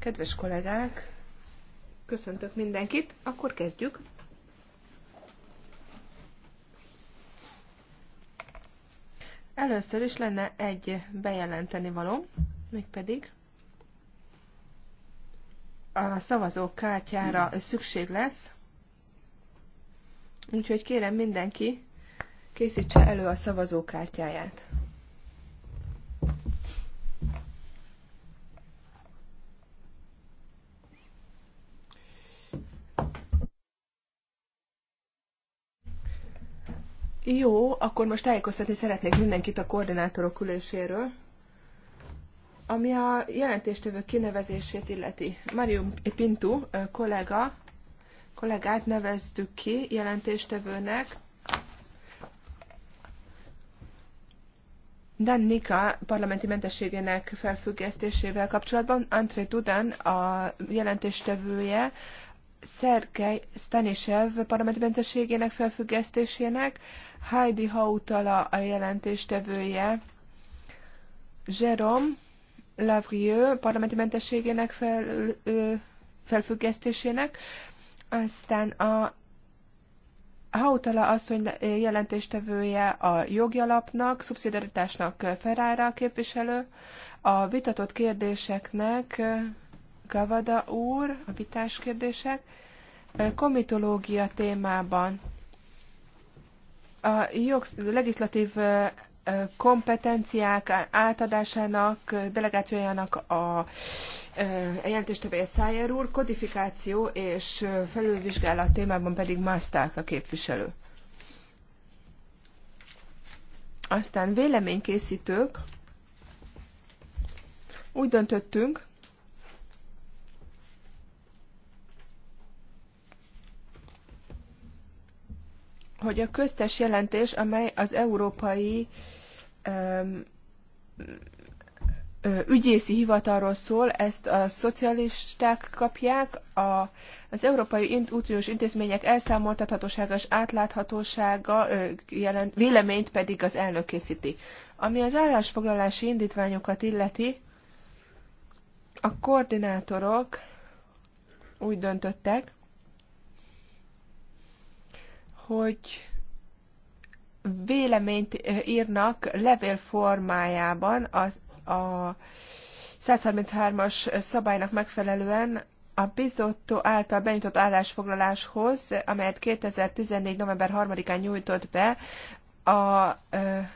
Kedves kollégák, köszöntök mindenkit, akkor kezdjük. Először is lenne egy bejelenteni való, mégpedig a szavazókártyára szükség lesz, úgyhogy kérem mindenki készítse elő a szavazókártyáját. Jó, akkor most tájékoztatni szeretnék mindenkit a koordinátorok üléséről, ami a jelentéstevő kinevezését illeti. Mario Pintu kollega, kollégát neveztük ki jelentéstevőnek. Dan Nika parlamenti mentességének felfüggesztésével kapcsolatban André Dudan a jelentéstevője, Szerkej Stanisev parlamenti mentességének felfüggesztésének, Heidi Hautala a jelentéstevője, Jerome Lavrieux parlamenti mentességének fel, ö, felfüggesztésének, aztán a Hautala asszony jelentéstevője a jogi alapnak, szubszidaritásnak Ferrara képviselő, a vitatott kérdéseknek Gavada úr, a vitás kérdések, komitológia témában a jogsz, legislatív kompetenciák átadásának, delegációjának a jelentéstevője Szájer úr, kodifikáció és felülvizsgálat témában pedig Maszták a képviselő. Aztán véleménykészítők. Úgy döntöttünk, hogy a köztes jelentés, amely az európai um, ügyészi hivatalról szól, ezt a szocialisták kapják, a, az Európai Uniós Intézmények elszámoltathatósága és átláthatósága jelent, véleményt pedig az elnök készíti. Ami az állásfoglalási indítványokat illeti, a koordinátorok úgy döntöttek, hogy véleményt eh, írnak levél formájában az, a 133-as szabálynak megfelelően a bizotto által benyújtott állásfoglaláshoz, amelyet 2014. november 3-án nyújtott be a eh,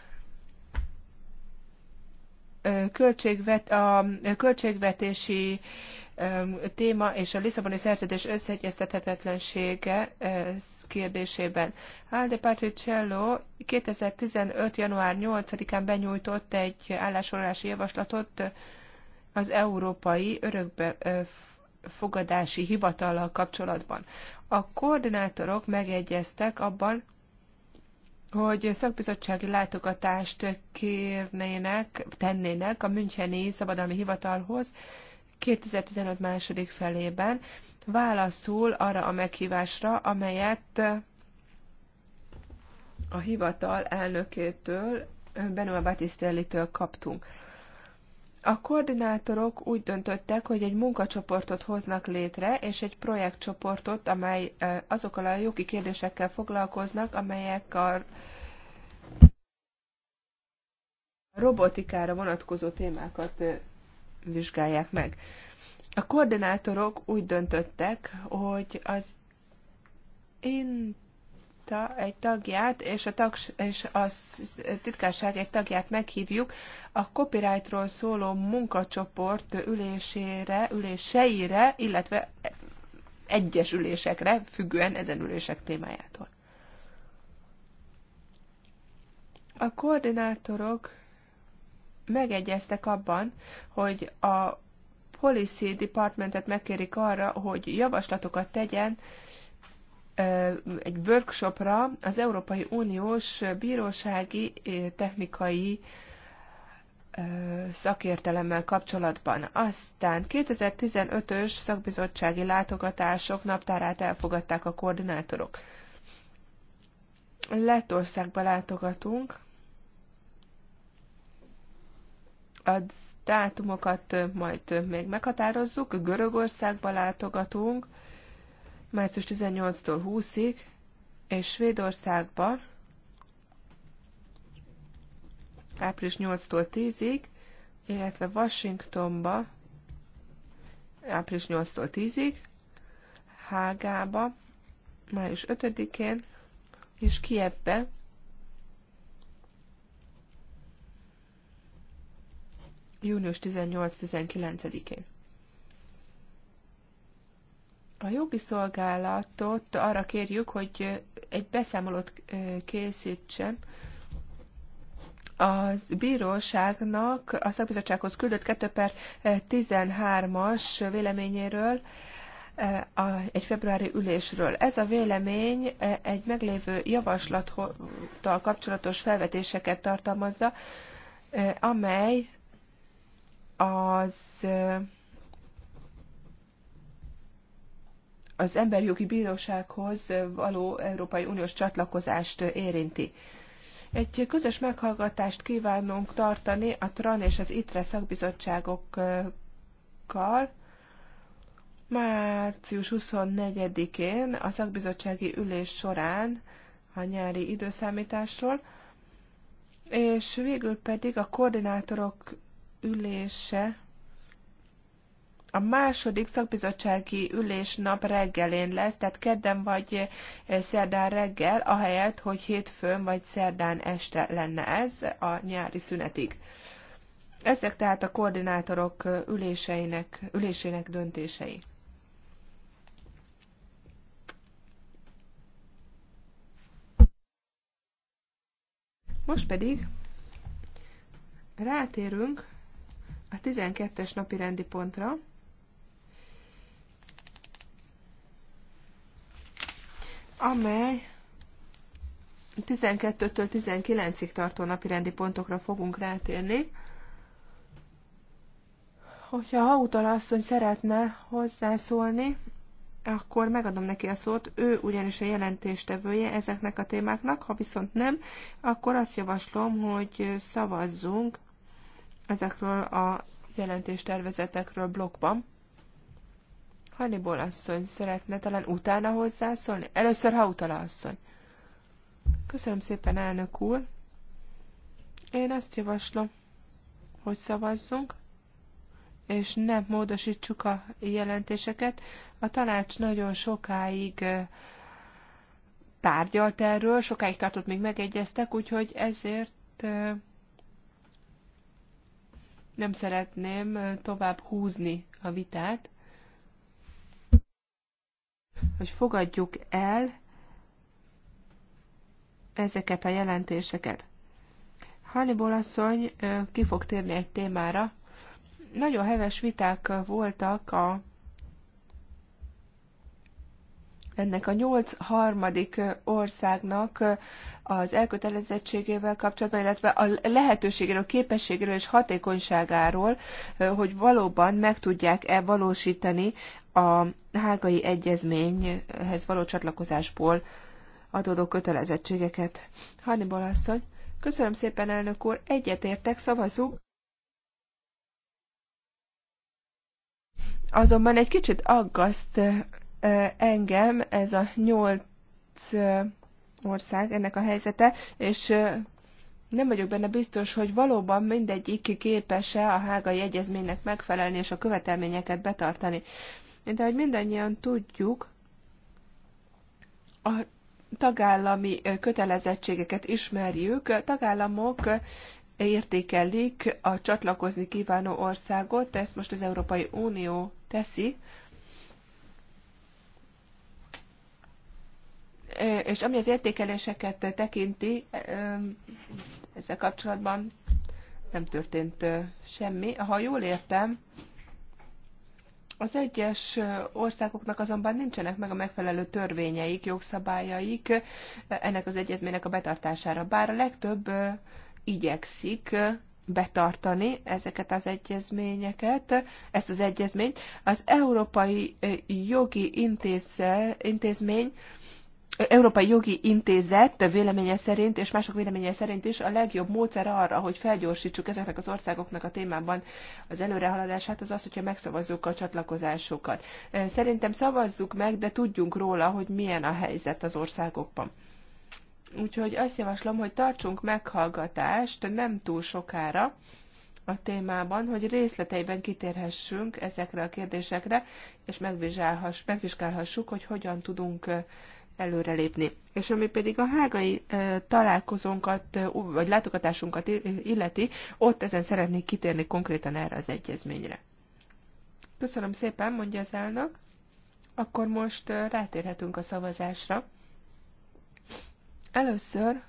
eh, költségvet, a költségvetési téma és a Lisszaboni szerződés összeegyeztethetetlensége eh, kérdésében. Alde Patriciello 2015. január 8-án benyújtott egy állásolási javaslatot az Európai Örökbe eh, fogadási hivatallal kapcsolatban. A koordinátorok megegyeztek abban, hogy szakbizottsági látogatást kérnének, tennének a Müncheni Szabadalmi Hivatalhoz, 2015 második felében válaszul arra a meghívásra, amelyet a hivatal elnökétől, Benoit Battistelli-től kaptunk. A koordinátorok úgy döntöttek, hogy egy munkacsoportot hoznak létre, és egy projektcsoportot, amely azokkal a jogi kérdésekkel foglalkoznak, amelyek a robotikára vonatkozó témákat vizsgálják meg. A koordinátorok úgy döntöttek, hogy az ta, egy tagját és a, tag, és a titkárság egy tagját meghívjuk a copyrightról szóló munkacsoport ülésére, üléseire, illetve egyes ülésekre, függően ezen ülések témájától. A koordinátorok megegyeztek abban, hogy a Policy Departmentet megkérik arra, hogy javaslatokat tegyen egy workshopra az Európai Uniós bírósági technikai szakértelemmel kapcsolatban. Aztán 2015-ös szakbizottsági látogatások naptárát elfogadták a koordinátorok. Lettországba látogatunk, A dátumokat majd még meghatározzuk. Görögországba látogatunk március 18-tól 20-ig, és Svédországba április 8-tól 10-ig, illetve Washingtonba április 8-tól 10-ig, Hágába május 5-én, és Kievbe június 18-19-én. A jogi szolgálatot arra kérjük, hogy egy beszámolót készítsen az bíróságnak a szakbizottsághoz küldött 2 per 13-as véleményéről, a, egy februári ülésről. Ez a vélemény egy meglévő javaslattal kapcsolatos felvetéseket tartalmazza, amely az az emberjogi bírósághoz való Európai Uniós csatlakozást érinti. Egy közös meghallgatást kívánunk tartani a TRAN és az ITRE szakbizottságokkal március 24-én a szakbizottsági ülés során a nyári időszámításról, és végül pedig a koordinátorok ülése a második szakbizottsági ülés nap reggelén lesz, tehát kedden vagy eh, szerdán reggel, ahelyett, hogy hétfőn vagy szerdán este lenne ez a nyári szünetig. Ezek tehát a koordinátorok eh, üléseinek, ülésének döntései. Most pedig rátérünk a 12-es napi rendi pontra. amely 12-től 19-ig tartó napirendi pontokra fogunk rátérni. Hogyha Hautala asszony szeretne hozzászólni, akkor megadom neki a szót, ő ugyanis a jelentéstevője ezeknek a témáknak, ha viszont nem, akkor azt javaslom, hogy szavazzunk ezekről a jelentéstervezetekről blogban. Hannibal asszony szeretne talán utána hozzászólni? Először Hautala asszony. Köszönöm szépen, elnök úr. Én azt javaslom, hogy szavazzunk, és nem módosítsuk a jelentéseket. A tanács nagyon sokáig tárgyalt erről, sokáig tartott, még megegyeztek, úgyhogy ezért nem szeretném tovább húzni a vitát, hogy fogadjuk el ezeket a jelentéseket. Hannibal asszony ki fog térni egy témára. Nagyon heves viták voltak a ennek a nyolc harmadik országnak az elkötelezettségével kapcsolatban, illetve a lehetőségéről, képességéről és hatékonyságáról, hogy valóban meg tudják-e valósítani a hágai egyezményhez való csatlakozásból adódó kötelezettségeket. Hannibal asszony, köszönöm szépen, elnök úr, egyetértek, szavazunk. Azonban egy kicsit aggaszt engem ez a nyolc ország, ennek a helyzete, és nem vagyok benne biztos, hogy valóban mindegyik képes-e a hágai egyezménynek megfelelni és a követelményeket betartani. De hogy mindannyian tudjuk, a tagállami kötelezettségeket ismerjük, a tagállamok értékelik a csatlakozni kívánó országot, ezt most az Európai Unió teszi, és ami az értékeléseket tekinti, ezzel kapcsolatban nem történt semmi. Ha jól értem, az egyes országoknak azonban nincsenek meg a megfelelő törvényeik, jogszabályaik ennek az egyezménynek a betartására. Bár a legtöbb igyekszik betartani ezeket az egyezményeket, ezt az egyezményt. Az Európai Jogi Intézmény Európai Jogi Intézet véleménye szerint, és mások véleménye szerint is a legjobb módszer arra, hogy felgyorsítsuk ezeknek az országoknak a témában az előrehaladását, az az, hogyha megszavazzuk a csatlakozásokat. Szerintem szavazzuk meg, de tudjunk róla, hogy milyen a helyzet az országokban. Úgyhogy azt javaslom, hogy tartsunk meghallgatást nem túl sokára, a témában, hogy részleteiben kitérhessünk ezekre a kérdésekre, és megvizsgálhassuk, hogy hogyan tudunk előrelépni. És ami pedig a hágai találkozónkat, vagy látogatásunkat illeti, ott ezen szeretnék kitérni konkrétan erre az egyezményre. Köszönöm szépen, mondja az elnök. Akkor most rátérhetünk a szavazásra. Először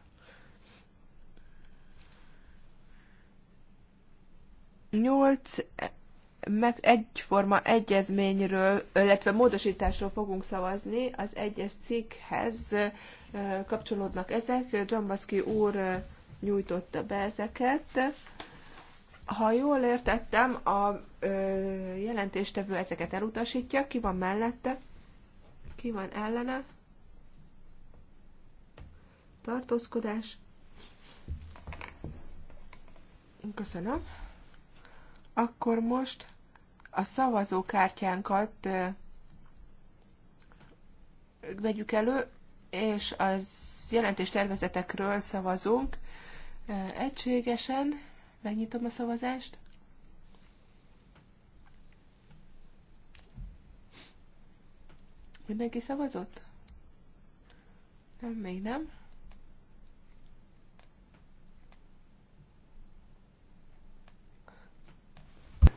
nyolc meg egyforma egyezményről, illetve módosításról fogunk szavazni. Az egyes cikkhez kapcsolódnak ezek. Dzsambaszki úr nyújtotta be ezeket. Ha jól értettem, a jelentéstevő ezeket elutasítja. Ki van mellette? Ki van ellene? Tartózkodás. Köszönöm. Akkor most a szavazókártyánkat vegyük elő, és az jelentés tervezetekről szavazunk egységesen. Megnyitom a szavazást. Mindenki szavazott? Nem, még nem.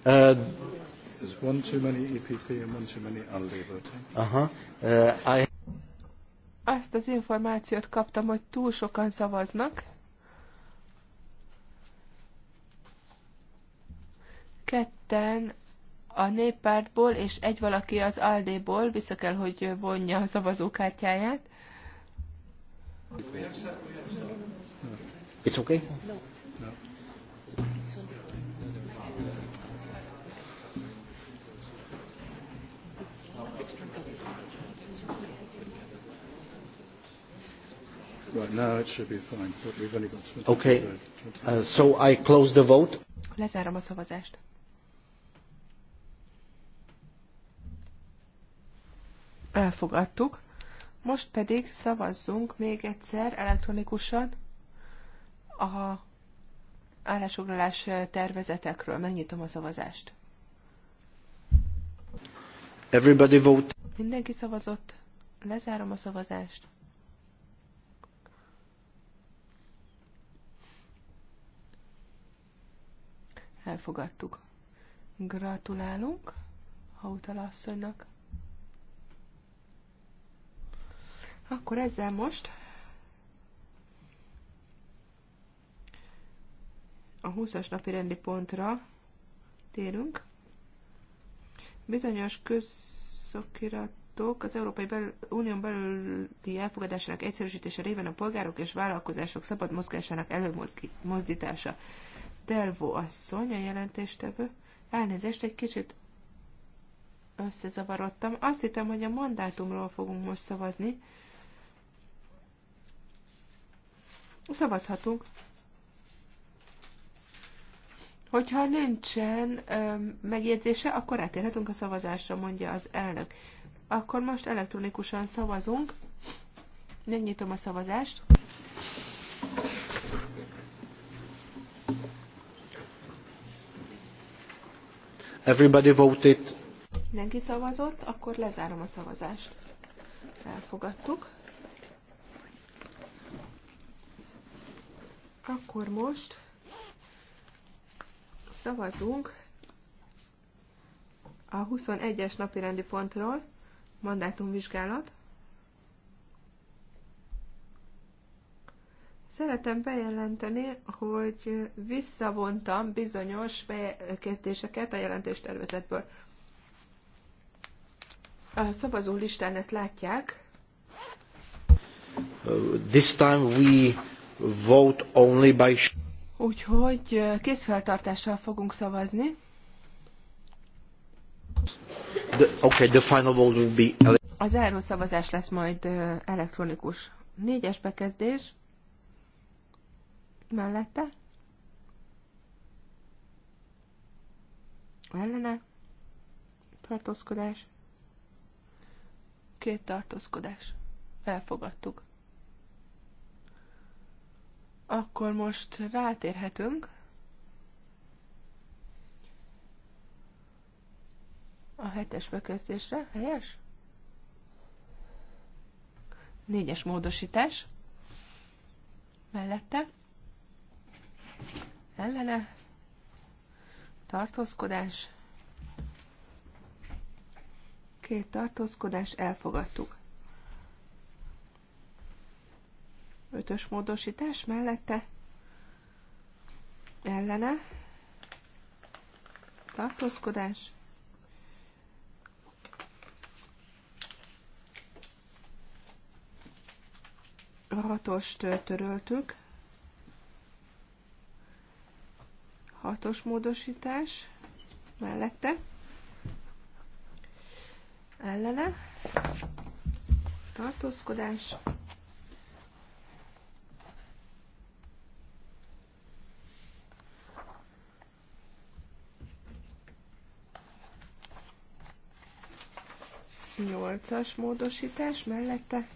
Uh, There's one too many EPP and one too many Aha. Uh, I... Azt az információt kaptam, hogy túl sokan szavaznak. Ketten a néppártból, és egy valaki az Aldéból vissza kell, hogy vonja a szavazókártyáját. It's okay? No. no. Right, now it should be fine, but we've only got 20 Okay, uh, so I close the vote. Lezárom a szavazást. Elfogadtuk. Most pedig szavazzunk még egyszer elektronikusan a állásfoglalás tervezetekről. Megnyitom a szavazást. Everybody vote. Mindenki szavazott. Lezárom a szavazást. Elfogadtuk. Gratulálunk Hautala asszonynak. Akkor ezzel most a 20-as napi rendi pontra térünk. Bizonyos közszokirat az Európai Bel- Unión belüli elfogadásának egyszerűsítése révén a polgárok és vállalkozások szabad mozgásának előmozdítása. Delvo asszony, a jelentéstevő. Elnézést, egy kicsit összezavarodtam. Azt hittem, hogy a mandátumról fogunk most szavazni. Szavazhatunk. Hogyha nincsen ö, megjegyzése, akkor átérhetünk a szavazásra, mondja az elnök. Akkor most elektronikusan szavazunk. Megnyitom a szavazást. Everybody voted. Mindenki szavazott, akkor lezárom a szavazást. Elfogadtuk. Akkor most szavazunk a 21-es napirendi pontról, mandátumvizsgálat. Szeretem bejelenteni, hogy visszavontam bizonyos bekezdéseket a jelentéstervezetből. A szavazó listán ezt látják. This time we vote only by... Úgyhogy készfeltartással fogunk szavazni. The, okay, the final vote will be... Az elró szavazás lesz majd elektronikus. Négyes bekezdés mellette, ellene, tartózkodás, két tartózkodás. Elfogadtuk. Akkor most rátérhetünk a hetes bekezdésre. Helyes? Négyes módosítás. Mellette ellene, tartózkodás, két tartózkodás, elfogadtuk. Ötös módosítás mellette, ellene, tartózkodás, hatost töröltük, Hatos módosítás mellette. Ellene. Tartózkodás. Nyolcas módosítás mellette.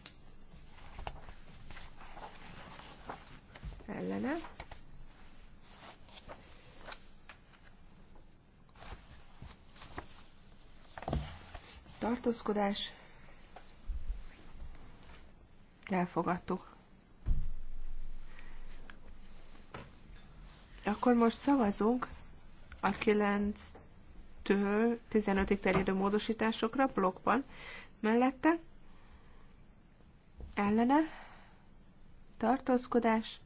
Ellene tartózkodás. Elfogadtuk. Akkor most szavazunk a 9-től 15-ig terjedő módosításokra blokkban. Mellette ellene tartózkodás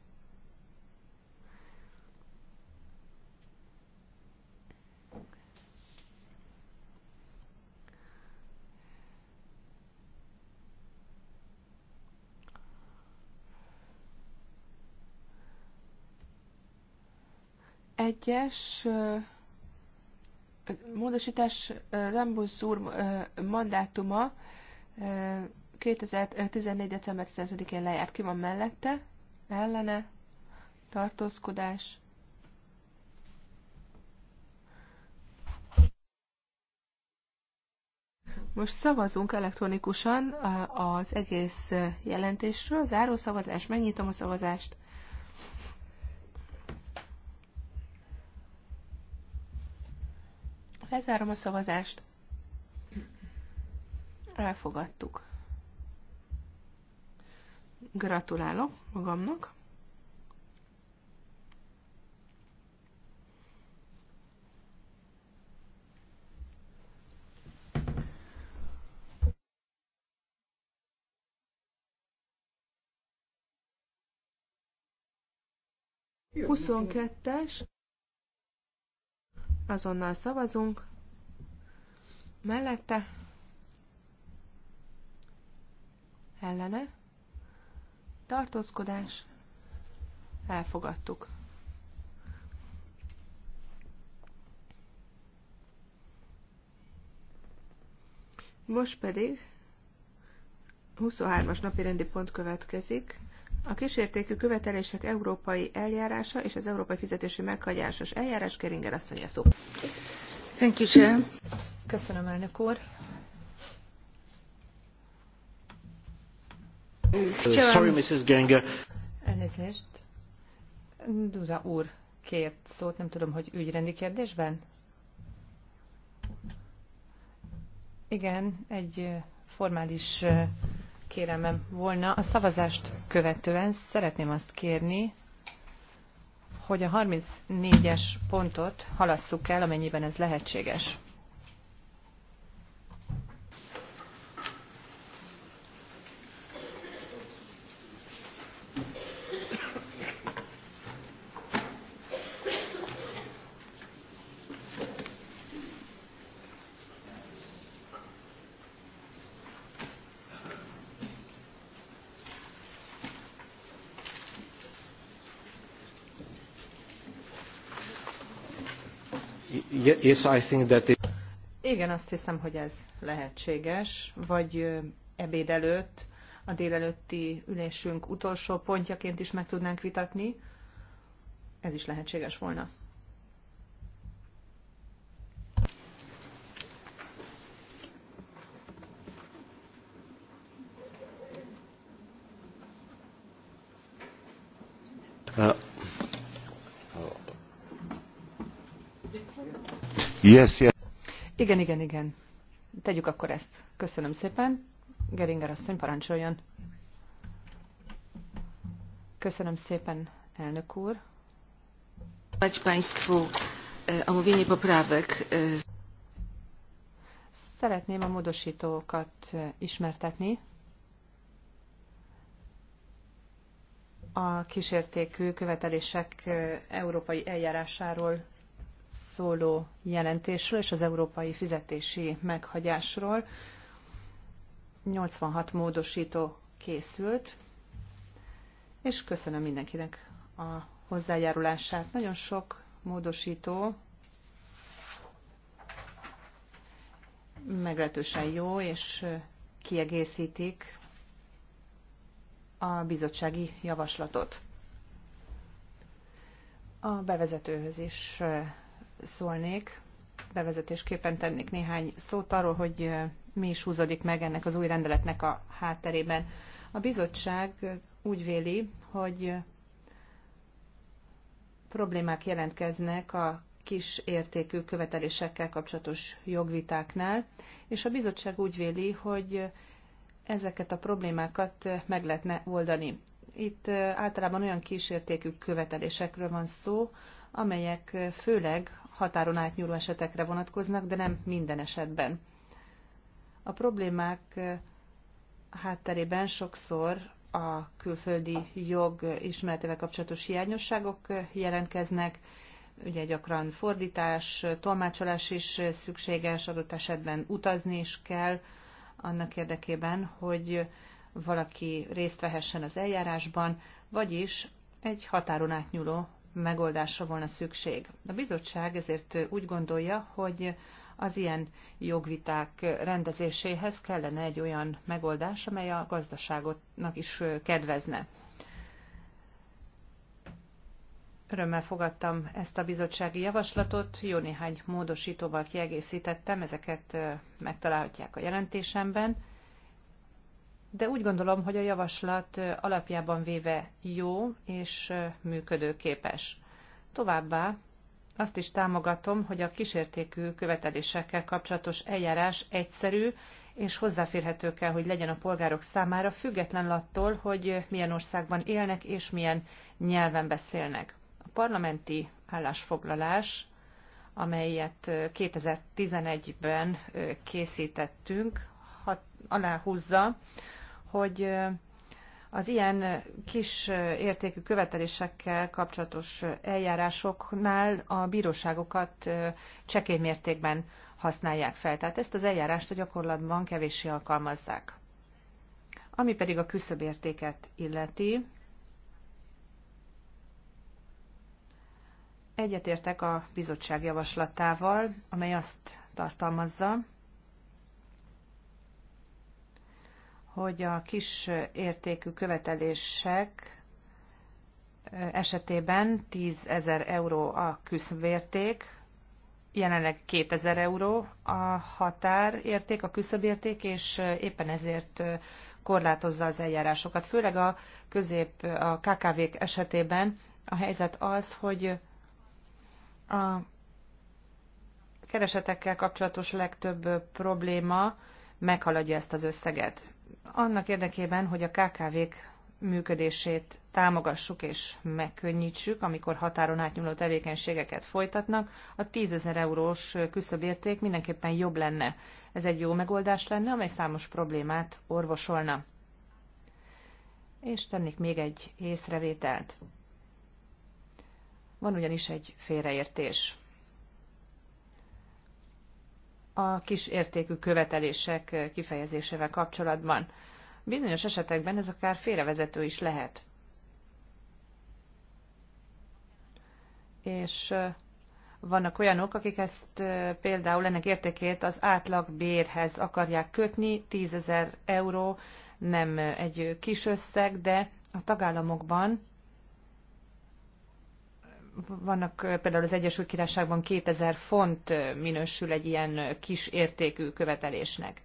egyes módosítás Rambusz úr mandátuma 2014. december 15-én lejárt. Ki van mellette? Ellene? Tartózkodás? Most szavazunk elektronikusan az egész jelentésről. Záró szavazás. Megnyitom a szavazást. Lezárom a szavazást. Elfogadtuk. Gratulálok magamnak. Huszonkettes azonnal szavazunk, mellette, ellene, tartózkodás, elfogadtuk. Most pedig 23-as napi rendi pont következik. A kísértékű követelések európai eljárása és az európai fizetési meghagyásos eljárás Keringer mondja szó. Thank you, Chair. Köszönöm, elnök úr. Sorry, Mrs. Um, Elnézést. Duda úr kért szót, nem tudom, hogy ügyrendi kérdésben? Igen, egy formális kérelmem volna. A szavazást követően szeretném azt kérni, hogy a 34-es pontot halasszuk el, amennyiben ez lehetséges. Yes, I think that it... Igen, azt hiszem, hogy ez lehetséges, vagy ebéd előtt, a délelőtti ülésünk utolsó pontjaként is meg tudnánk vitatni. Ez is lehetséges volna. Yes, yes. Igen, igen, igen. Tegyük akkor ezt. Köszönöm szépen. Geringer asszony, parancsoljon. Köszönöm szépen, elnök úr. Państwu e, omówienie poprawek. E. Szeretném a módosítókat e, ismertetni. A kísértékű követelések európai eljárásáról szóló jelentésről és az európai fizetési meghagyásról. 86 módosító készült, és köszönöm mindenkinek a hozzájárulását. Nagyon sok módosító meglehetősen jó, és kiegészítik a bizottsági javaslatot. A bevezetőhöz is szólnék, bevezetésképpen tennék néhány szót arról, hogy mi is húzódik meg ennek az új rendeletnek a hátterében. A bizottság úgy véli, hogy problémák jelentkeznek a kis értékű követelésekkel kapcsolatos jogvitáknál, és a bizottság úgy véli, hogy ezeket a problémákat meg lehetne oldani. Itt általában olyan kísértékű követelésekről van szó, amelyek főleg határon átnyúló esetekre vonatkoznak, de nem minden esetben. A problémák eh, hátterében sokszor a külföldi jog ismeretével kapcsolatos hiányosságok eh, jelentkeznek, ugye gyakran fordítás, eh, tolmácsolás is szükséges, adott esetben utazni is kell annak érdekében, hogy valaki részt vehessen az eljárásban, vagyis egy határon átnyúló megoldásra volna szükség. A bizottság ezért úgy gondolja, hogy az ilyen jogviták rendezéséhez kellene egy olyan megoldás, amely a gazdaságotnak is kedvezne. Örömmel fogadtam ezt a bizottsági javaslatot, jó néhány módosítóval kiegészítettem, ezeket megtalálhatják a jelentésemben de úgy gondolom, hogy a javaslat alapjában véve jó és működőképes. Továbbá azt is támogatom, hogy a kísértékű követelésekkel kapcsolatos eljárás egyszerű és hozzáférhető kell, hogy legyen a polgárok számára, független attól, hogy milyen országban élnek és milyen nyelven beszélnek. A parlamenti állásfoglalás, amelyet 2011-ben készítettünk, aláhúzza, hogy az ilyen kis értékű követelésekkel kapcsolatos eljárásoknál a bíróságokat csekély mértékben használják fel. Tehát ezt az eljárást a gyakorlatban kevéssé alkalmazzák. Ami pedig a küszöbértéket illeti, egyetértek a bizottság javaslatával, amely azt tartalmazza, hogy a kis értékű követelések esetében 10 ezer euró a küszvérték, jelenleg 2000 euró a határérték, a küszöbérték, és éppen ezért korlátozza az eljárásokat. Főleg a közép, a kkv esetében a helyzet az, hogy a keresetekkel kapcsolatos legtöbb probléma meghaladja ezt az összeget annak érdekében, hogy a KKV-k működését támogassuk és megkönnyítsük, amikor határon átnyúló tevékenységeket folytatnak, a 10 ezer eurós küszöbérték mindenképpen jobb lenne. Ez egy jó megoldás lenne, amely számos problémát orvosolna. És tennék még egy észrevételt. Van ugyanis egy félreértés a kisértékű követelések kifejezésével kapcsolatban. Bizonyos esetekben ez akár félrevezető is lehet. És vannak olyanok, akik ezt például ennek értékét az átlag bérhez akarják kötni, 10 ezer euró nem egy kis összeg, de a tagállamokban vannak például az Egyesült Királyságban 2000 font minősül egy ilyen kis értékű követelésnek.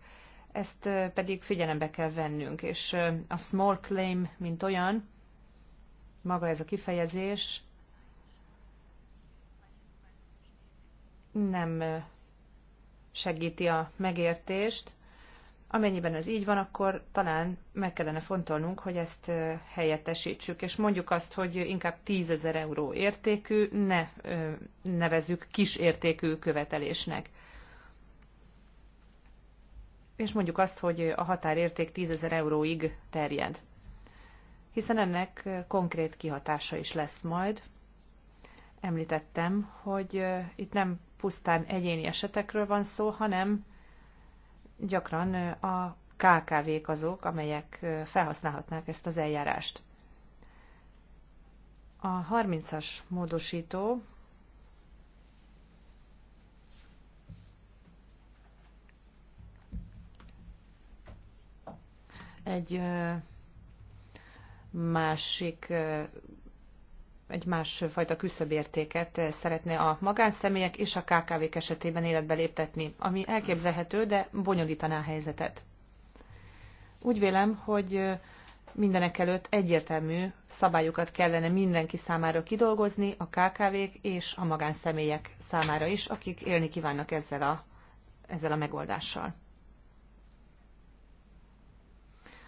Ezt pedig figyelembe kell vennünk, és a small claim, mint olyan, maga ez a kifejezés nem segíti a megértést, Amennyiben ez így van, akkor talán meg kellene fontolnunk, hogy ezt helyettesítsük, és mondjuk azt, hogy inkább 10 ezer euró értékű, ne nevezzük kis értékű követelésnek. És mondjuk azt, hogy a határérték 10 ezer euróig terjed. Hiszen ennek konkrét kihatása is lesz majd. Említettem, hogy itt nem pusztán egyéni esetekről van szó, hanem gyakran a KKV-k azok, amelyek felhasználhatnák ezt az eljárást. A 30-as módosító egy másik egy másfajta küszöbértéket szeretne a magánszemélyek és a KKV-k esetében életbe léptetni, ami elképzelhető, de bonyolítaná a helyzetet. Úgy vélem, hogy mindenek előtt egyértelmű szabályokat kellene mindenki számára kidolgozni, a KKV-k és a magánszemélyek számára is, akik élni kívánnak ezzel a, ezzel a megoldással.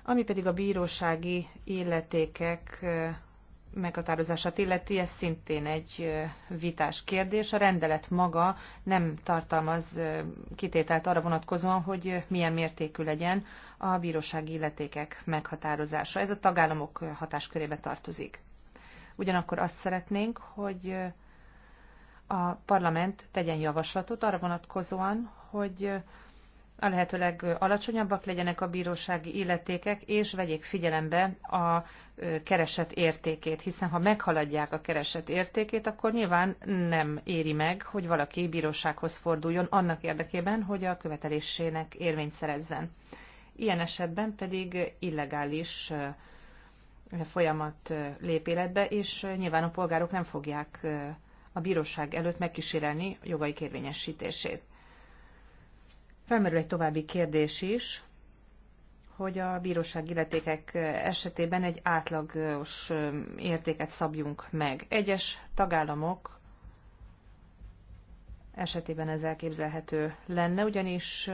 Ami pedig a bírósági illetékek meghatározását illeti, ez szintén egy vitás kérdés. A rendelet maga nem tartalmaz kitételt arra vonatkozóan, hogy milyen mértékű legyen a bírósági illetékek meghatározása. Ez a tagállamok hatáskörébe tartozik. Ugyanakkor azt szeretnénk, hogy a parlament tegyen javaslatot arra vonatkozóan, hogy a lehető legalacsonyabbak legyenek a bírósági illetékek, és vegyék figyelembe a keresett értékét, hiszen ha meghaladják a keresett értékét, akkor nyilván nem éri meg, hogy valaki bírósághoz forduljon annak érdekében, hogy a követelésének érvényt szerezzen. Ilyen esetben pedig illegális folyamat lép életbe, és nyilván a polgárok nem fogják a bíróság előtt megkísérelni jogai kérvényesítését. Felmerül egy további kérdés is, hogy a bíróság illetékek esetében egy átlagos értéket szabjunk meg. Egyes tagállamok esetében ez elképzelhető lenne, ugyanis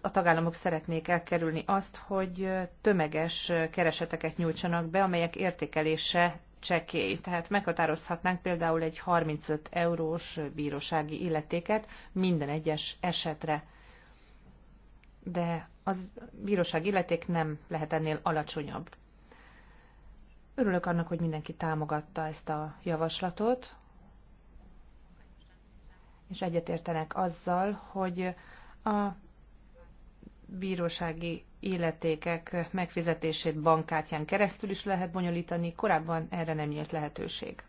a tagállamok szeretnék elkerülni azt, hogy tömeges kereseteket nyújtsanak be, amelyek értékelése csekély. Tehát meghatározhatnánk például egy 35 eurós bírósági illetéket minden egyes esetre de az bíróság illeték nem lehet ennél alacsonyabb. Örülök annak, hogy mindenki támogatta ezt a javaslatot, és egyetértenek azzal, hogy a bírósági illetékek megfizetését bankkártyán keresztül is lehet bonyolítani, korábban erre nem nyílt lehetőség.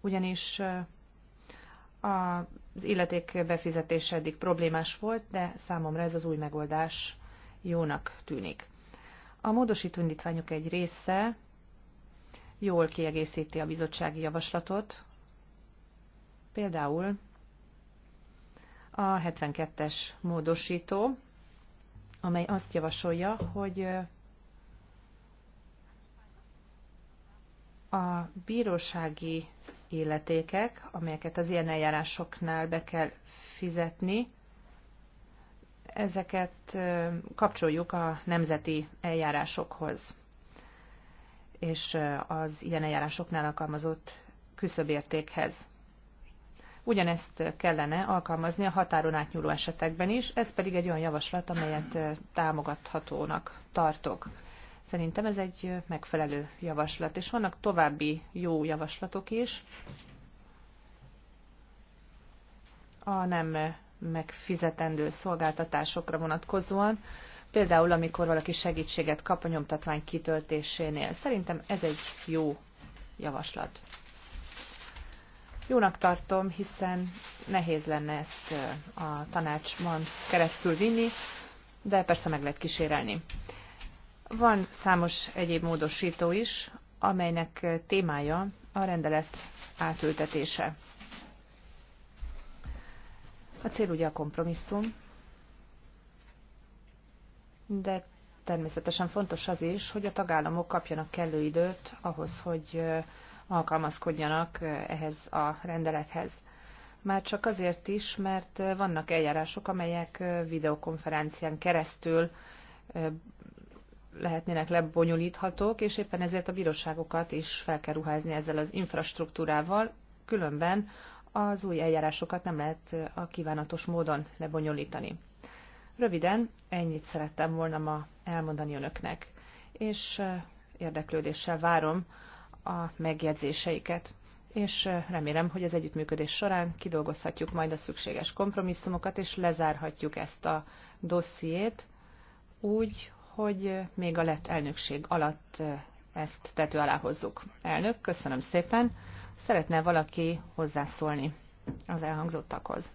Ugyanis a az illeték befizetése eddig problémás volt, de számomra ez az új megoldás jónak tűnik. A módosító indítványok egy része jól kiegészíti a bizottsági javaslatot, például a 72-es módosító, amely azt javasolja, hogy a bírósági illetékek, amelyeket az ilyen eljárásoknál be kell fizetni, ezeket kapcsoljuk a nemzeti eljárásokhoz, és az ilyen eljárásoknál alkalmazott küszöbértékhez. Ugyanezt kellene alkalmazni a határon átnyúló esetekben is, ez pedig egy olyan javaslat, amelyet támogathatónak tartok. Szerintem ez egy megfelelő javaslat, és vannak további jó javaslatok is. A nem megfizetendő szolgáltatásokra vonatkozóan, például amikor valaki segítséget kap a nyomtatvány kitöltésénél. Szerintem ez egy jó javaslat. Jónak tartom, hiszen nehéz lenne ezt a tanácsban keresztül vinni, de persze meg lehet kísérelni. Van számos egyéb módosító is, amelynek témája a rendelet átültetése. A cél ugye a kompromisszum, de természetesen fontos az is, hogy a tagállamok kapjanak kellő időt ahhoz, hogy alkalmazkodjanak ehhez a rendelethez. Már csak azért is, mert vannak eljárások, amelyek videokonferencián keresztül lehetnének lebonyolíthatók, és éppen ezért a bíróságokat is fel kell ruházni ezzel az infrastruktúrával, különben az új eljárásokat nem lehet a kívánatos módon lebonyolítani. Röviden ennyit szerettem volna ma elmondani önöknek, és eh, érdeklődéssel várom a megjegyzéseiket és eh, remélem, hogy az együttműködés során kidolgozhatjuk majd a szükséges kompromisszumokat, és lezárhatjuk ezt a dossziét úgy, hogy még a lett elnökség alatt ezt tető alá hozzuk. Elnök, köszönöm szépen. Szeretne valaki hozzászólni az elhangzottakhoz?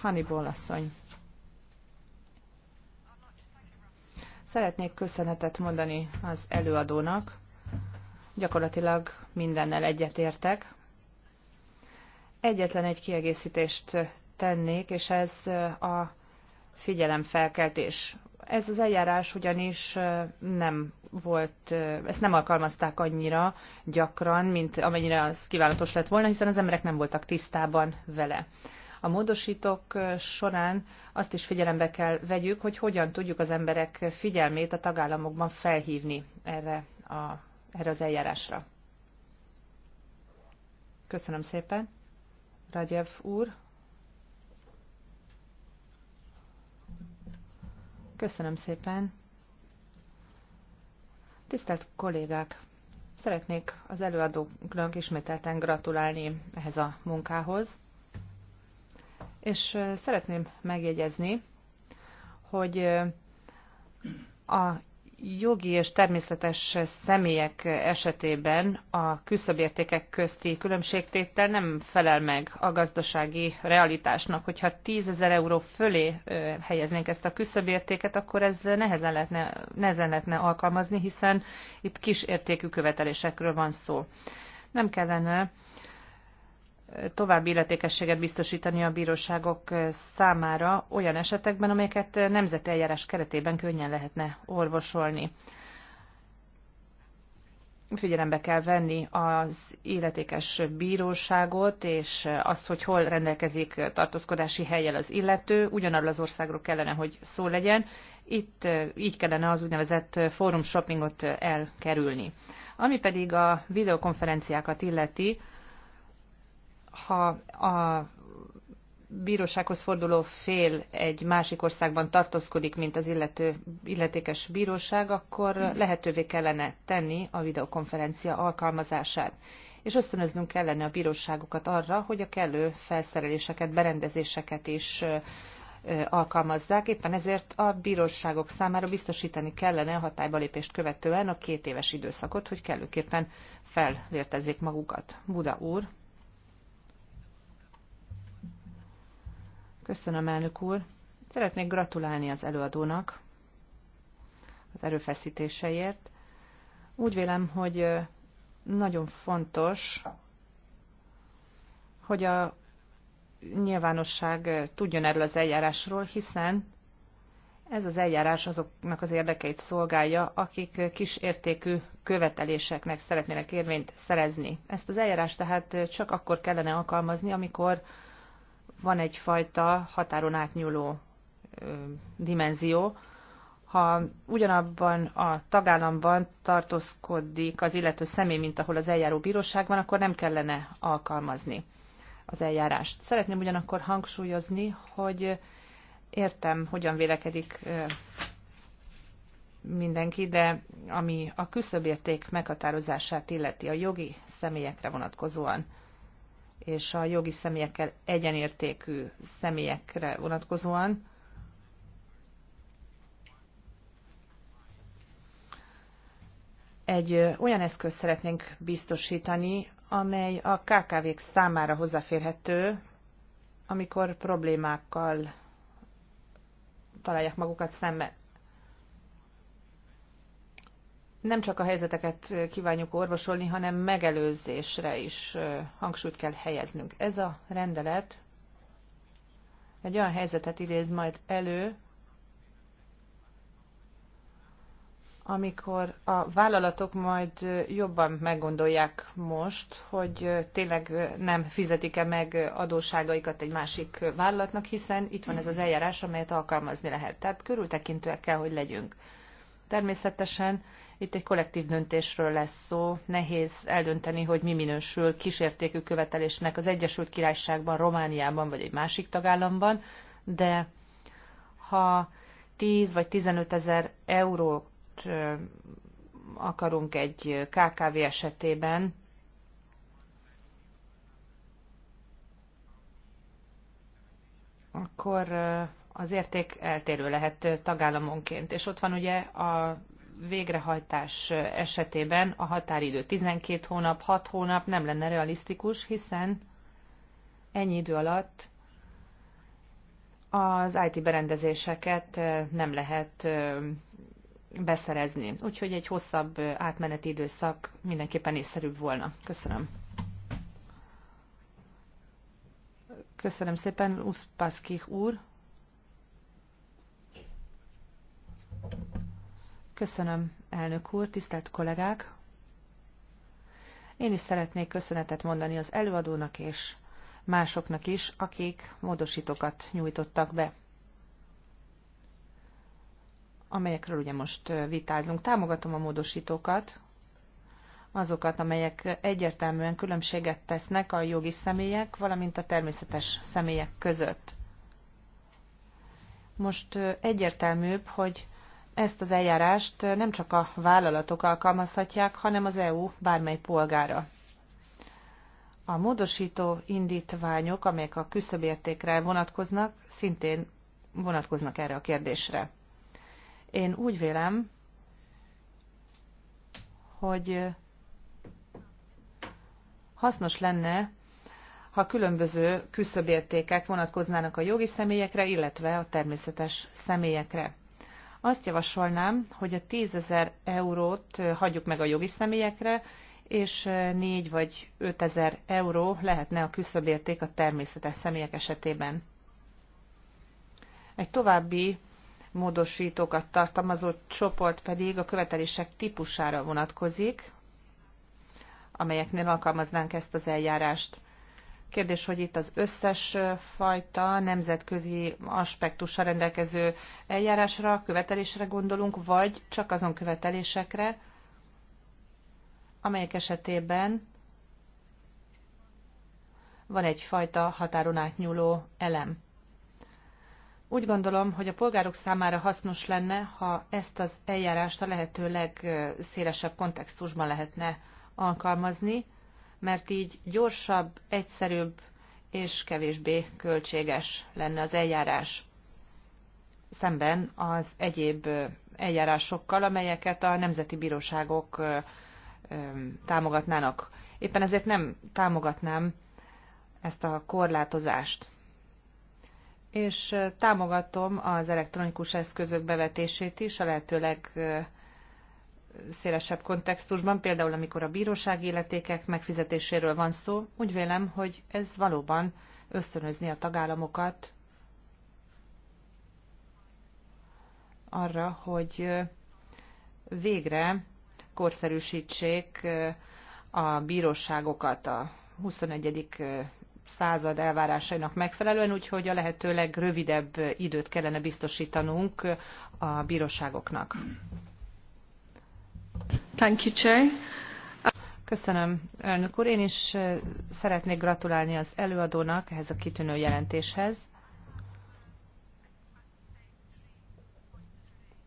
Hannibal asszony. Szeretnék köszönetet mondani az előadónak. Gyakorlatilag mindennel egyetértek. Egyetlen egy kiegészítést tennék, és ez a figyelemfelkeltés. Ez az eljárás ugyanis nem volt, ezt nem alkalmazták annyira gyakran, mint amennyire az kívánatos lett volna, hiszen az emberek nem voltak tisztában vele. A módosítók során azt is figyelembe kell vegyük, hogy hogyan tudjuk az emberek figyelmét a tagállamokban felhívni erre, a, erre az eljárásra. Köszönöm szépen. Rajev úr, Köszönöm szépen. Tisztelt kollégák! Szeretnék az előadóknak ismételten gratulálni ehhez a munkához, és szeretném megjegyezni, hogy a jogi és természetes személyek esetében a küszöbértékek közti különbségtétel nem felel meg a gazdasági realitásnak. Hogyha 10 ezer euró fölé helyeznénk ezt a küszöbértéket, akkor ez nehezen lehetne, nehezen lehetne alkalmazni, hiszen itt kis értékű követelésekről van szó. Nem kellene további illetékességet biztosítani a bíróságok számára olyan esetekben, amelyeket nemzeti eljárás keretében könnyen lehetne orvosolni. Figyelembe kell venni az illetékes bíróságot, és azt, hogy hol rendelkezik tartózkodási helyel az illető, ugyanarról az országról kellene, hogy szó legyen. Itt eh, így kellene az úgynevezett fórum shoppingot elkerülni. Ami pedig a videokonferenciákat illeti, ha a bírósághoz forduló fél egy másik országban tartózkodik, mint az illető, illetékes bíróság, akkor lehetővé kellene tenni a videokonferencia alkalmazását. És ösztönöznünk kellene a bíróságokat arra, hogy a kellő felszereléseket, berendezéseket is alkalmazzák. Éppen ezért a bíróságok számára biztosítani kellene a hatályba lépést követően a két éves időszakot, hogy kellőképpen felvértezzék magukat. Buda úr. Köszönöm, elnök úr. Szeretnék gratulálni az előadónak az erőfeszítéseért. Úgy vélem, hogy nagyon fontos, hogy a nyilvánosság tudjon erről az eljárásról, hiszen ez az eljárás azoknak az érdekeit szolgálja, akik kisértékű követeléseknek szeretnének érvényt szerezni. Ezt az eljárást tehát csak akkor kellene alkalmazni, amikor van egyfajta határon átnyúló dimenzió. Ha ugyanabban a tagállamban tartózkodik az illető személy, mint ahol az eljáró bíróság van, akkor nem kellene alkalmazni az eljárást. Szeretném ugyanakkor hangsúlyozni, hogy értem, hogyan vélekedik mindenki, de ami a küszöbérték meghatározását illeti a jogi személyekre vonatkozóan és a jogi személyekkel egyenértékű személyekre vonatkozóan. Egy olyan eszközt szeretnénk biztosítani, amely a KKV-k számára hozzáférhető, amikor problémákkal találják magukat szemben nem csak a helyzeteket kívánjuk orvosolni, hanem megelőzésre is hangsúlyt kell helyeznünk. Ez a rendelet egy olyan helyzetet idéz majd elő, amikor a vállalatok majd jobban meggondolják most, hogy tényleg nem fizetik-e meg adósságaikat egy másik vállalatnak, hiszen itt van ez az eljárás, amelyet alkalmazni lehet. Tehát körültekintőek kell, hogy legyünk. Természetesen itt egy kollektív döntésről lesz szó. Nehéz eldönteni, hogy mi minősül kísértékű követelésnek az Egyesült Királyságban, Romániában vagy egy másik tagállamban, de ha 10 vagy 15 ezer eurót akarunk egy KKV esetében, akkor az érték eltérő lehet tagállamonként. És ott van ugye a végrehajtás esetében a határidő 12 hónap, 6 hónap nem lenne realisztikus, hiszen ennyi idő alatt az IT berendezéseket nem lehet beszerezni. Úgyhogy egy hosszabb átmeneti időszak mindenképpen észszerűbb volna. Köszönöm. Köszönöm szépen, Uszpaszkih úr. Köszönöm, elnök úr, tisztelt kollégák! Én is szeretnék köszönetet mondani az előadónak és másoknak is, akik módosítókat nyújtottak be amelyekről ugye most vitázunk. Támogatom a módosítókat, azokat, amelyek egyértelműen különbséget tesznek a jogi személyek, valamint a természetes személyek között. Most egyértelműbb, hogy ezt az eljárást nem csak a vállalatok alkalmazhatják, hanem az EU bármely polgára. A módosító indítványok, amelyek a küszöbértékre vonatkoznak, szintén vonatkoznak erre a kérdésre. Én úgy vélem, hogy hasznos lenne, ha különböző küszöbértékek vonatkoznának a jogi személyekre, illetve a természetes személyekre. Azt javasolnám, hogy a ezer eurót hagyjuk meg a jogi személyekre, és 4 vagy 5 ezer euró lehetne a küszöbérték a természetes személyek esetében. Egy további módosítókat tartalmazó csoport pedig a követelések típusára vonatkozik, amelyeknél alkalmaznánk ezt az eljárást. Kérdés, hogy itt az összes fajta nemzetközi aspektussal rendelkező eljárásra, követelésre gondolunk, vagy csak azon követelésekre, amelyek esetében van egyfajta határon átnyúló elem. Úgy gondolom, hogy a polgárok számára hasznos lenne, ha ezt az eljárást a lehető legszélesebb kontextusban lehetne alkalmazni, mert így gyorsabb, egyszerűbb és kevésbé költséges lenne az eljárás szemben az egyéb eljárásokkal, amelyeket a nemzeti bíróságok támogatnának. Éppen ezért nem támogatnám ezt a korlátozást. És támogatom az elektronikus eszközök bevetését is a lehető szélesebb kontextusban, például amikor a bíróság életékek megfizetéséről van szó, úgy vélem, hogy ez valóban ösztönözni a tagállamokat arra, hogy végre korszerűsítsék a bíróságokat a 21. század elvárásainak megfelelően, úgyhogy a lehető legrövidebb időt kellene biztosítanunk a bíróságoknak. Köszönöm, elnök úr. Én is eh, szeretnék gratulálni az előadónak ehhez a kitűnő jelentéshez.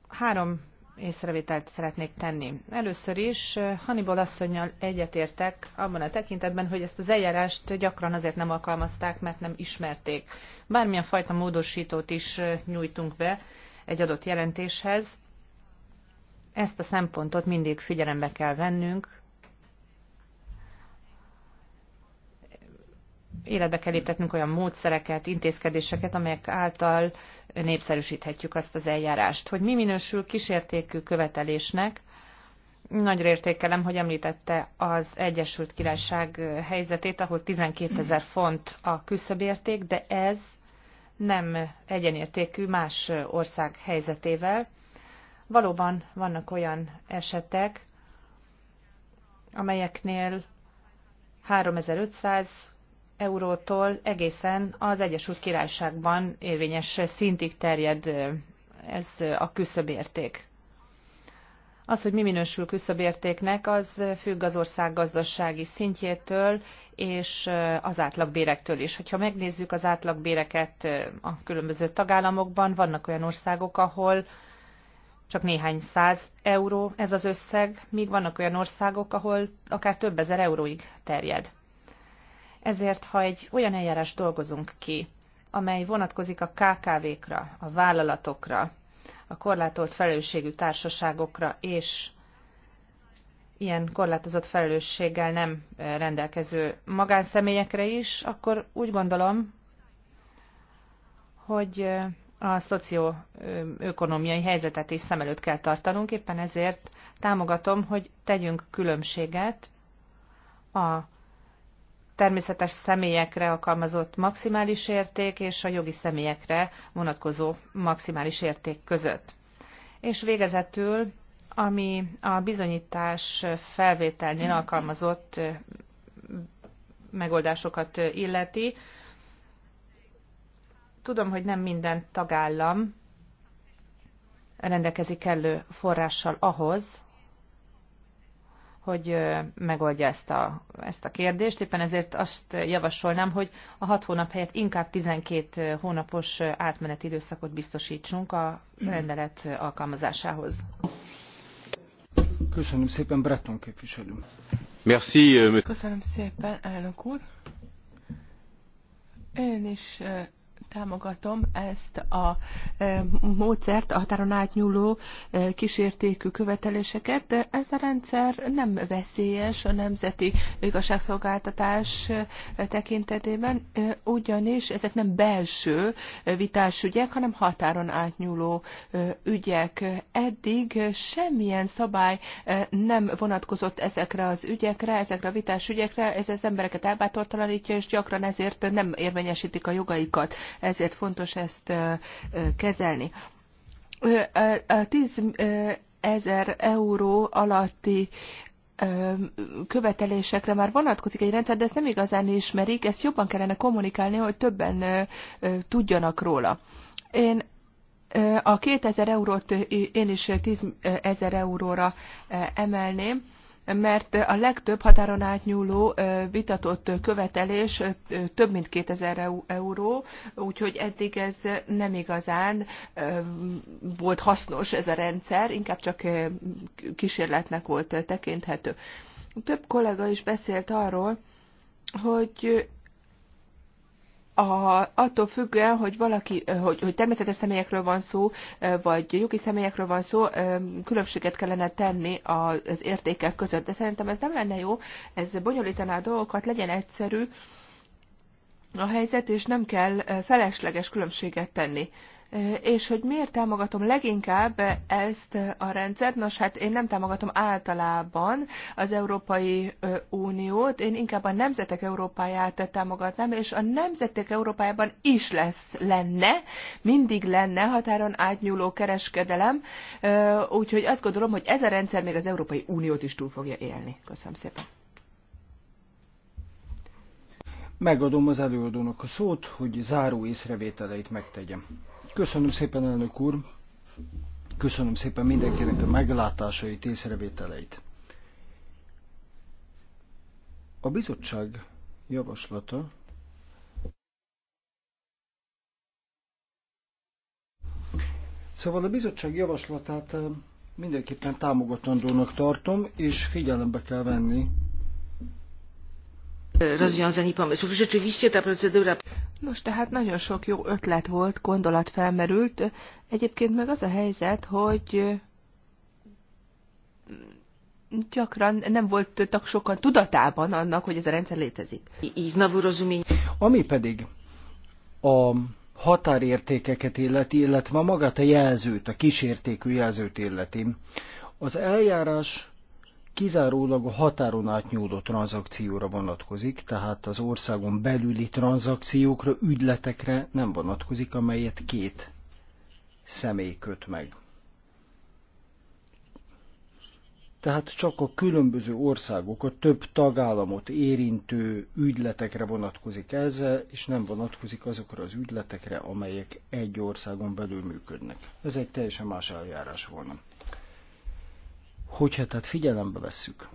Három észrevételt szeretnék tenni. Először is eh, Hannibal asszonynal egyetértek abban a tekintetben, hogy ezt az eljárást gyakran azért nem alkalmazták, mert nem ismerték. Bármilyen fajta módosítót is eh, nyújtunk be egy adott jelentéshez, ezt a szempontot mindig figyelembe kell vennünk, életbe kell léptetnünk olyan módszereket, intézkedéseket, amelyek által népszerűsíthetjük azt az eljárást. Hogy mi minősül kísértékű követelésnek, nagyra értékelem, hogy említette az Egyesült Királyság helyzetét, ahol 12 ezer font a küszöbérték, de ez nem egyenértékű más ország helyzetével, Valóban vannak olyan esetek, amelyeknél 3500 eurótól egészen az Egyesült Királyságban érvényes szintig terjed ez a küszöbérték. Az, hogy mi minősül küszöbértéknek, az függ az ország gazdasági szintjétől és az átlagbérektől is. Hogyha megnézzük az átlagbéreket a különböző tagállamokban, vannak olyan országok, ahol csak néhány száz euró ez az összeg, míg vannak olyan országok, ahol akár több ezer euróig terjed. Ezért, ha egy olyan eljárás dolgozunk ki, amely vonatkozik a KKV-kra, a vállalatokra, a korlátolt felelősségű társaságokra és ilyen korlátozott felelősséggel nem rendelkező magánszemélyekre is, akkor úgy gondolom, hogy a szocioökonomiai helyzetet is szem előtt kell tartanunk, éppen ezért támogatom, hogy tegyünk különbséget a természetes személyekre alkalmazott maximális érték és a jogi személyekre vonatkozó maximális érték között. És végezetül, ami a bizonyítás felvételnél alkalmazott megoldásokat illeti, Tudom, hogy nem minden tagállam rendelkezik elő forrással ahhoz, hogy megoldja ezt a, ezt a kérdést. Éppen ezért azt javasolnám, hogy a hat hónap helyett inkább 12 hónapos átmeneti időszakot biztosítsunk a rendelet alkalmazásához. Köszönöm szépen, Breton képviselő. Merci. Euh, Köszönöm szépen, elnök úr. Én is támogatom ezt a e, módszert, a határon átnyúló e, kísértékű követeléseket. De ez a rendszer nem veszélyes a nemzeti igazságszolgáltatás e, tekintetében, ugyanis ezek nem belső vitás ügyek, hanem határon átnyúló ügyek. Eddig semmilyen szabály nem vonatkozott ezekre az ügyekre, ezekre a vitás ügyekre, ez az embereket elbátortalanítja, és gyakran ezért nem érvényesítik a jogaikat ezért fontos ezt kezelni. A 10 ezer euró alatti követelésekre már vonatkozik egy rendszer, de ezt nem igazán ismerik, ezt jobban kellene kommunikálni, hogy többen tudjanak róla. Én a 2000 eurót én is 10 ezer euróra emelném mert a legtöbb határon átnyúló vitatott követelés több mint 2000 euró, úgyhogy eddig ez nem igazán volt hasznos ez a rendszer, inkább csak kísérletnek volt tekinthető. Több kollega is beszélt arról, hogy a, attól függően, hogy valaki, hogy, hogy természetes személyekről van szó, vagy jogi személyekről van szó, különbséget kellene tenni az értékek között. De szerintem ez nem lenne jó, ez bonyolítaná a dolgokat, legyen egyszerű a helyzet, és nem kell felesleges különbséget tenni és hogy miért támogatom leginkább ezt a rendszert. Nos, hát én nem támogatom általában az Európai Uniót, én inkább a Nemzetek Európáját támogatnám, és a Nemzetek Európájában is lesz, lenne, mindig lenne határon átnyúló kereskedelem, úgyhogy azt gondolom, hogy ez a rendszer még az Európai Uniót is túl fogja élni. Köszönöm szépen. Megadom az előadónak a szót, hogy záró észrevételeit megtegyem. Köszönöm szépen, elnök úr. Köszönöm szépen mindenkinek a meglátásait, észrevételeit. A bizottság javaslata Szóval a bizottság javaslatát eh, mindenképpen támogatandónak tartom, és figyelembe kell venni rozwiązań pomysłów. Rzeczywiście ta procedura... Nos, tehát nagyon sok jó ötlet volt, gondolat felmerült. Egyébként meg az a helyzet, hogy mm, gyakran nem voltak sokan tudatában annak, hogy ez a rendszer létezik. Ami pedig a határértékeket illeti, illetve magát a jelzőt, a kísértékű jelzőt illeti. Az eljárás kizárólag a határon átnyúló tranzakcióra vonatkozik, tehát az országon belüli tranzakciókra, ügyletekre nem vonatkozik, amelyet két személy köt meg. Tehát csak a különböző országok, a több tagállamot érintő ügyletekre vonatkozik ez, és nem vonatkozik azokra az ügyletekre, amelyek egy országon belül működnek. Ez egy teljesen más eljárás volna. Hogyha tehát figyelembe vesszük,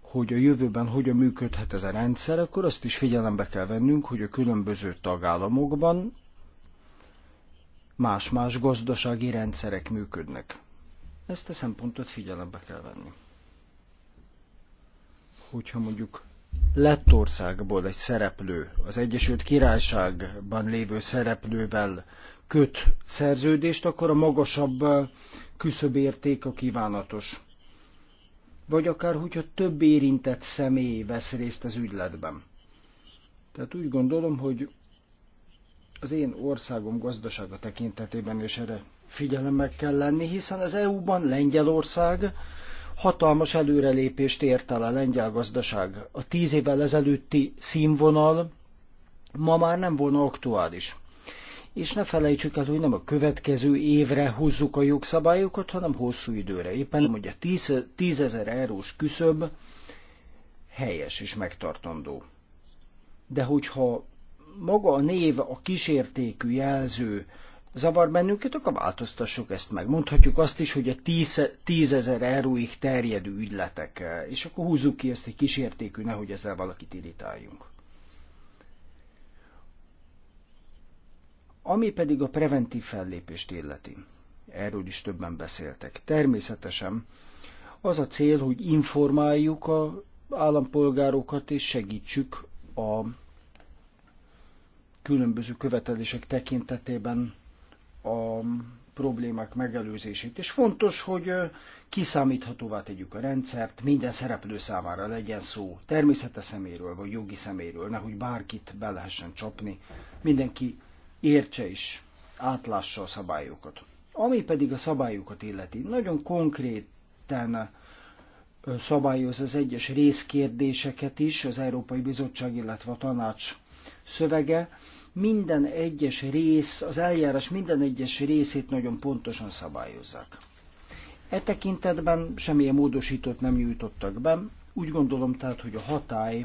hogy a jövőben hogyan működhet ez a rendszer, akkor azt is figyelembe kell vennünk, hogy a különböző tagállamokban más-más gazdasági rendszerek működnek. Ezt a szempontot figyelembe kell venni. Hogyha mondjuk Lettországból egy szereplő, az Egyesült Királyságban lévő szereplővel köt szerződést, akkor a magasabb küszöbérték a kívánatos. Vagy akár, hogyha több érintett személy vesz részt az ügyletben. Tehát úgy gondolom, hogy az én országom gazdasága tekintetében is erre figyelemmel kell lenni, hiszen az EU-ban Lengyelország hatalmas előrelépést ért el a lengyel gazdaság. A tíz évvel ezelőtti színvonal ma már nem volna aktuális és ne felejtsük el, hogy nem a következő évre húzzuk a jogszabályokat, hanem hosszú időre. Éppen hogy a 10, 10 ezer eurós küszöb helyes és megtartandó. De hogyha maga a név, a kísértékű jelző zavar bennünket, akkor változtassuk ezt meg. Mondhatjuk azt is, hogy a 10, 10 ezer euróig terjedő ügyletek, és akkor húzzuk ki ezt egy kísértékű, nehogy ezzel valakit irítáljunk. Ami pedig a preventív fellépést illeti. Erről is többen beszéltek. Természetesen az a cél, hogy informáljuk a állampolgárokat és segítsük a különböző követelések tekintetében a problémák megelőzését. És fontos, hogy kiszámíthatóvá tegyük a rendszert, minden szereplő számára legyen szó természete szeméről vagy jogi szeméről, nehogy bárkit be lehessen csapni, mindenki értse is, átlássa a szabályokat. Ami pedig a szabályokat illeti, nagyon konkréten szabályoz az egyes részkérdéseket is az Európai Bizottság, illetve a tanács szövege. Minden egyes rész, az eljárás minden egyes részét nagyon pontosan szabályozzák. E tekintetben semmilyen módosítót nem nyújtottak be, úgy gondolom tehát, hogy a hatály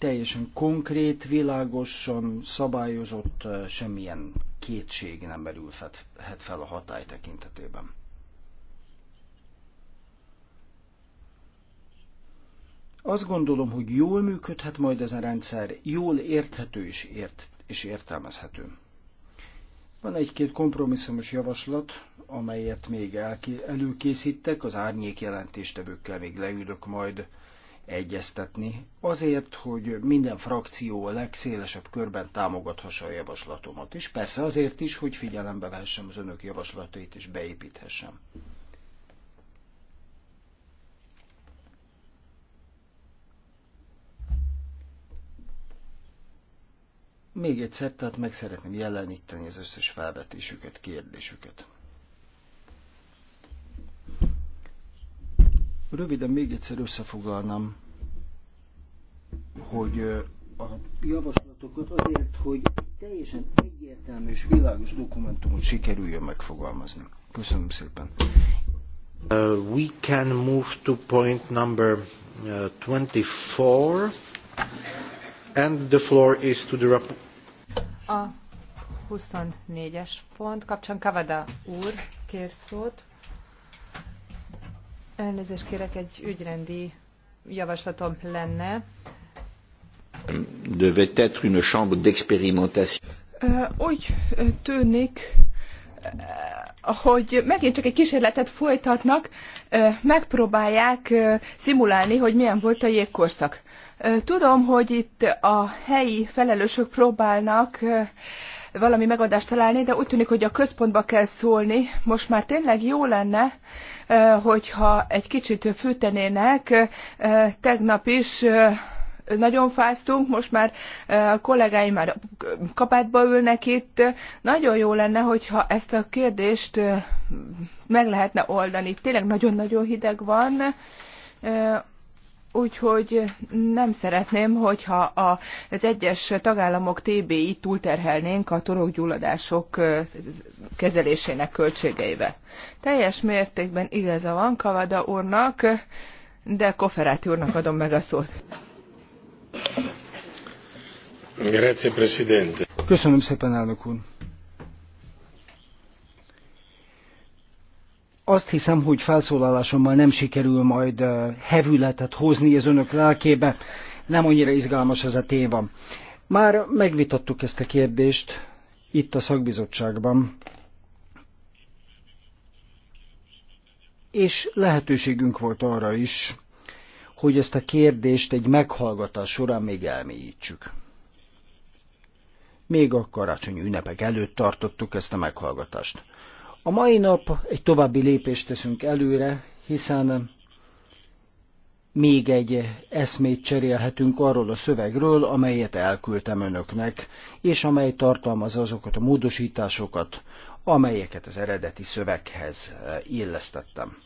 teljesen konkrét, világosan szabályozott, semmilyen kétség nem merülhet fel a hatály tekintetében. Azt gondolom, hogy jól működhet majd ez a rendszer, jól érthető és, ért, és értelmezhető. Van egy-két kompromisszumos javaslat, amelyet még előkészítek, az árnyék jelentéstevőkkel még leülök majd egyeztetni, azért, hogy minden frakció a legszélesebb körben támogathassa a javaslatomat is, persze azért is, hogy figyelembe vehessem az önök javaslatait és beépíthessem. Még egyszer, tehát meg szeretném jeleníteni az összes felvetésüket, kérdésüket. Röviden még egyszer összefoglalnám, hogy a javaslatokat azért, hogy teljesen egyértelmű és világos dokumentumot sikerüljön megfogalmazni. Köszönöm szépen. Uh, we can move to point number uh, 24 and the floor is to the A 24-es pont kapcsán Kavada úr kér szót. Elnézést kérek, egy ügyrendi javaslatom lenne. Devait être une chambre d'expérimentation. Úgy tűnik, hogy megint csak egy kísérletet folytatnak, megpróbálják szimulálni, hogy milyen volt a jégkorszak. Tudom, hogy itt a helyi felelősök próbálnak valami megoldást találni, de úgy tűnik, hogy a központba kell szólni. Most már tényleg jó lenne, hogyha egy kicsit fűtenének. Tegnap is nagyon fáztunk, most már a kollégáim már kapátba ülnek itt. Nagyon jó lenne, hogyha ezt a kérdést meg lehetne oldani. Tényleg nagyon-nagyon hideg van Úgyhogy nem szeretném, hogyha az egyes tagállamok TB-it túlterhelnénk a torokgyulladások kezelésének költségeivel. Teljes mértékben igaza van Kavada úrnak, de Koferáti úrnak adom meg a szót. Köszönöm szépen, elnök úr. Azt hiszem, hogy felszólalásommal nem sikerül majd hevületet hozni az önök lelkébe. Nem annyira izgalmas ez a téma. Már megvitattuk ezt a kérdést itt a szakbizottságban, és lehetőségünk volt arra is, hogy ezt a kérdést egy meghallgatás során még elmélyítsük. Még a karácsonyi ünnepek előtt tartottuk ezt a meghallgatást. A mai nap egy további lépést teszünk előre, hiszen még egy eszmét cserélhetünk arról a szövegről, amelyet elküldtem önöknek, és amely tartalmaz azokat a módosításokat, amelyeket az eredeti szöveghez eh, illesztettem.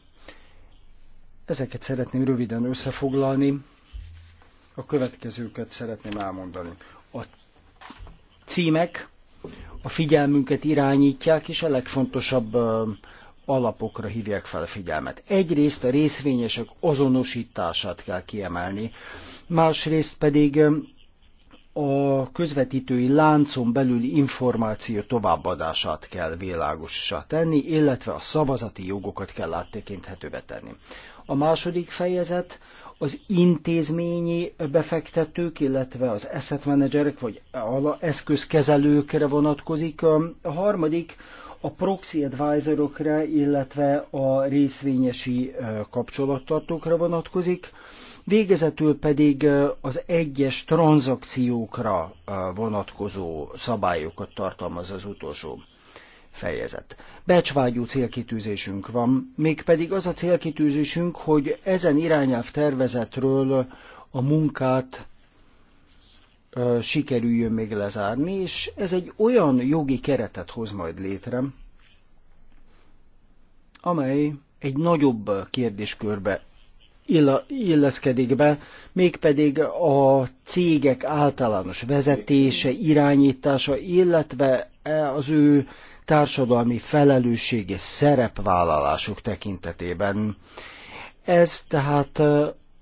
Ezeket szeretném röviden összefoglalni, a következőket szeretném elmondani. A címek, a figyelmünket irányítják, és a legfontosabb alapokra hívják fel a figyelmet. Egyrészt a részvényesek azonosítását kell kiemelni, másrészt pedig a közvetítői láncon belüli információ továbbadását kell világossá tenni, illetve a szavazati jogokat kell áttekinthetővé tenni. A második fejezet az intézményi befektetők, illetve az asset managerek vagy eszközkezelőkre vonatkozik. A harmadik a proxy advisorokra, illetve a részvényesi kapcsolattartókra vonatkozik, végezetül pedig az egyes tranzakciókra vonatkozó szabályokat tartalmaz az utolsó fejezet. Becsvágyú célkitűzésünk van, mégpedig az a célkitűzésünk, hogy ezen irányelv tervezetről a munkát ö, sikerüljön még lezárni, és ez egy olyan jogi keretet hoz majd létre, amely egy nagyobb kérdéskörbe illeszkedik be, mégpedig a cégek általános vezetése, irányítása, illetve e az ő társadalmi felelősség és szerepvállalásuk tekintetében. Ez tehát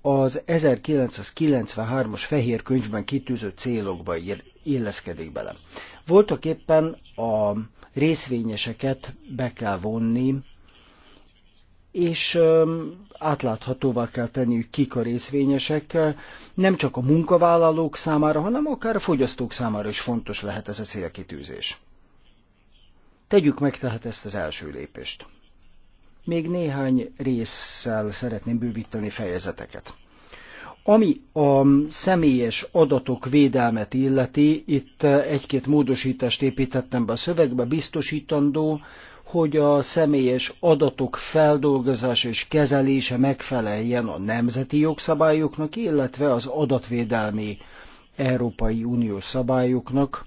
az 1993-as fehér könyvben kitűzött célokba illeszkedik bele. Voltak éppen a részvényeseket be kell vonni, és átláthatóvá kell tenni, hogy kik a részvényesek. Nem csak a munkavállalók számára, hanem akár a fogyasztók számára is fontos lehet ez a célkitűzés. Tegyük meg tehát ezt az első lépést. Még néhány résszel szeretném bővíteni fejezeteket. Ami a személyes adatok védelmet illeti, itt egy-két módosítást építettem be a szövegbe, biztosítandó, hogy a személyes adatok feldolgozása és kezelése megfeleljen a nemzeti jogszabályoknak, illetve az adatvédelmi Európai Uniós szabályoknak.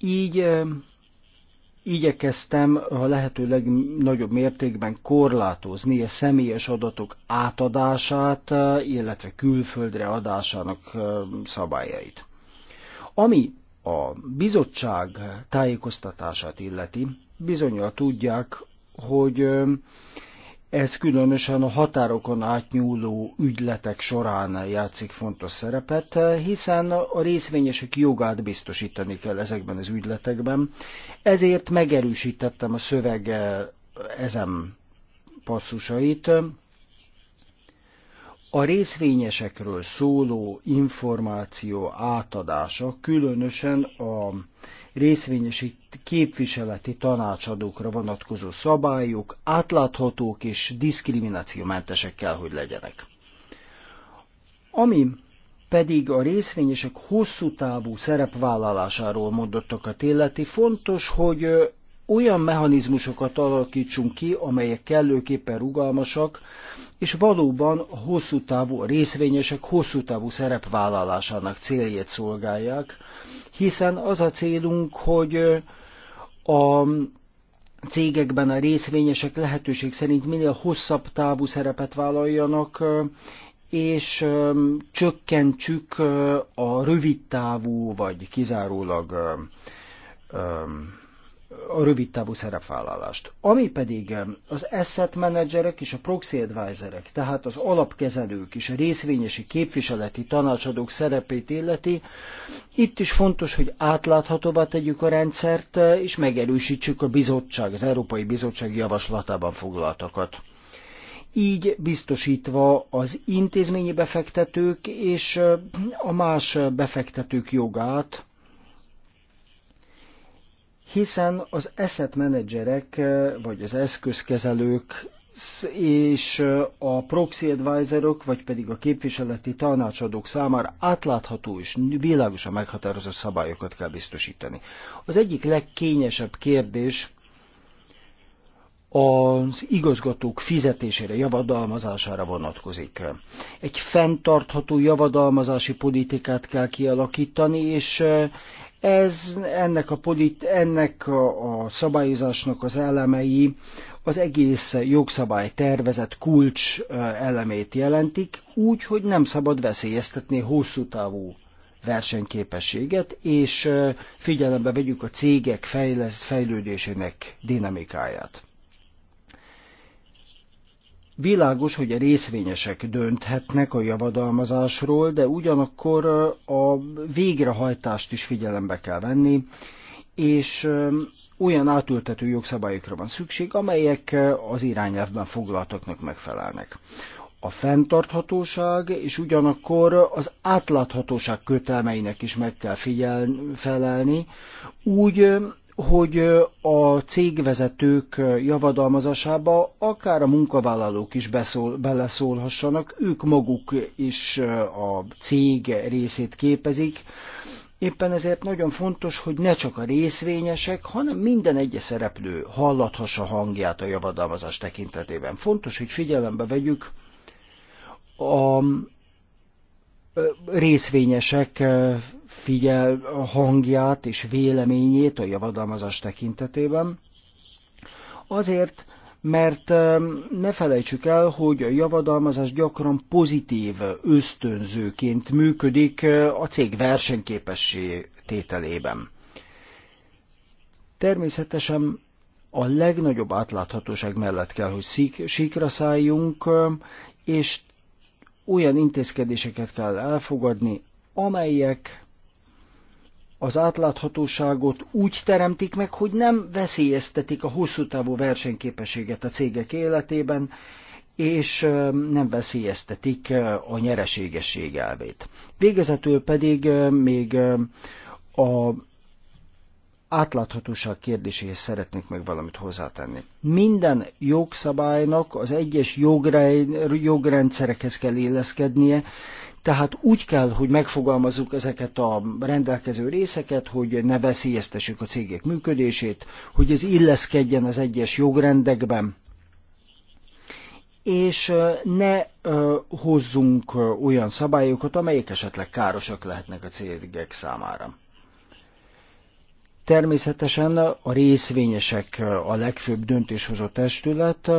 Így igyekeztem a lehető legnagyobb mértékben korlátozni a személyes adatok átadását, illetve külföldre adásának szabályait. Ami a bizottság tájékoztatását illeti, bizonyal tudják, hogy ez különösen a határokon átnyúló ügyletek során játszik fontos szerepet, hiszen a részvényesek jogát biztosítani kell ezekben az ügyletekben. Ezért megerősítettem a szöveg eh, ezen passzusait. A részvényesekről szóló információ átadása különösen a részvényesi képviseleti tanácsadókra vonatkozó szabályok átláthatók és diszkriminációmentesek kell, hogy legyenek. Ami pedig a részvényesek hosszú távú szerepvállalásáról a illeti, fontos, hogy olyan mechanizmusokat alakítsunk ki, amelyek kellőképpen rugalmasak, és valóban a hosszú távú, a részvényesek hosszú távú szerepvállalásának céljét szolgálják, hiszen az a célunk, hogy a cégekben a részvényesek lehetőség szerint minél hosszabb távú szerepet vállaljanak, és csökkentsük a rövid távú vagy kizárólag a rövid távú szerepvállalást. Ami pedig az asset managerek és a proxy advisorek, tehát az alapkezelők és a részvényesi képviseleti tanácsadók szerepét illeti, itt is fontos, hogy átláthatóbbá tegyük a rendszert, eh, és megerősítsük a bizottság, az Európai Bizottság javaslatában foglaltakat így biztosítva az intézményi befektetők és eh, a más befektetők jogát, hiszen az asset menedzserek, eh, vagy az eszközkezelők és eh, a proxy advisorok, vagy pedig a képviseleti tanácsadók számára átlátható és világosan meghatározott szabályokat kell biztosítani. Az egyik legkényesebb kérdés az igazgatók fizetésére, javadalmazására vonatkozik. Egy fenntartható javadalmazási politikát kell kialakítani, és eh, ez, ennek, a polit, ennek a, a szabályozásnak az elemei az egész jogszabály tervezett kulcs elemét jelentik, úgy, hogy nem szabad veszélyeztetni hosszú távú versenyképességet, és figyelembe vegyük a cégek fejleszt, fejlődésének dinamikáját. Világos, hogy a részvényesek dönthetnek a javadalmazásról, de ugyanakkor a végrehajtást is figyelembe kell venni, és olyan átültető jogszabályokra van szükség, amelyek az irányelvben foglaltaknak megfelelnek. A fenntarthatóság és ugyanakkor az átláthatóság kötelmeinek is meg kell figyel, felelni, úgy, hogy a cégvezetők javadalmazásába akár a munkavállalók is beszól, beleszólhassanak, ők maguk is a cég részét képezik. Éppen ezért nagyon fontos, hogy ne csak a részvényesek, hanem minden egyes szereplő hallathassa hangját a javadalmazás tekintetében. Fontos, hogy figyelembe vegyük a részvényesek figyel hangját és véleményét a javadalmazás tekintetében. Azért, mert ne felejtsük el, hogy a javadalmazás gyakran pozitív ösztönzőként működik a cég versenyképessé tételében. Természetesen a legnagyobb átláthatóság mellett kell, hogy szík, síkra szálljunk, és olyan intézkedéseket kell elfogadni, amelyek az átláthatóságot úgy teremtik meg, hogy nem veszélyeztetik a hosszú távú versenyképességet a cégek életében, és nem veszélyeztetik a nyereségesség elvét. Végezetül pedig még a átláthatóság kérdéséhez szeretnék meg valamit hozzátenni. Minden jogszabálynak az egyes jogrendszerekhez kell illeszkednie, tehát úgy kell, hogy megfogalmazzuk ezeket a rendelkező részeket, hogy ne veszélyeztessük a cégek működését, hogy ez illeszkedjen az egyes jogrendekben, és ne hozzunk olyan szabályokat, amelyek esetleg károsak lehetnek a cégek számára. Természetesen a részvényesek a legfőbb döntéshozó testület,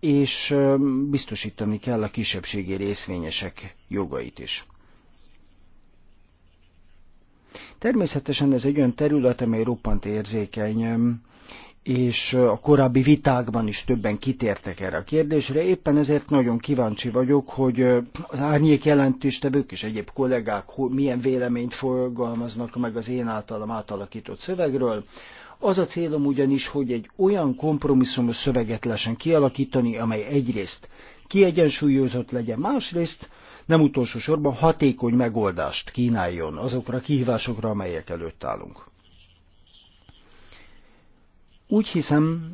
és biztosítani kell a kisebbségi részvényesek jogait is. Természetesen ez egy olyan terület, amely roppant érzékeny, és a korábbi vitákban is többen kitértek erre a kérdésre. Éppen ezért nagyon kíváncsi vagyok, hogy az árnyék jelentéstevők és egyéb kollégák milyen véleményt fogalmaznak meg az én általam átalakított szövegről. Az a célom ugyanis, hogy egy olyan kompromisszumos szöveget lesen kialakítani, amely egyrészt kiegyensúlyozott legyen, másrészt nem utolsó sorban hatékony megoldást kínáljon azokra a kihívásokra, amelyek előtt állunk. Úgy hiszem,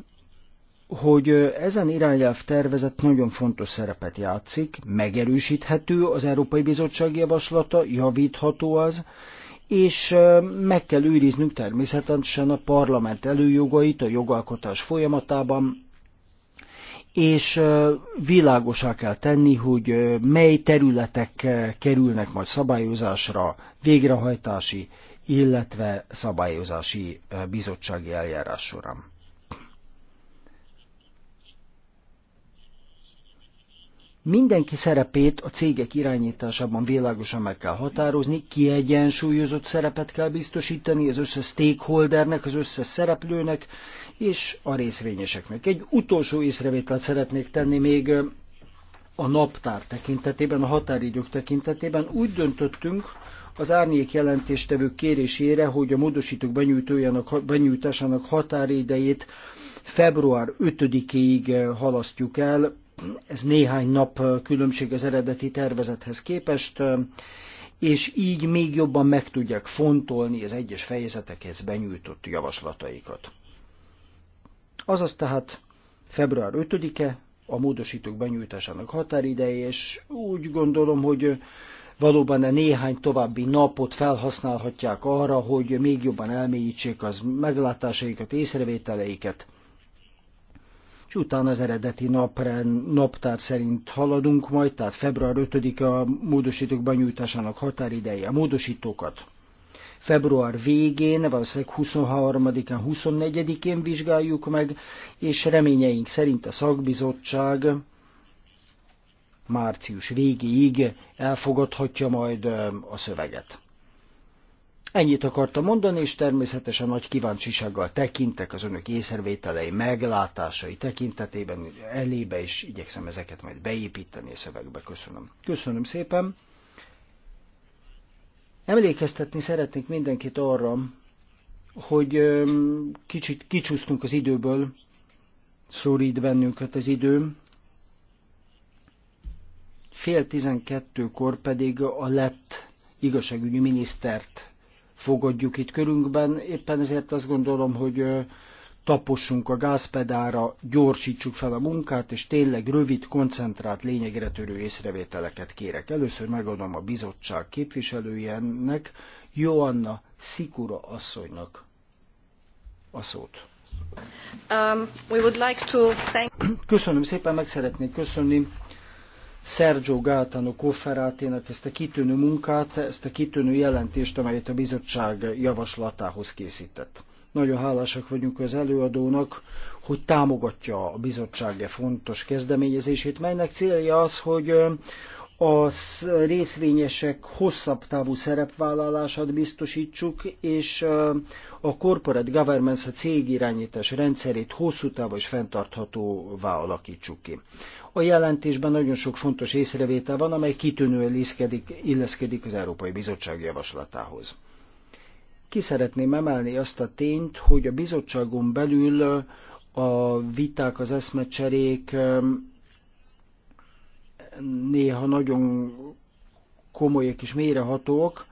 hogy ezen irányelv tervezet nagyon fontos szerepet játszik, megerősíthető az Európai Bizottság javaslata, javítható az, és meg kell őriznünk természetesen a parlament előjogait a jogalkotás folyamatában, és világosá kell tenni, hogy mely területek kerülnek majd szabályozásra, végrehajtási illetve szabályozási bizottsági eljárás során. Mindenki szerepét a cégek irányításában világosan meg kell határozni, kiegyensúlyozott szerepet kell biztosítani az összes stakeholdernek, az összes szereplőnek és a részvényeseknek. Egy utolsó észrevételt szeretnék tenni még a naptár tekintetében, a határidők tekintetében. Úgy döntöttünk, az árnyék jelentéstevők kérésére, hogy a módosítók benyújtásának határidejét február 5-ig eh, halasztjuk el. Ez néhány nap eh, különbség az eredeti tervezethez képest, eh, és így még jobban meg tudják fontolni az egyes fejezetekhez benyújtott javaslataikat. Azaz tehát február 5-e a módosítók benyújtásának határideje, és úgy gondolom, hogy valóban a néhány további napot felhasználhatják arra, hogy még jobban elmélyítsék az meglátásaikat, észrevételeiket, és utána az eredeti napren, naptár szerint haladunk majd, tehát február 5-e a módosítók benyújtásának határideje. A módosítókat február végén, valószínűleg 23-án, 24-én vizsgáljuk meg, és reményeink szerint a szakbizottság március végéig elfogadhatja majd a szöveget. Ennyit akartam mondani, és természetesen nagy kíváncsisággal tekintek az önök észrevételei, meglátásai tekintetében elébe, és igyekszem ezeket majd beépíteni a szövegbe. Köszönöm. Köszönöm szépen. Emlékeztetni szeretnék mindenkit arra, hogy kicsit kicsúsztunk az időből, szorít bennünket az időm fél tizenkettőkor pedig a lett igazságügyi minisztert fogadjuk itt körünkben. Éppen ezért azt gondolom, hogy tapossunk a gázpedára, gyorsítsuk fel a munkát, és tényleg rövid, koncentrált, lényegre törő észrevételeket kérek. Először megadom a bizottság képviselőjének, Joanna Szikura asszonynak a szót. Um, we would like to thank... Köszönöm szépen, meg szeretnék köszönni Sergio Gaetano Kofferátének ezt a kitűnő munkát, ezt a kitűnő jelentést, amelyet a bizottság javaslatához készített. Nagyon hálásak vagyunk az előadónak, hogy támogatja a bizottság e fontos kezdeményezését, melynek célja az, hogy a részvényesek hosszabb távú szerepvállalását biztosítsuk, és a corporate governance, a cégirányítás rendszerét hosszú távú és fenntarthatóvá alakítsuk ki. A jelentésben nagyon sok fontos észrevétel van, amely kitűnően illeszkedik az Európai Bizottság javaslatához. Ki szeretném emelni azt a tényt, hogy a bizottságon belül a viták, az eszmecserék néha nagyon komolyak és mérehatók,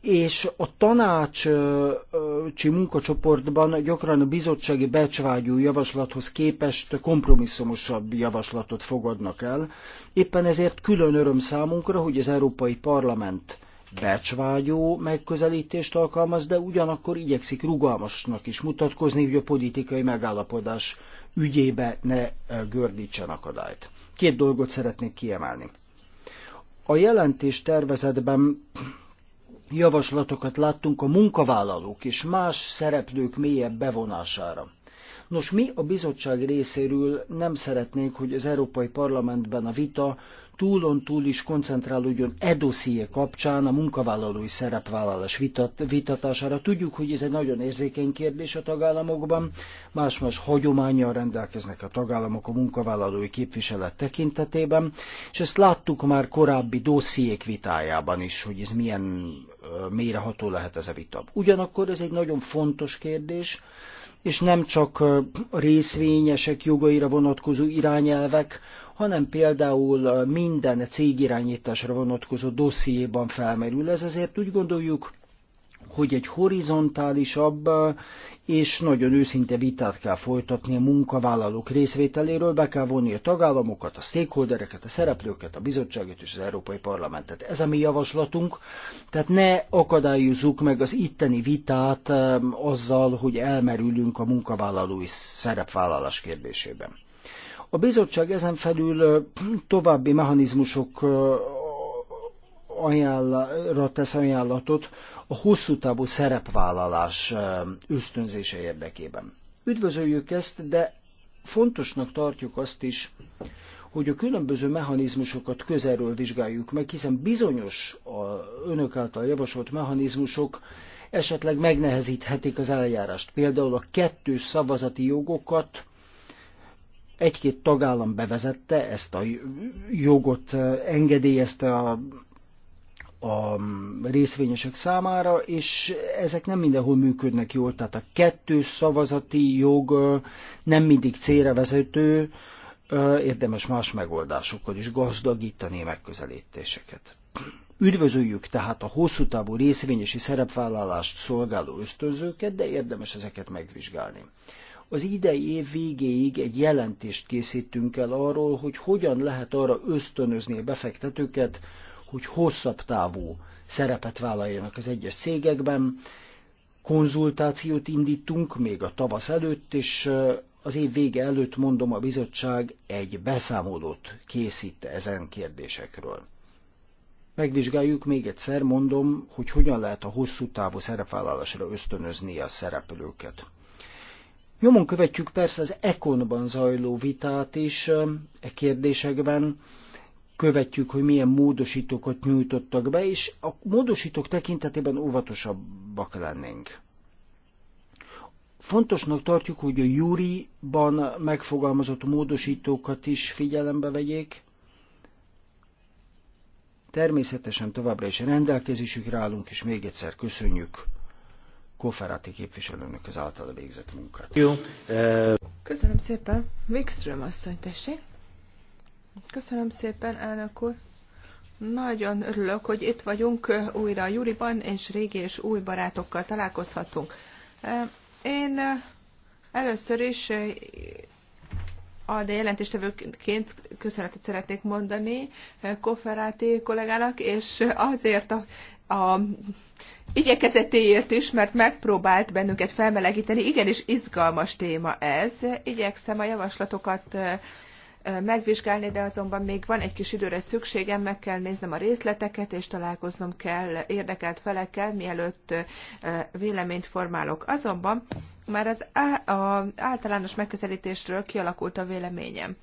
és a tanácsi munkacsoportban gyakran a bizottsági becsvágyú javaslathoz képest kompromisszumosabb javaslatot fogadnak el. Éppen ezért külön öröm számunkra, hogy az Európai Parlament becsvágyó megközelítést alkalmaz, de ugyanakkor igyekszik rugalmasnak is mutatkozni, hogy a politikai megállapodás ügyébe ne gördítsen akadályt. Két dolgot szeretnék kiemelni. A jelentés tervezetben javaslatokat láttunk a munkavállalók és más szereplők mélyebb bevonására. Nos, mi a bizottság részéről nem szeretnénk, hogy az Európai Parlamentben a vita túlon túl is koncentrálódjon e dosszié kapcsán a munkavállalói szerepvállalás vitat, vitatására. Tudjuk, hogy ez egy nagyon érzékeny kérdés a tagállamokban, más-más hagyományjal rendelkeznek a tagállamok a munkavállalói képviselet tekintetében, és ezt láttuk már korábbi dossziék vitájában is, hogy ez milyen mélyreható lehet ez a vita. Ugyanakkor ez egy nagyon fontos kérdés, és nem csak a részvényesek jogaira vonatkozó irányelvek, hanem például minden cégirányításra vonatkozó dossziéban felmerül. Ez ezért úgy gondoljuk, hogy egy horizontálisabb és nagyon őszinte vitát kell folytatni a munkavállalók részvételéről, be kell vonni a tagállamokat, a stakeholdereket, a szereplőket, a bizottságot és az Európai Parlamentet. Ez a mi javaslatunk, tehát ne akadályozzuk meg az itteni vitát um, azzal, hogy elmerülünk a munkavállalói szerepvállalás kérdésében. A bizottság ezen felül um, további mechanizmusok uh, ajánlra tesz ajánlatot, a hosszú távú szerepvállalás ösztönzése érdekében. Üdvözöljük ezt, de fontosnak tartjuk azt is, hogy a különböző mechanizmusokat közelről vizsgáljuk meg, hiszen bizonyos a önök által javasolt mechanizmusok esetleg megnehezíthetik az eljárást. Például a kettős szavazati jogokat egy-két tagállam bevezette, ezt a jogot engedélyezte a a részvényesek számára, és ezek nem mindenhol működnek jól, tehát a kettős szavazati jog nem mindig célra vezető, érdemes más megoldásokkal is gazdagítani megközelítéseket. Üdvözöljük tehát a hosszú távú részvényesi szerepvállalást szolgáló ösztönzőket, de érdemes ezeket megvizsgálni. Az idei év végéig egy jelentést készítünk el arról, hogy hogyan lehet arra ösztönözni a befektetőket, hogy hosszabb távú szerepet vállaljanak az egyes cégekben. Konzultációt indítunk még a tavasz előtt, és az év vége előtt mondom, a bizottság egy beszámolót készít ezen kérdésekről. Megvizsgáljuk még egyszer, mondom, hogy hogyan lehet a hosszú távú szerepvállalásra ösztönözni a szereplőket. Nyomon követjük persze az Ekonban zajló vitát is e kérdésekben, követjük, hogy milyen módosítókat nyújtottak be, és a módosítók tekintetében óvatosabbak lennénk. Fontosnak tartjuk, hogy a júriban megfogalmazott módosítókat is figyelembe vegyék. Természetesen továbbra is rendelkezésükre állunk, és még egyszer köszönjük Koferáti képviselőnök az általa végzett munkát. Jó. Köszönöm szépen. Wikström asszony, tessék. Köszönöm szépen, elnök úr. Nagyon örülök, hogy itt vagyunk újra a Júriban, és régi és új barátokkal találkozhatunk. Én először is a de jelentéstevőként köszönetet szeretnék mondani Koferáti kollégának, és azért a, a igyekezetéért is, mert megpróbált bennünket felmelegíteni. Igenis izgalmas téma ez. Igyekszem a javaslatokat megvizsgálni, de azonban még van egy kis időre szükségem, meg kell néznem a részleteket, és találkoznom kell érdekelt felekkel, mielőtt véleményt formálok. Azonban már az általános megközelítésről kialakult a véleményem.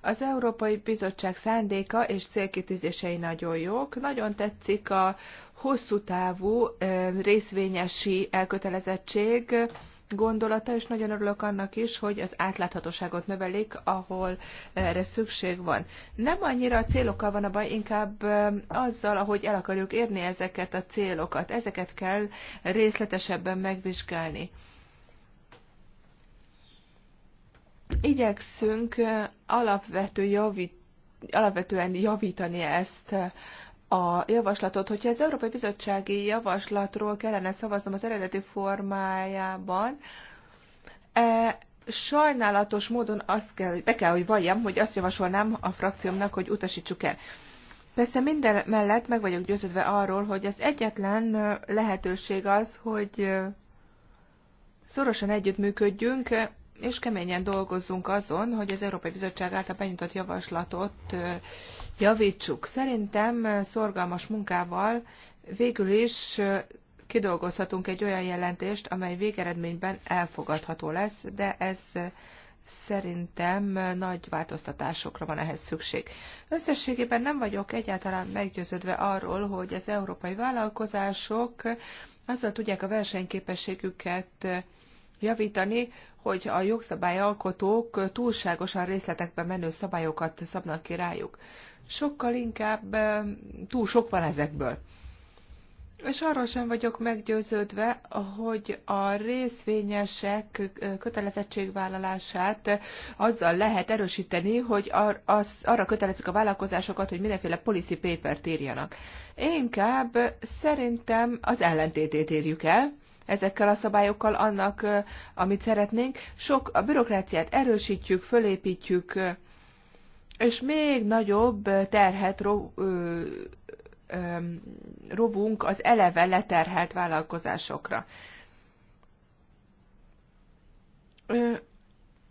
Az Európai Bizottság szándéka és célkitűzései nagyon jók. Nagyon tetszik a hosszú távú részvényesi elkötelezettség, gondolata, és nagyon örülök annak is, hogy az átláthatóságot növelik, ahol eh, erre szükség van. Nem annyira a célokkal van a baj, inkább eh, azzal, ahogy el akarjuk érni ezeket a célokat. Ezeket kell részletesebben megvizsgálni. Igyekszünk eh, alapvető javít, alapvetően javítani ezt a javaslatot. Hogyha az Európai Bizottsági Javaslatról kellene szavaznom az eredeti formájában, e, sajnálatos módon azt kell, be kell, hogy valljam, hogy azt javasolnám a frakciómnak, hogy utasítsuk el. Persze minden mellett meg vagyok győződve arról, hogy az egyetlen lehetőség az, hogy szorosan együttműködjünk és keményen dolgozzunk azon, hogy az Európai Bizottság által benyújtott javaslatot javítsuk. Szerintem szorgalmas munkával végül is kidolgozhatunk egy olyan jelentést, amely végeredményben elfogadható lesz, de ez szerintem nagy változtatásokra van ehhez szükség. Összességében nem vagyok egyáltalán meggyőződve arról, hogy az európai vállalkozások azzal tudják a versenyképességüket javítani, hogy a jogszabályalkotók túlságosan részletekben menő szabályokat szabnak ki rájuk. Sokkal inkább túl sok van ezekből. És arról sem vagyok meggyőződve, hogy a részvényesek kötelezettségvállalását azzal lehet erősíteni, hogy az, arra kötelezik a vállalkozásokat, hogy mindenféle policy paper írjanak. Inkább szerintem az ellentétét érjük el, ezekkel a szabályokkal annak, amit szeretnénk. Sok a bürokráciát erősítjük, fölépítjük, és még nagyobb terhet ro- ö, ö, rovunk az eleve leterhelt vállalkozásokra. Ö,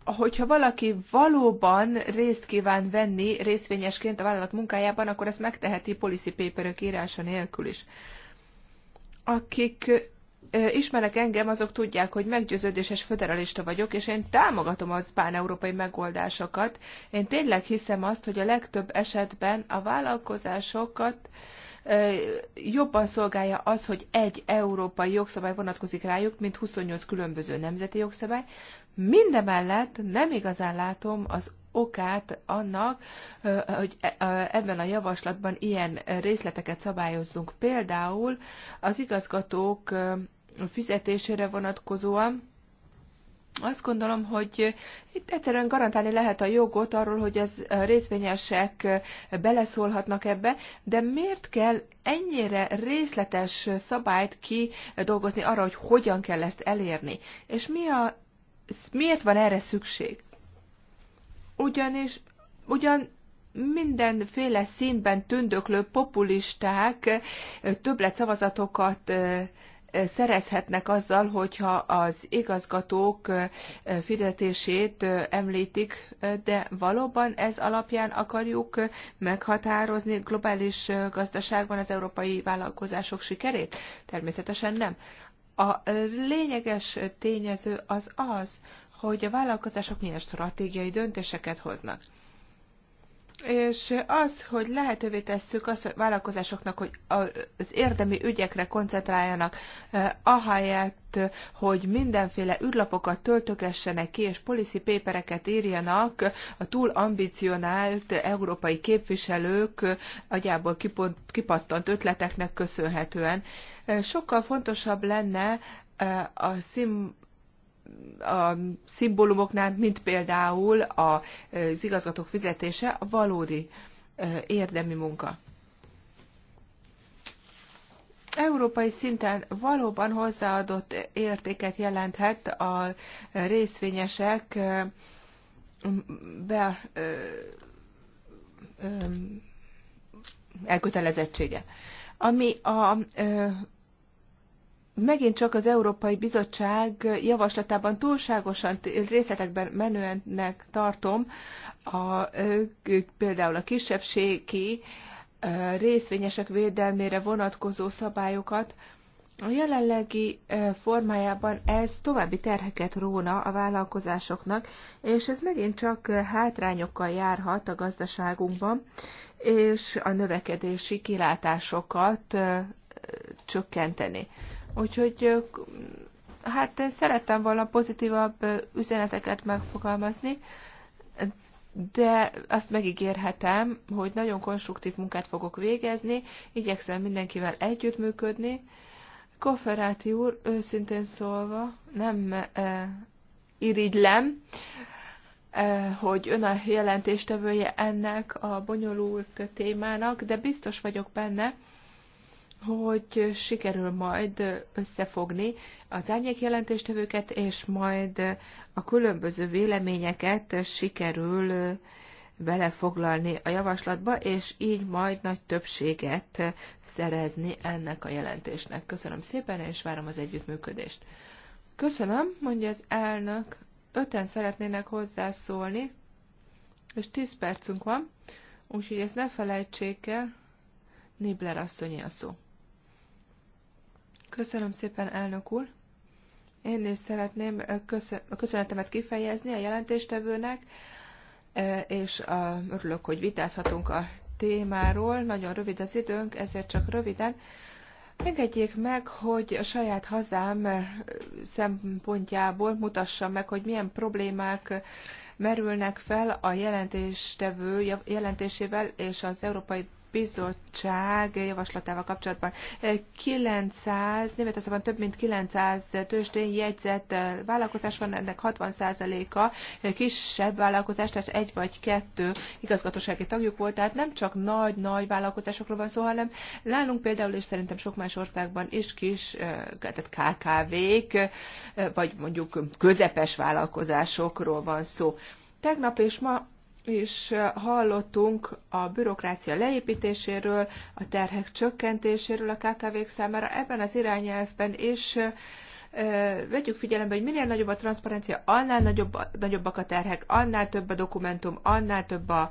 hogyha valaki valóban részt kíván venni részvényesként a vállalat munkájában, akkor ezt megteheti policy paperök írása nélkül is. Akik ismernek engem, azok tudják, hogy meggyőződéses föderalista vagyok, és én támogatom az pán-európai megoldásokat. Én tényleg hiszem azt, hogy a legtöbb esetben a vállalkozásokat jobban szolgálja az, hogy egy európai jogszabály vonatkozik rájuk, mint 28 különböző nemzeti jogszabály. Mindemellett nem igazán látom az okát annak, hogy e, ebben a javaslatban ilyen részleteket szabályozzunk. Például az igazgatók a fizetésére vonatkozóan, azt gondolom, hogy itt egyszerűen garantálni lehet a jogot arról, hogy ez részvényesek beleszólhatnak ebbe, de miért kell ennyire részletes szabályt kidolgozni arra, hogy hogyan kell ezt elérni? És mi a, miért van erre szükség? Ugyanis, ugyan mindenféle színben tündöklő populisták többlet szavazatokat szerezhetnek azzal, hogyha az igazgatók fizetését említik, de valóban ez alapján akarjuk meghatározni globális gazdaságban az európai vállalkozások sikerét? Természetesen nem. A lényeges tényező az az, hogy a vállalkozások milyen stratégiai döntéseket hoznak. És az, hogy lehetővé tesszük azt hogy vállalkozásoknak, hogy az érdemi ügyekre koncentráljanak, ahelyett, hogy mindenféle űrlapokat töltögessenek ki, és policy papereket írjanak a túl ambicionált európai képviselők agyából kipattant ötleteknek köszönhetően. Sokkal fontosabb lenne a szim a szimbólumoknál, mint például az igazgatók fizetése, a valódi érdemi munka. Európai szinten valóban hozzáadott értéket jelenthet a részvényesek be, ö, ö, elkötelezettsége. Ami a ö, megint csak az Európai Bizottság javaslatában túlságosan részletekben menőennek tartom a, például a kisebbségi részvényesek védelmére vonatkozó szabályokat. A jelenlegi formájában ez további terheket róna a vállalkozásoknak, és ez megint csak hátrányokkal járhat a gazdaságunkban, és a növekedési kilátásokat csökkenteni. Úgyhogy hát én szerettem volna pozitívabb üzeneteket megfogalmazni, de azt megígérhetem, hogy nagyon konstruktív munkát fogok végezni, igyekszem mindenkivel együttműködni. Kofferáti úr, őszintén szólva, nem e, irigylem, e, hogy ön a jelentéstevője ennek a bonyolult témának, de biztos vagyok benne, hogy sikerül majd összefogni az árnyék jelentéstevőket, és majd a különböző véleményeket sikerül belefoglalni a javaslatba, és így majd nagy többséget szerezni ennek a jelentésnek. Köszönöm szépen, és várom az együttműködést. Köszönöm, mondja az elnök. Öten szeretnének hozzászólni, és tíz percünk van, úgyhogy ezt ne felejtsék el. Nibler asszonyi a szó. Köszönöm szépen, elnök úr. Én is szeretném a köszönetemet kifejezni a jelentéstevőnek, és örülök, hogy vitázhatunk a témáról. Nagyon rövid az időnk, ezért csak röviden. Engedjék meg, hogy a saját hazám szempontjából mutassam meg, hogy milyen problémák merülnek fel a jelentéstevő jelentésével és az Európai bizottság javaslatával kapcsolatban. 900, Németországban több mint 900 tőzsdén jegyzett vállalkozás van, ennek 60%-a kisebb vállalkozás, tehát egy vagy kettő igazgatósági tagjuk volt, tehát nem csak nagy-nagy vállalkozásokról van szó, hanem nálunk például, és szerintem sok más országban is kis, tehát KKV-k, vagy mondjuk közepes vállalkozásokról van szó. Tegnap és ma is hallottunk a bürokrácia leépítéséről, a terhek csökkentéséről a KKV-k számára. Ebben az irányelvben is vegyük figyelembe, hogy minél nagyobb a transzparencia, annál nagyobb, nagyobbak a terhek, annál több a dokumentum, annál több a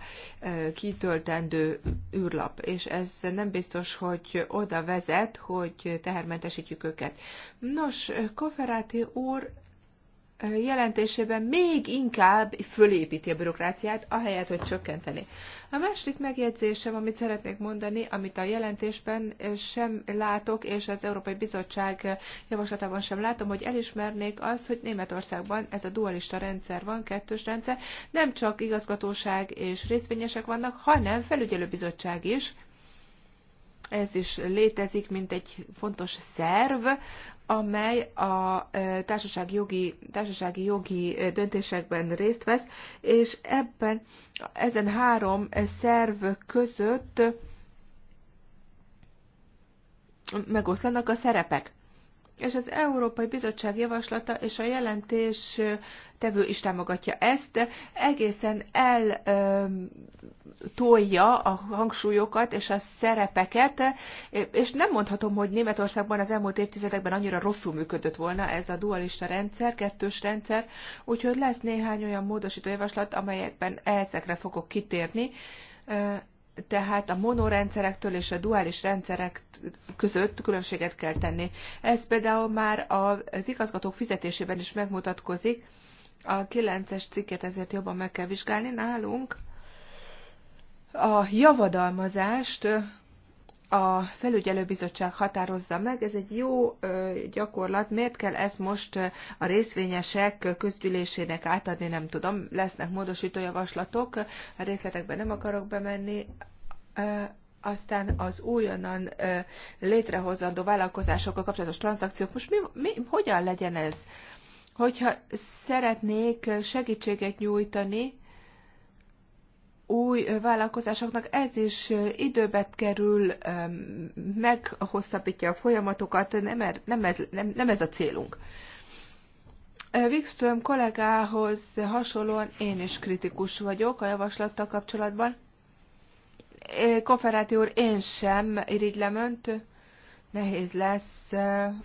kitöltendő űrlap. És ez nem biztos, hogy oda vezet, hogy tehermentesítjük őket. Nos, Koferáti úr jelentésében még inkább fölépíti a bürokráciát, ahelyett, hogy csökkenteni. A másik megjegyzésem, amit szeretnék mondani, amit a jelentésben sem látok, és az Európai Bizottság javaslatában sem látom, hogy elismernék azt, hogy Németországban ez a dualista rendszer van, kettős rendszer, nem csak igazgatóság és részvényesek vannak, hanem felügyelőbizottság is, ez is létezik, mint egy fontos szerv, amely a társaság jogi, társasági jogi döntésekben részt vesz, és ebben ezen három szerv között megoszlanak a szerepek és az Európai Bizottság javaslata és a jelentés tevő is támogatja ezt, egészen eltolja a hangsúlyokat és a szerepeket, és nem mondhatom, hogy Németországban az elmúlt évtizedekben annyira rosszul működött volna ez a dualista rendszer, kettős rendszer, úgyhogy lesz néhány olyan módosító javaslat, amelyekben ezekre fogok kitérni, tehát a monorendszerektől és a duális rendszerek között különbséget kell tenni. Ez például már az igazgatók fizetésében is megmutatkozik. A 9-es cikket ezért jobban meg kell vizsgálni nálunk. A javadalmazást a felügyelőbizottság határozza meg. Ez egy jó gyakorlat. Miért kell ezt most a részvényesek közgyűlésének átadni, nem tudom. Lesznek módosító javaslatok, a részletekben nem akarok bemenni. Aztán az újonnan létrehozandó vállalkozásokkal kapcsolatos tranzakciók. Most mi, mi, hogyan legyen ez? Hogyha szeretnék segítséget nyújtani, új vállalkozásoknak ez is időbe kerül, meghosszabbítja a folyamatokat, nem, er, nem, ez, nem, nem ez a célunk. Wikström kollégához hasonlóan én is kritikus vagyok a javaslattal kapcsolatban. Konferáti úr, én sem irigylem önt. Nehéz lesz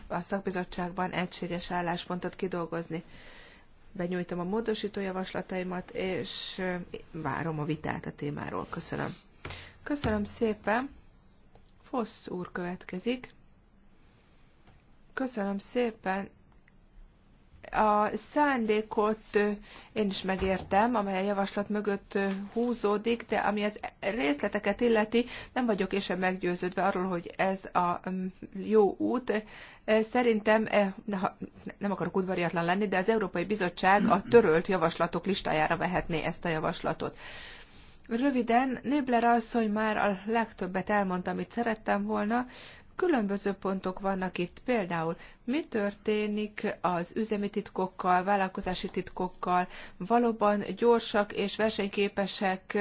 a szakbizottságban egységes álláspontot kidolgozni benyújtom a módosító javaslataimat, és várom a vitát a témáról. Köszönöm. Köszönöm szépen. Fossz úr következik. Köszönöm szépen, a szándékot én is megértem, amely a javaslat mögött húzódik, de ami az részleteket illeti, nem vagyok én sem meggyőződve arról, hogy ez a jó út. Szerintem, nem akarok udvariatlan lenni, de az Európai Bizottság a törölt javaslatok listájára vehetné ezt a javaslatot. Röviden, Nébler hogy már a legtöbbet elmondta, amit szerettem volna. Különböző pontok vannak itt, például mi történik az üzemi titkokkal, vállalkozási titkokkal? Valóban gyorsak és versenyképesek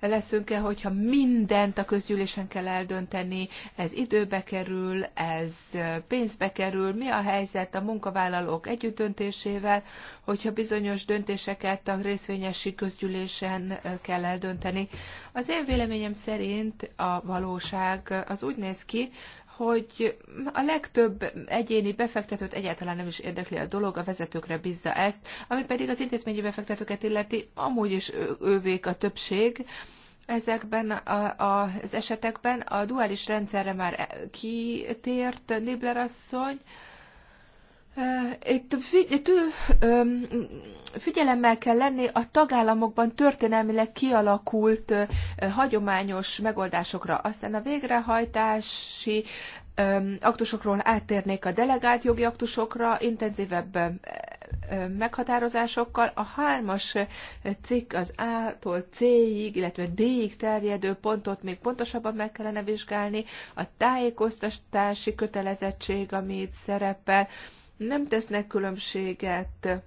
leszünk-e, hogyha mindent a közgyűlésen kell eldönteni? Ez időbe kerül, ez pénzbe kerül. Mi a helyzet a munkavállalók együttdöntésével, hogyha bizonyos döntéseket a részvényesi közgyűlésen kell eldönteni? Az én véleményem szerint a valóság az úgy néz ki, hogy a legtöbb egyéni befektetőt egyáltalán nem is érdekli a dolog, a vezetőkre bízza ezt, ami pedig az intézményi befektetőket illeti, amúgy is ővék a többség, Ezekben a, a, az esetekben a duális rendszerre már kitért Nibler asszony, itt figyelemmel kell lenni a tagállamokban történelmileg kialakult hagyományos megoldásokra. Aztán a végrehajtási aktusokról áttérnék a delegált jogi aktusokra, intenzívebb meghatározásokkal. A hármas cikk az A-tól C-ig, illetve D-ig terjedő pontot még pontosabban meg kellene vizsgálni. A tájékoztatási kötelezettség, ami itt szerepel, nem tesznek különbséget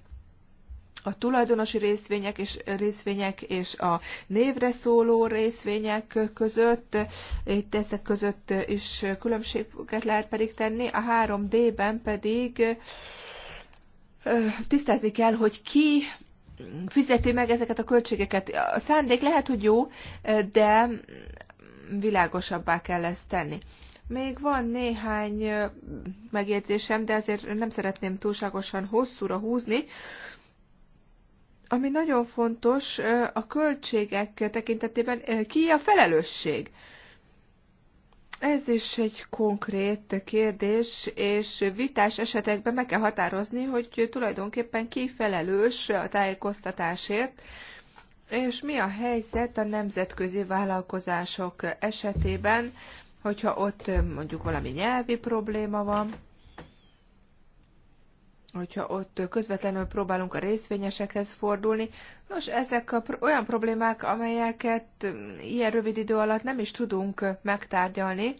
a tulajdonosi részvények és részvények és a névre szóló részvények között, itt ezek között is különbséget lehet pedig tenni, a 3D-ben pedig tisztázni kell, hogy ki fizeti meg ezeket a költségeket. A szándék lehet, hogy jó, de világosabbá kell ezt tenni. Még van néhány megjegyzésem, de azért nem szeretném túlságosan hosszúra húzni. Ami nagyon fontos, a költségek tekintetében ki a felelősség? Ez is egy konkrét kérdés, és vitás esetekben meg kell határozni, hogy tulajdonképpen ki felelős a tájékoztatásért, és mi a helyzet a nemzetközi vállalkozások esetében, hogyha ott mondjuk valami nyelvi probléma van, hogyha ott közvetlenül próbálunk a részvényesekhez fordulni. Nos, ezek a, olyan problémák, amelyeket mm, ilyen rövid idő alatt nem is tudunk megtárgyalni.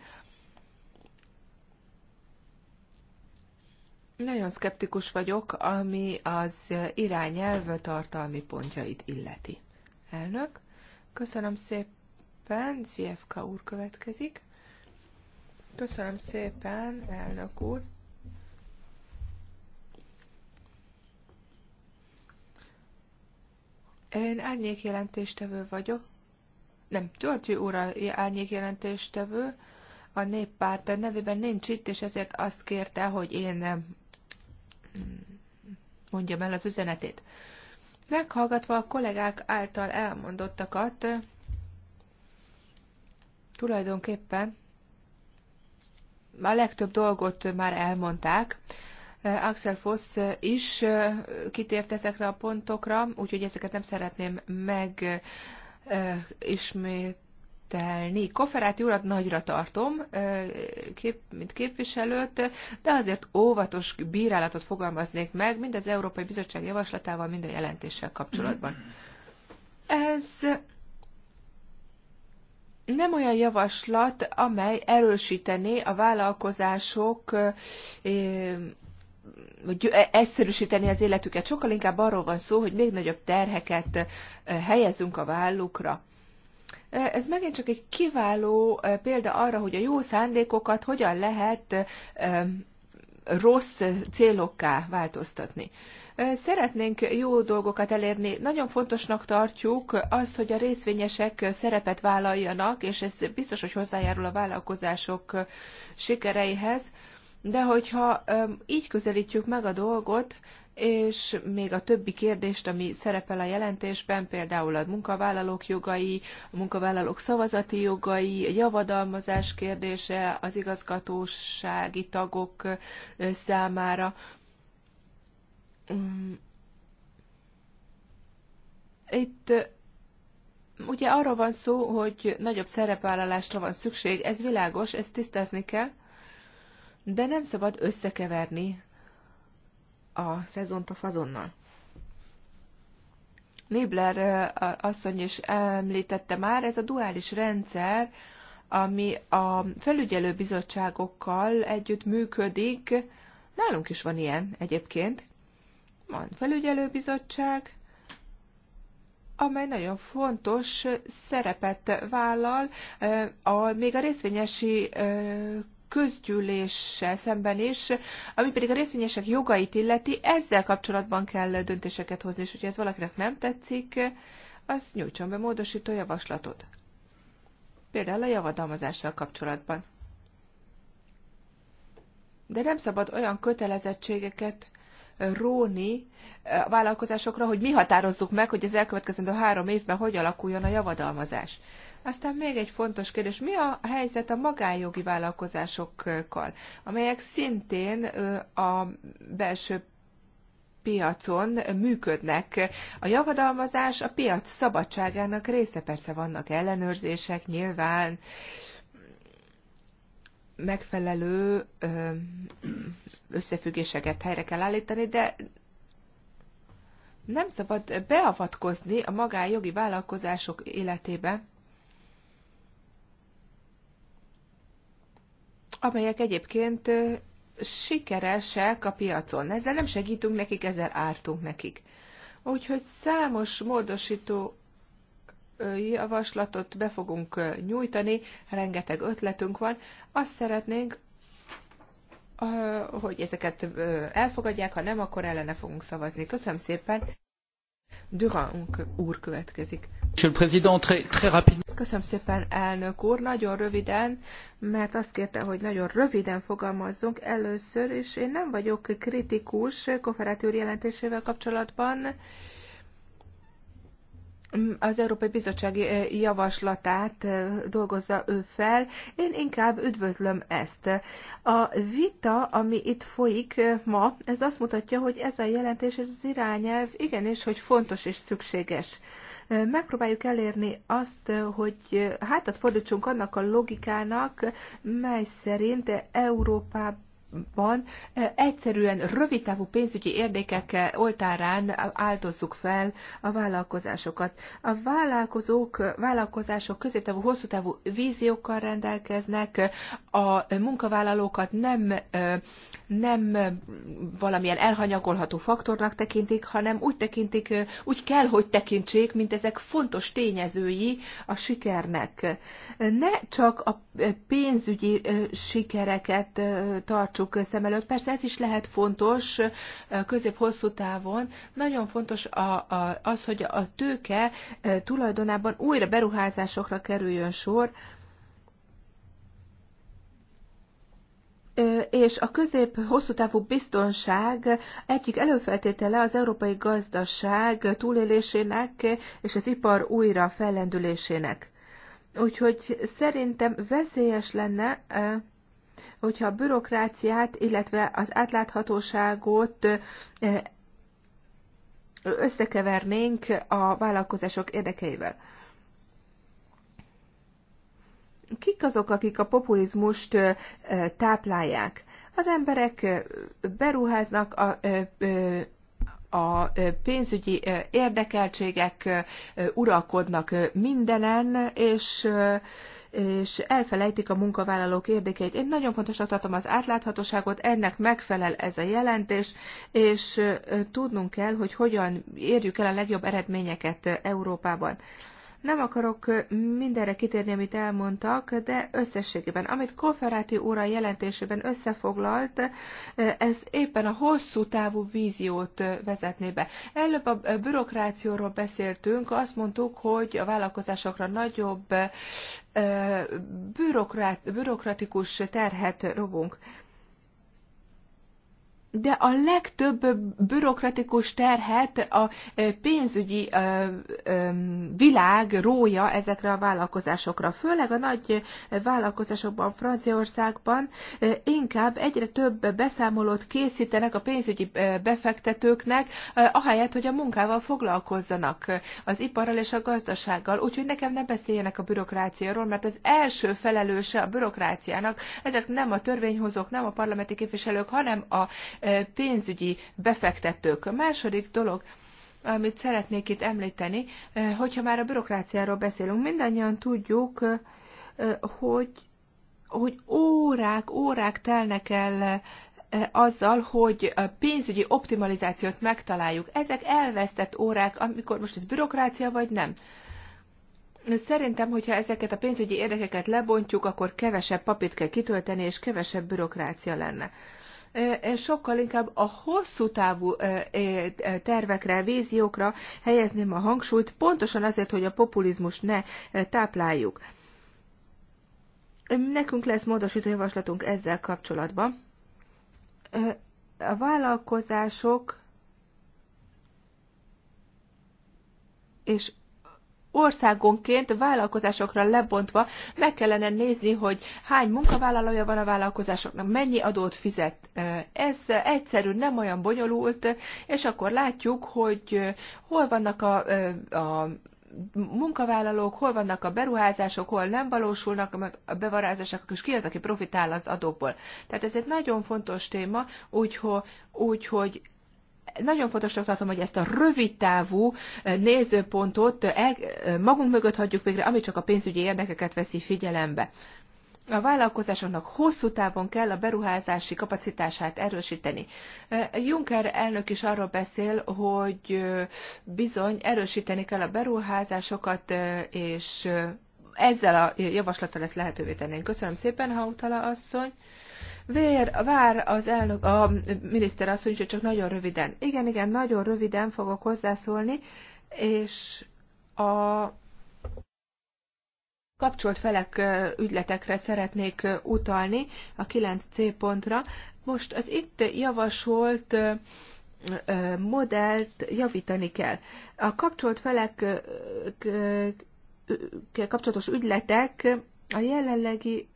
Nagyon szkeptikus vagyok, ami az irányelv tartalmi pontjait illeti. Elnök, köszönöm szépen, Zvievka úr következik. Köszönöm szépen, elnök úr. Én árnyékjelentéstevő jelentéstevő vagyok. Nem, Györgyi úr árnyék jelentéstevő. A néppárt nevében nincs itt, és ezért azt kérte, hogy én eh, mondjam el az üzenetét. Meghallgatva a kollégák által elmondottakat, tulajdonképpen a legtöbb dolgot már elmondták, Axel Foss is kitért ezekre a pontokra, úgyhogy ezeket nem szeretném meg ismételni. Koferáti urat nagyra tartom, kép, mint képviselőt, de azért óvatos bírálatot fogalmaznék meg, mind az Európai Bizottság javaslatával, mind a jelentéssel kapcsolatban. Ez nem olyan javaslat, amely erősítené a vállalkozások E- egyszerűsíteni az életüket. Sokkal inkább arról van szó, hogy még nagyobb terheket e, helyezünk a vállukra. E, ez megint csak egy kiváló példa arra, hogy a jó szándékokat hogyan lehet rossz célokká változtatni. Szeretnénk jó dolgokat elérni. Nagyon fontosnak tartjuk azt, hogy a részvényesek szerepet vállaljanak, és ez biztos, hogy hozzájárul a vállalkozások sikereihez de hogyha így közelítjük meg a dolgot, és még a többi kérdést, ami szerepel a jelentésben, például a munkavállalók jogai, a munkavállalók szavazati jogai, a javadalmazás kérdése az igazgatósági tagok számára. Itt ugye arra van szó, hogy nagyobb szerepvállalásra van szükség, ez világos, ezt tisztázni kell, de nem szabad összekeverni a szezont a fazonnal. Nibler asszony is említette már, ez a duális rendszer, ami a felügyelő bizottságokkal együtt működik, nálunk is van ilyen egyébként. Van felügyelő bizottság amely nagyon fontos szerepet vállal, a, még a részvényesi közgyűléssel szemben is, ami pedig a részvényesek jogait illeti, ezzel kapcsolatban kell döntéseket hozni, és hogyha ez valakinek nem tetszik, az nyújtson be módosító javaslatot. Például a javadalmazással kapcsolatban. De nem szabad olyan kötelezettségeket róni a vállalkozásokra, hogy mi határozzuk meg, hogy az elkövetkezendő három évben hogy alakuljon a javadalmazás. Aztán még egy fontos kérdés, mi a helyzet a magánjogi vállalkozásokkal, amelyek szintén a belső piacon működnek. A javadalmazás a piac szabadságának része, persze vannak ellenőrzések nyilván, megfelelő összefüggéseket helyre kell állítani, de nem szabad beavatkozni a magájogi vállalkozások életébe, amelyek egyébként sikeresek a piacon. Ezzel nem segítünk nekik, ezzel ártunk nekik. Úgyhogy számos módosító javaslatot be fogunk nyújtani, rengeteg ötletünk van. Azt szeretnénk, hogy ezeket elfogadják, ha nem, akkor ellene fogunk szavazni. Köszönöm szépen! úr következik. Köszönöm szépen, elnök úr. Nagyon röviden, mert azt kérte, hogy nagyon röviden fogalmazzunk először, és én nem vagyok kritikus Koferát jelentésével kapcsolatban az Európai Bizottság javaslatát dolgozza ő fel. Én inkább üdvözlöm ezt. A vita, ami itt folyik ma, ez azt mutatja, hogy ez a jelentés, ez az irányelv igenis, hogy fontos és szükséges. Megpróbáljuk elérni azt, hogy hátat fordítsunk annak a logikának, mely szerint Európában van egyszerűen rövidtávú pénzügyi érdekek oltárán áldozzuk fel a vállalkozásokat. A vállalkozók, vállalkozások középtávú, távú víziókkal rendelkeznek, a munkavállalókat nem, nem valamilyen elhanyagolható faktornak tekintik, hanem úgy tekintik, úgy kell, hogy tekintsék, mint ezek fontos tényezői a sikernek. Ne csak a pénzügyi sikereket tart tartsuk szem előtt. Persze ez is lehet fontos közép-hosszú távon. Nagyon fontos a, a, az, hogy a tőke tulajdonában újra beruházásokra kerüljön sor, és a közép-hosszú távú biztonság egyik előfeltétele az európai gazdaság túlélésének és az ipar újra fellendülésének. Úgyhogy szerintem veszélyes lenne hogyha a bürokráciát, illetve az átláthatóságot összekevernénk a vállalkozások érdekeivel. Kik azok, akik a populizmust táplálják? Az emberek beruháznak a a pénzügyi érdekeltségek uralkodnak mindenen, és és elfelejtik a munkavállalók érdekeit. Én nagyon fontosnak tartom az átláthatóságot, ennek megfelel ez a jelentés, és tudnunk kell, hogy hogyan érjük el a legjobb eredményeket Európában. Nem akarok mindenre kitérni, amit elmondtak, de összességében, amit úr óra jelentésében összefoglalt, ez éppen a hosszú távú víziót vezetné be. Előbb a bürokrációról beszéltünk, azt mondtuk, hogy a vállalkozásokra nagyobb bürokrat, bürokratikus terhet robunk de a legtöbb bürokratikus terhet a pénzügyi világ rója ezekre a vállalkozásokra. Főleg a nagy vállalkozásokban, Franciaországban inkább egyre több beszámolót készítenek a pénzügyi befektetőknek, ahelyett, hogy a munkával foglalkozzanak, az iparral és a gazdasággal. Úgyhogy nekem ne beszéljenek a bürokráciáról, mert az első felelőse a bürokráciának, ezek nem a törvényhozók, nem a parlamenti képviselők, hanem a pénzügyi befektetők. A második dolog, amit szeretnék itt említeni, hogyha már a bürokráciáról beszélünk, mindannyian tudjuk, hogy, hogy órák, órák telnek el azzal, hogy a pénzügyi optimalizációt megtaláljuk. Ezek elvesztett órák, amikor most ez bürokrácia vagy nem. Szerintem, hogyha ezeket a pénzügyi érdekeket lebontjuk, akkor kevesebb papírt kell kitölteni, és kevesebb bürokrácia lenne én sokkal inkább a hosszú távú tervekre, víziókra helyezném a hangsúlyt, pontosan azért, hogy a populizmus ne tápláljuk. Nekünk lesz módosító javaslatunk ezzel kapcsolatban. A vállalkozások és országonként vállalkozásokra lebontva meg kellene nézni, hogy hány munkavállalója van a vállalkozásoknak, mennyi adót fizet. Ez egyszerű, nem olyan bonyolult, és akkor látjuk, hogy hol vannak a, a munkavállalók, hol vannak a beruházások, hol nem valósulnak meg a bevarázások, és ki az, aki profitál az adókból. Tehát ez egy nagyon fontos téma, úgyhogy, úgyhogy nagyon fontosnak tartom, hogy ezt a rövidtávú nézőpontot el, magunk mögött hagyjuk végre, ami csak a pénzügyi érdekeket veszi figyelembe. A vállalkozásoknak hosszú távon kell a beruházási kapacitását erősíteni. Juncker elnök is arról beszél, hogy bizony erősíteni kell a beruházásokat, és ezzel a javaslattal ezt lehetővé tennénk. Köszönöm szépen, Hautala asszony. Vér, vár az elnök, a miniszter azt mondja, hogy csak nagyon röviden. Igen, igen, nagyon röviden fogok hozzászólni, és a kapcsolt felek ügyletekre szeretnék utalni, a 9C pontra. Most az itt javasolt modellt javítani kell. A kapcsolt felek kapcsolatos ügyletek a jelenlegi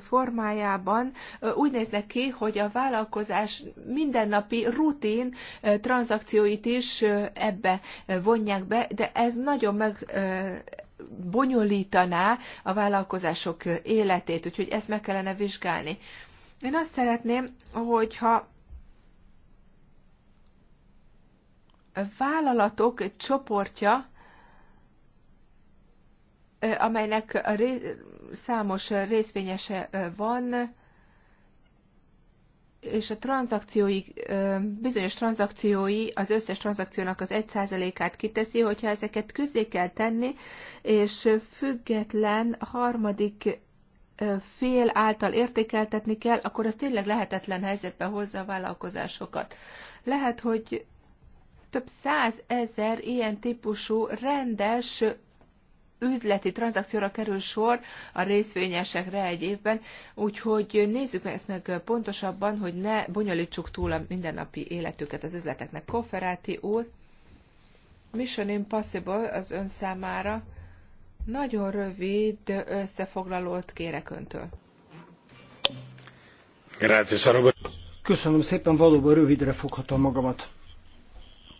formájában úgy néznek ki, hogy a vállalkozás mindennapi rutin tranzakcióit is ebbe vonják be, de ez nagyon meg bonyolítaná a vállalkozások életét, úgyhogy ezt meg kellene vizsgálni. Én azt szeretném, hogyha vállalatok csoportja amelynek ré, számos részvényese van, és a tranzakciói, bizonyos tranzakciói az összes tranzakciónak az 1%-át kiteszi, hogyha ezeket közé kell tenni, és független harmadik fél által értékeltetni kell, akkor az tényleg lehetetlen helyzetbe hozza a vállalkozásokat. Lehet, hogy több százezer ilyen típusú rendes üzleti tranzakcióra kerül sor a részvényesekre egy évben, úgyhogy nézzük ezt meg pontosabban, hogy ne bonyolítsuk túl a mindennapi életüket az üzleteknek. Kofferáti úr, Mission Impossible az ön számára. Nagyon rövid összefoglalót kérek öntől. Köszönöm szépen, valóban rövidre foghatom magamat.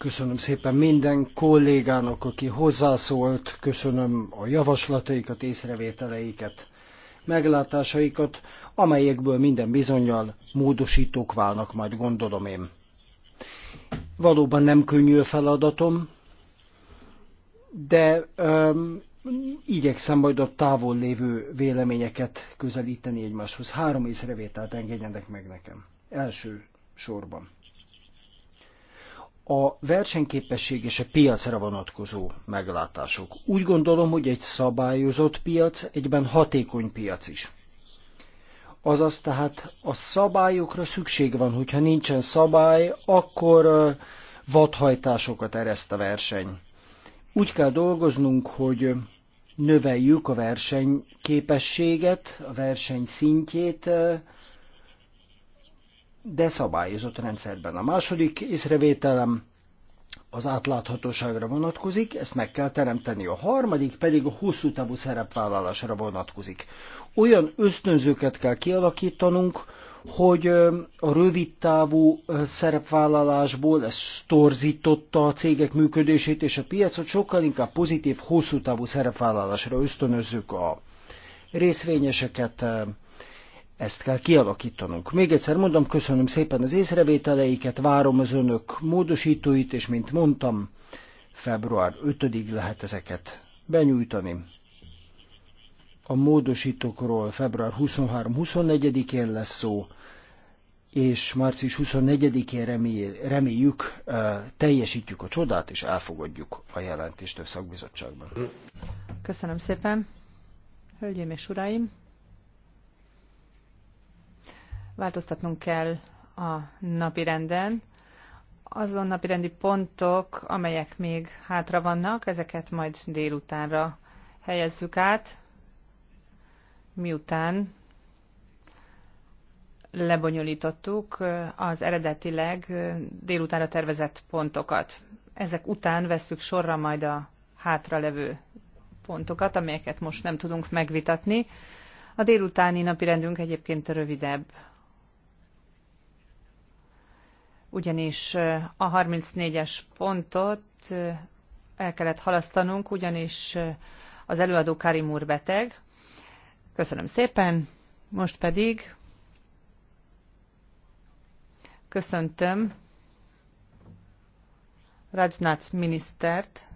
Köszönöm szépen minden kollégának, aki hozzászólt, köszönöm a javaslataikat, észrevételeiket, meglátásaikat, amelyekből minden bizonyal módosítók válnak majd, gondolom én. Valóban nem könnyű a feladatom, de um, igyekszem majd a távol lévő véleményeket közelíteni egymáshoz. Három észrevételt engedjenek meg nekem. Első sorban a versenyképesség és a piacra vonatkozó meglátások. Úgy gondolom, hogy egy szabályozott piac egyben hatékony piac is. Azaz tehát a szabályokra szükség van, hogyha nincsen szabály, akkor vadhajtásokat ereszt a verseny. Úgy kell dolgoznunk, hogy növeljük a versenyképességet, a verseny szintjét, de szabályozott rendszerben. A második észrevételem az átláthatóságra vonatkozik, ezt meg kell teremteni. A harmadik pedig a hosszú távú szerepvállalásra vonatkozik. Olyan ösztönzőket kell kialakítanunk, hogy a rövid távú szerepvállalásból ez torzította a cégek működését, és a piacot sokkal inkább pozitív, hosszú távú szerepvállalásra ösztönözzük a részvényeseket, ezt kell kialakítanunk. Még egyszer mondom, köszönöm szépen az észrevételeiket, várom az önök módosítóit, és mint mondtam, február 5-ig lehet ezeket benyújtani. A módosítókról február 23-24-én lesz szó, és március 24-én reméljük, teljesítjük a csodát, és elfogadjuk a jelentést a szakbizottságban. Köszönöm szépen. Hölgyeim és uraim! Változtatnunk kell a napi renden. Azon napi rendi pontok, amelyek még hátra vannak, ezeket majd délutánra helyezzük át, miután lebonyolítottuk eh, az eredetileg eh, délutánra tervezett pontokat. Ezek után vesszük sorra majd a hátralevő pontokat, amelyeket most nem tudunk megvitatni. A délutáni napirendünk egyébként rövidebb ugyanis a 34-es pontot el kellett halasztanunk, ugyanis az előadó Karim úr beteg. Köszönöm szépen, most pedig köszöntöm Rajnac minisztert.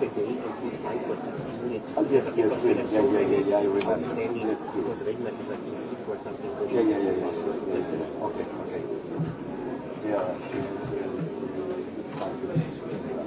quickly and we applied for 16 minutes. Uh, yes, yes, yes, yeah, yeah, yeah, yeah, yeah, I remember. And then yes, it was written it's like in sick or something. So yeah, yeah, yeah, yeah, yeah, yeah, yeah, okay, okay. Yeah, she's, uh, it's like this.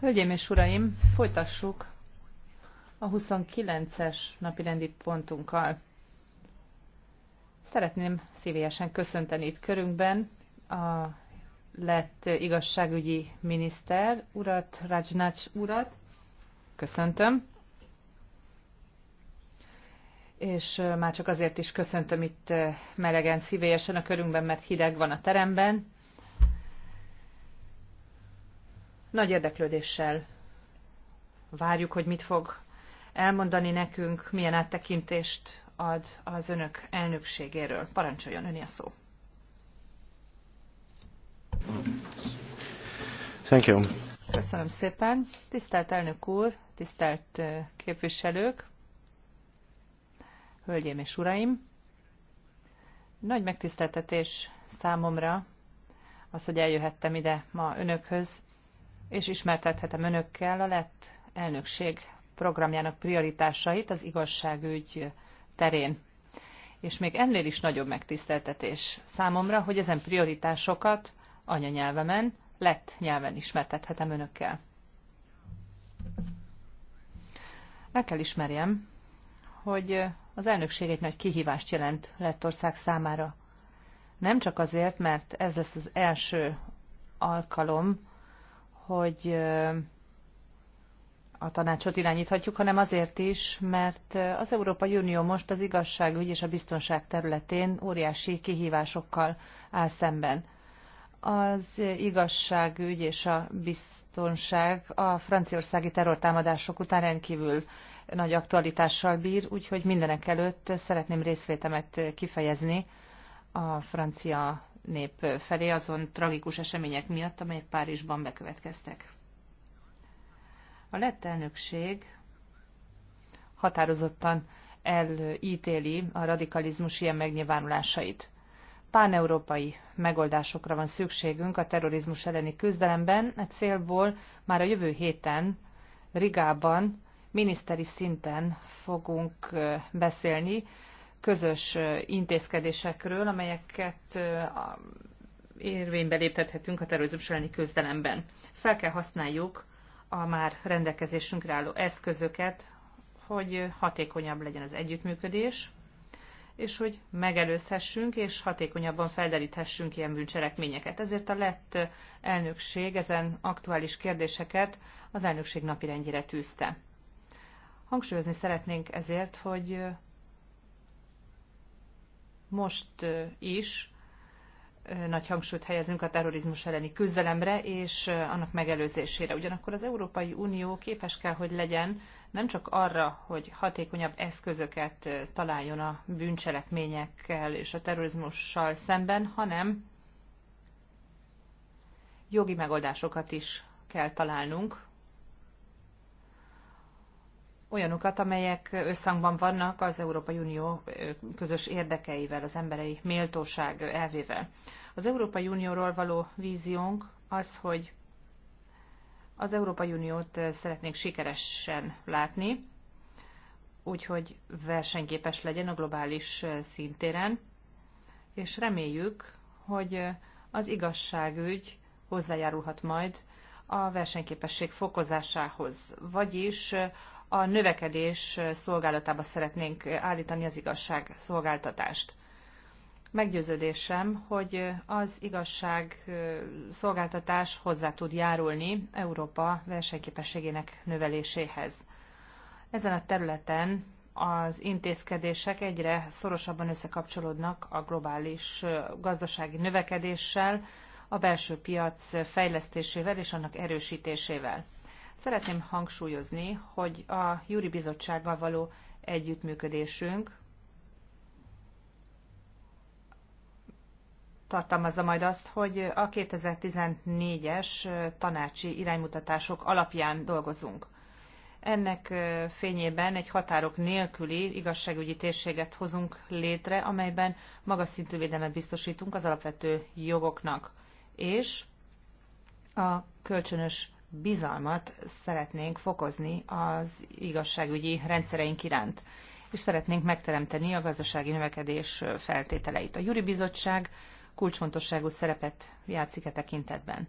Hölgyeim és uraim, folytassuk a 29-es napirendi pontunkkal. Szeretném szívélyesen köszönteni itt körünkben a lett igazságügyi miniszter urat, Rajnács urat. Köszöntöm és már csak azért is köszöntöm itt melegen, szívélyesen a körünkben, mert hideg van a teremben. Nagy érdeklődéssel várjuk, hogy mit fog elmondani nekünk, milyen áttekintést ad az önök elnökségéről. Parancsoljon öné a szó. Thank you. Köszönöm szépen. Tisztelt elnök úr, tisztelt képviselők, Hölgyeim és Uraim! Nagy megtiszteltetés számomra az, hogy eljöhettem ide ma önökhöz, és ismertethetem önökkel a lett elnökség programjának prioritásait az igazságügy terén. És még ennél is nagyobb megtiszteltetés számomra, hogy ezen prioritásokat anyanyelvemen, lett nyelven ismertethetem önökkel. El kell ismerjem, hogy az elnökség egy nagy kihívást jelent Lettország számára. Nem csak azért, mert ez lesz az első alkalom, hogy a tanácsot irányíthatjuk, hanem azért is, mert az Európai Unió most az igazságügy és a biztonság területén óriási kihívásokkal áll szemben. Az igazságügy és a biztonság a franciaországi terrortámadások után rendkívül nagy aktualitással bír, úgyhogy mindenek előtt szeretném részvétemet kifejezni a francia nép felé azon tragikus események miatt, amelyek Párizsban bekövetkeztek. A lett elnökség határozottan elítéli a radikalizmus ilyen megnyilvánulásait. Páneurópai megoldásokra van szükségünk a terrorizmus elleni küzdelemben, a célból már a jövő héten Rigában miniszteri szinten fogunk beszélni közös intézkedésekről, amelyeket érvénybe léptethetünk a terrorizmus elleni küzdelemben. Fel kell használjuk a már rendelkezésünkre álló eszközöket, hogy hatékonyabb legyen az együttműködés, és hogy megelőzhessünk és hatékonyabban felderíthessünk ilyen bűncselekményeket. Ezért a lett elnökség ezen aktuális kérdéseket az elnökség napirendjére tűzte. Hangsúlyozni szeretnénk ezért, hogy most is nagy hangsúlyt helyezünk a terrorizmus elleni küzdelemre és annak megelőzésére. Ugyanakkor az Európai Unió képes kell, hogy legyen nem csak arra, hogy hatékonyabb eszközöket találjon a bűncselekményekkel és a terrorizmussal szemben, hanem jogi megoldásokat is kell találnunk, olyanokat, amelyek összhangban vannak az Európai Unió közös érdekeivel, az emberi méltóság elvével. Az Európai Unióról való víziónk az, hogy az Európai Uniót szeretnénk sikeresen látni, úgyhogy versenyképes legyen a globális szintéren, és reméljük, hogy az igazságügy hozzájárulhat majd a versenyképesség fokozásához, vagyis a növekedés szolgálatába szeretnénk állítani az igazság szolgáltatást. Meggyőződésem, hogy az igazság szolgáltatás hozzá tud járulni Európa versenyképességének növeléséhez. Ezen a területen az intézkedések egyre szorosabban összekapcsolódnak a globális gazdasági növekedéssel, a belső piac fejlesztésével és annak erősítésével. Szeretném hangsúlyozni, hogy a Júri Bizottsággal való együttműködésünk tartalmazza majd azt, hogy a 2014-es tanácsi iránymutatások alapján dolgozunk. Ennek fényében egy határok nélküli igazságügyi térséget hozunk létre, amelyben magas szintű védelmet biztosítunk az alapvető jogoknak, és a kölcsönös bizalmat szeretnénk fokozni az igazságügyi rendszereink iránt, és szeretnénk megteremteni a gazdasági növekedés feltételeit. A Júri Bizottság kulcsfontosságú szerepet játszik e tekintetben.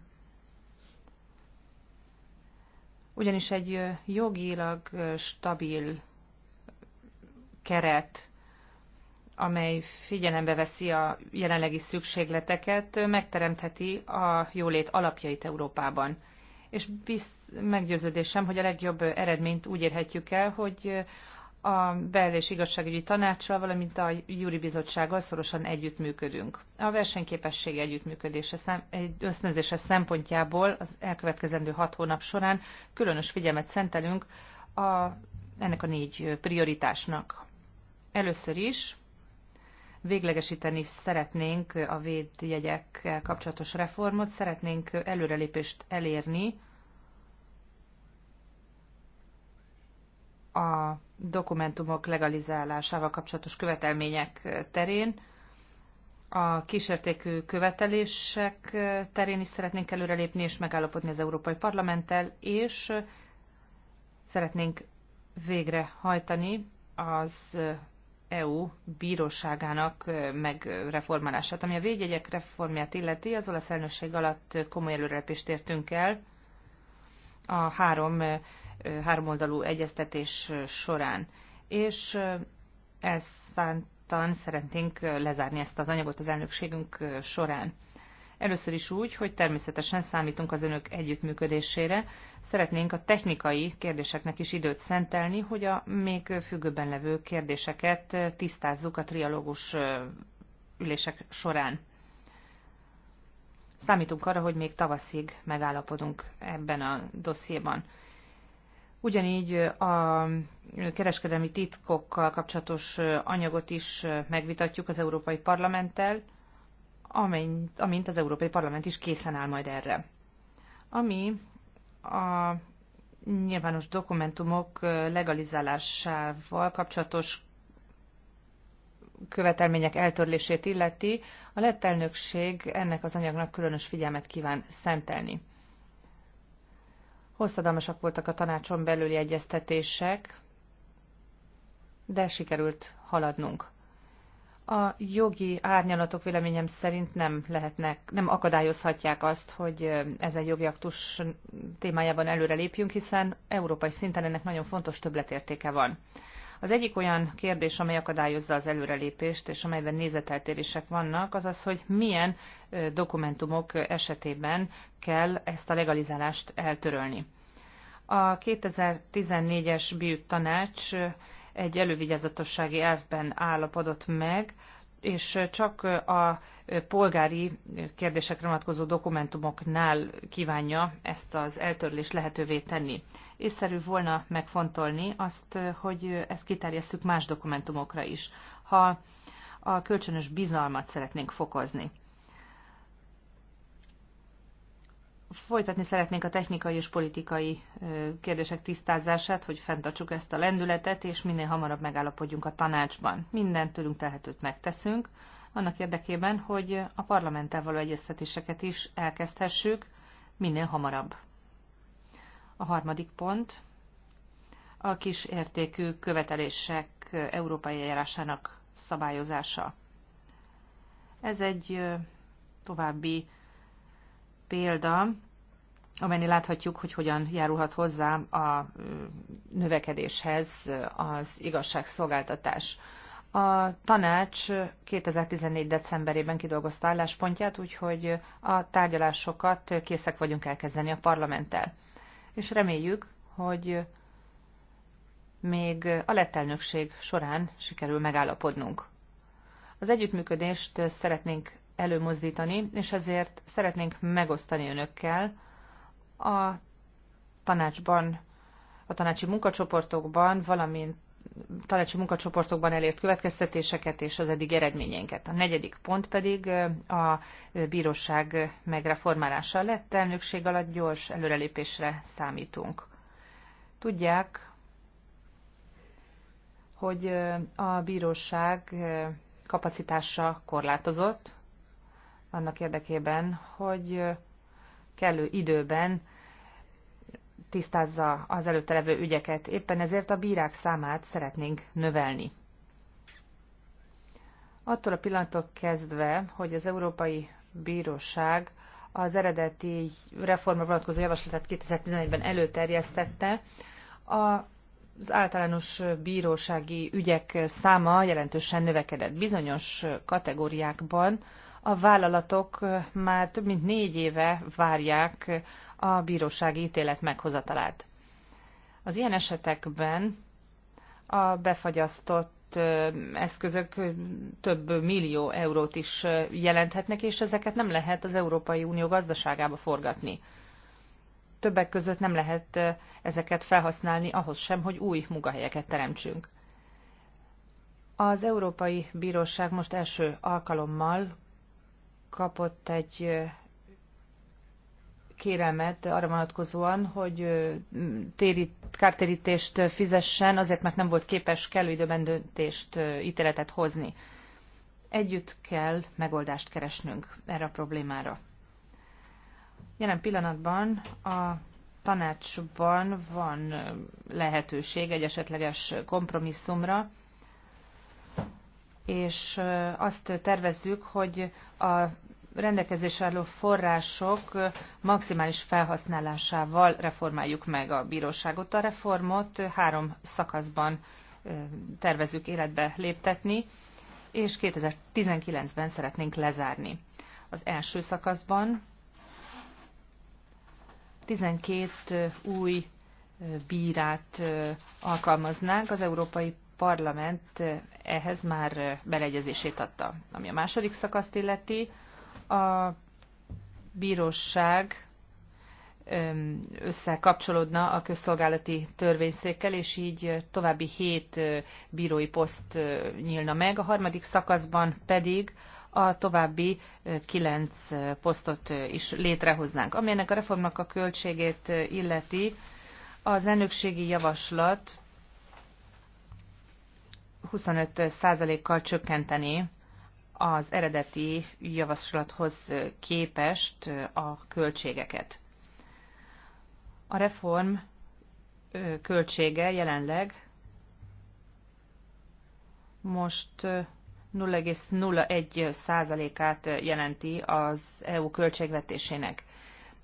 Ugyanis egy jogilag stabil keret, amely figyelembe veszi a jelenlegi szükségleteket, megteremtheti a jólét alapjait Európában és bizt, meggyőződésem, hogy a legjobb eredményt úgy érhetjük el, hogy a bel- és igazságügyi tanácssal, valamint a júri bizottsággal szorosan együttműködünk. A versenyképesség együttműködése szem, egy ösztönzése szempontjából az elkövetkezendő hat hónap során különös figyelmet szentelünk a, ennek a négy prioritásnak. Először is véglegesíteni szeretnénk a védjegyekkel kapcsolatos reformot, szeretnénk előrelépést elérni a dokumentumok legalizálásával kapcsolatos követelmények terén. A kísértékű követelések terén is szeretnénk előrelépni és megállapodni az Európai Parlamenttel, és szeretnénk végrehajtani az EU bíróságának megreformálását. Ami a védjegyek reformját illeti, az olasz elnökség alatt komoly előrelépést értünk el a három háromoldalú egyeztetés során. És ezt szántan szeretnénk lezárni ezt az anyagot az elnökségünk során. Először is úgy, hogy természetesen számítunk az önök együttműködésére. Szeretnénk a technikai kérdéseknek is időt szentelni, hogy a még függőben levő kérdéseket tisztázzuk a trialógus ülések során. Számítunk arra, hogy még tavaszig megállapodunk ebben a dossziéban. Ugyanígy a kereskedelmi titkokkal kapcsolatos anyagot is megvitatjuk az Európai Parlamenttel, amint, amint az Európai Parlament is készen áll majd erre. Ami a nyilvános dokumentumok legalizálásával kapcsolatos követelmények eltörlését illeti, a lett elnökség ennek az anyagnak különös figyelmet kíván szentelni. Hosszadalmasak voltak a tanácson belüli egyeztetések, de sikerült haladnunk a jogi árnyalatok véleményem szerint nem lehetnek, nem akadályozhatják azt, hogy ezen jogi aktus témájában előre lépjünk, hiszen európai szinten ennek nagyon fontos többletértéke van. Az egyik olyan kérdés, amely akadályozza az előrelépést, és amelyben nézeteltérések vannak, az az, hogy milyen dokumentumok esetében kell ezt a legalizálást eltörölni. A 2014-es BIUT tanács egy elővigyázatossági elvben állapodott meg, és csak a polgári kérdésekre vonatkozó dokumentumoknál kívánja ezt az eltörlést lehetővé tenni. Észszerű volna megfontolni azt, hogy ezt kiterjesszük más dokumentumokra is, ha a kölcsönös bizalmat szeretnénk fokozni. folytatni szeretnénk a technikai és politikai kérdések tisztázását, hogy fenntartsuk ezt a lendületet, és minél hamarabb megállapodjunk a tanácsban. Minden tőlünk telhetőt megteszünk, annak érdekében, hogy a parlamenttel való egyeztetéseket is elkezdhessük minél hamarabb. A harmadik pont a kis értékű követelések európai eljárásának szabályozása. Ez egy további példa, amennyi láthatjuk, hogy hogyan járulhat hozzá a növekedéshez az igazságszolgáltatás. A tanács 2014. decemberében kidolgozta álláspontját, úgyhogy a tárgyalásokat készek vagyunk elkezdeni a parlamenttel. És reméljük, hogy még a lett elnökség során sikerül megállapodnunk. Az együttműködést szeretnénk előmozdítani, és ezért szeretnénk megosztani önökkel a tanácsban, a tanácsi munkacsoportokban, valamint tanácsi munkacsoportokban elért következtetéseket és az eddig eredményeinket. A negyedik pont pedig a bíróság megreformálása lett, elnökség alatt gyors előrelépésre számítunk. Tudják, hogy a bíróság kapacitása korlátozott, annak érdekében, hogy kellő időben tisztázza az előtte levő ügyeket. Éppen ezért a bírák számát szeretnénk növelni. Attól a pillanattól kezdve, hogy az Európai Bíróság az eredeti reformra vonatkozó javaslatát 2011-ben előterjesztette, az általános bírósági ügyek száma jelentősen növekedett. Bizonyos kategóriákban a vállalatok már több mint négy éve várják a bírósági ítélet meghozatalát. Az ilyen esetekben a befagyasztott eszközök több millió eurót is jelenthetnek, és ezeket nem lehet az Európai Unió gazdaságába forgatni. Többek között nem lehet ezeket felhasználni ahhoz sem, hogy új munkahelyeket teremtsünk. Az Európai Bíróság most első alkalommal kapott egy kérelmet arra vonatkozóan, hogy térít, kártérítést fizessen, azért mert nem volt képes kellő időben döntést, ítéletet hozni. Együtt kell megoldást keresnünk erre a problémára. Jelen pillanatban a tanácsban van lehetőség egy esetleges kompromisszumra, és azt tervezzük, hogy a rendelkezésre álló források maximális felhasználásával reformáljuk meg a bíróságot. A reformot három szakaszban tervezzük életbe léptetni, és 2019-ben szeretnénk lezárni. Az első szakaszban 12 új bírát alkalmaznánk az Európai Parlament ehhez már beleegyezését adta. Ami a második szakaszt illeti, a bíróság összekapcsolódna a közszolgálati törvényszékkel, és így további hét bírói poszt nyílna meg. A harmadik szakaszban pedig a további kilenc posztot is létrehoznánk. Ami ennek a reformnak a költségét illeti, az elnökségi javaslat 25%-kal csökkenteni az eredeti javaslathoz képest a költségeket. A reform költsége jelenleg most 0,01 százalékát jelenti az EU költségvetésének.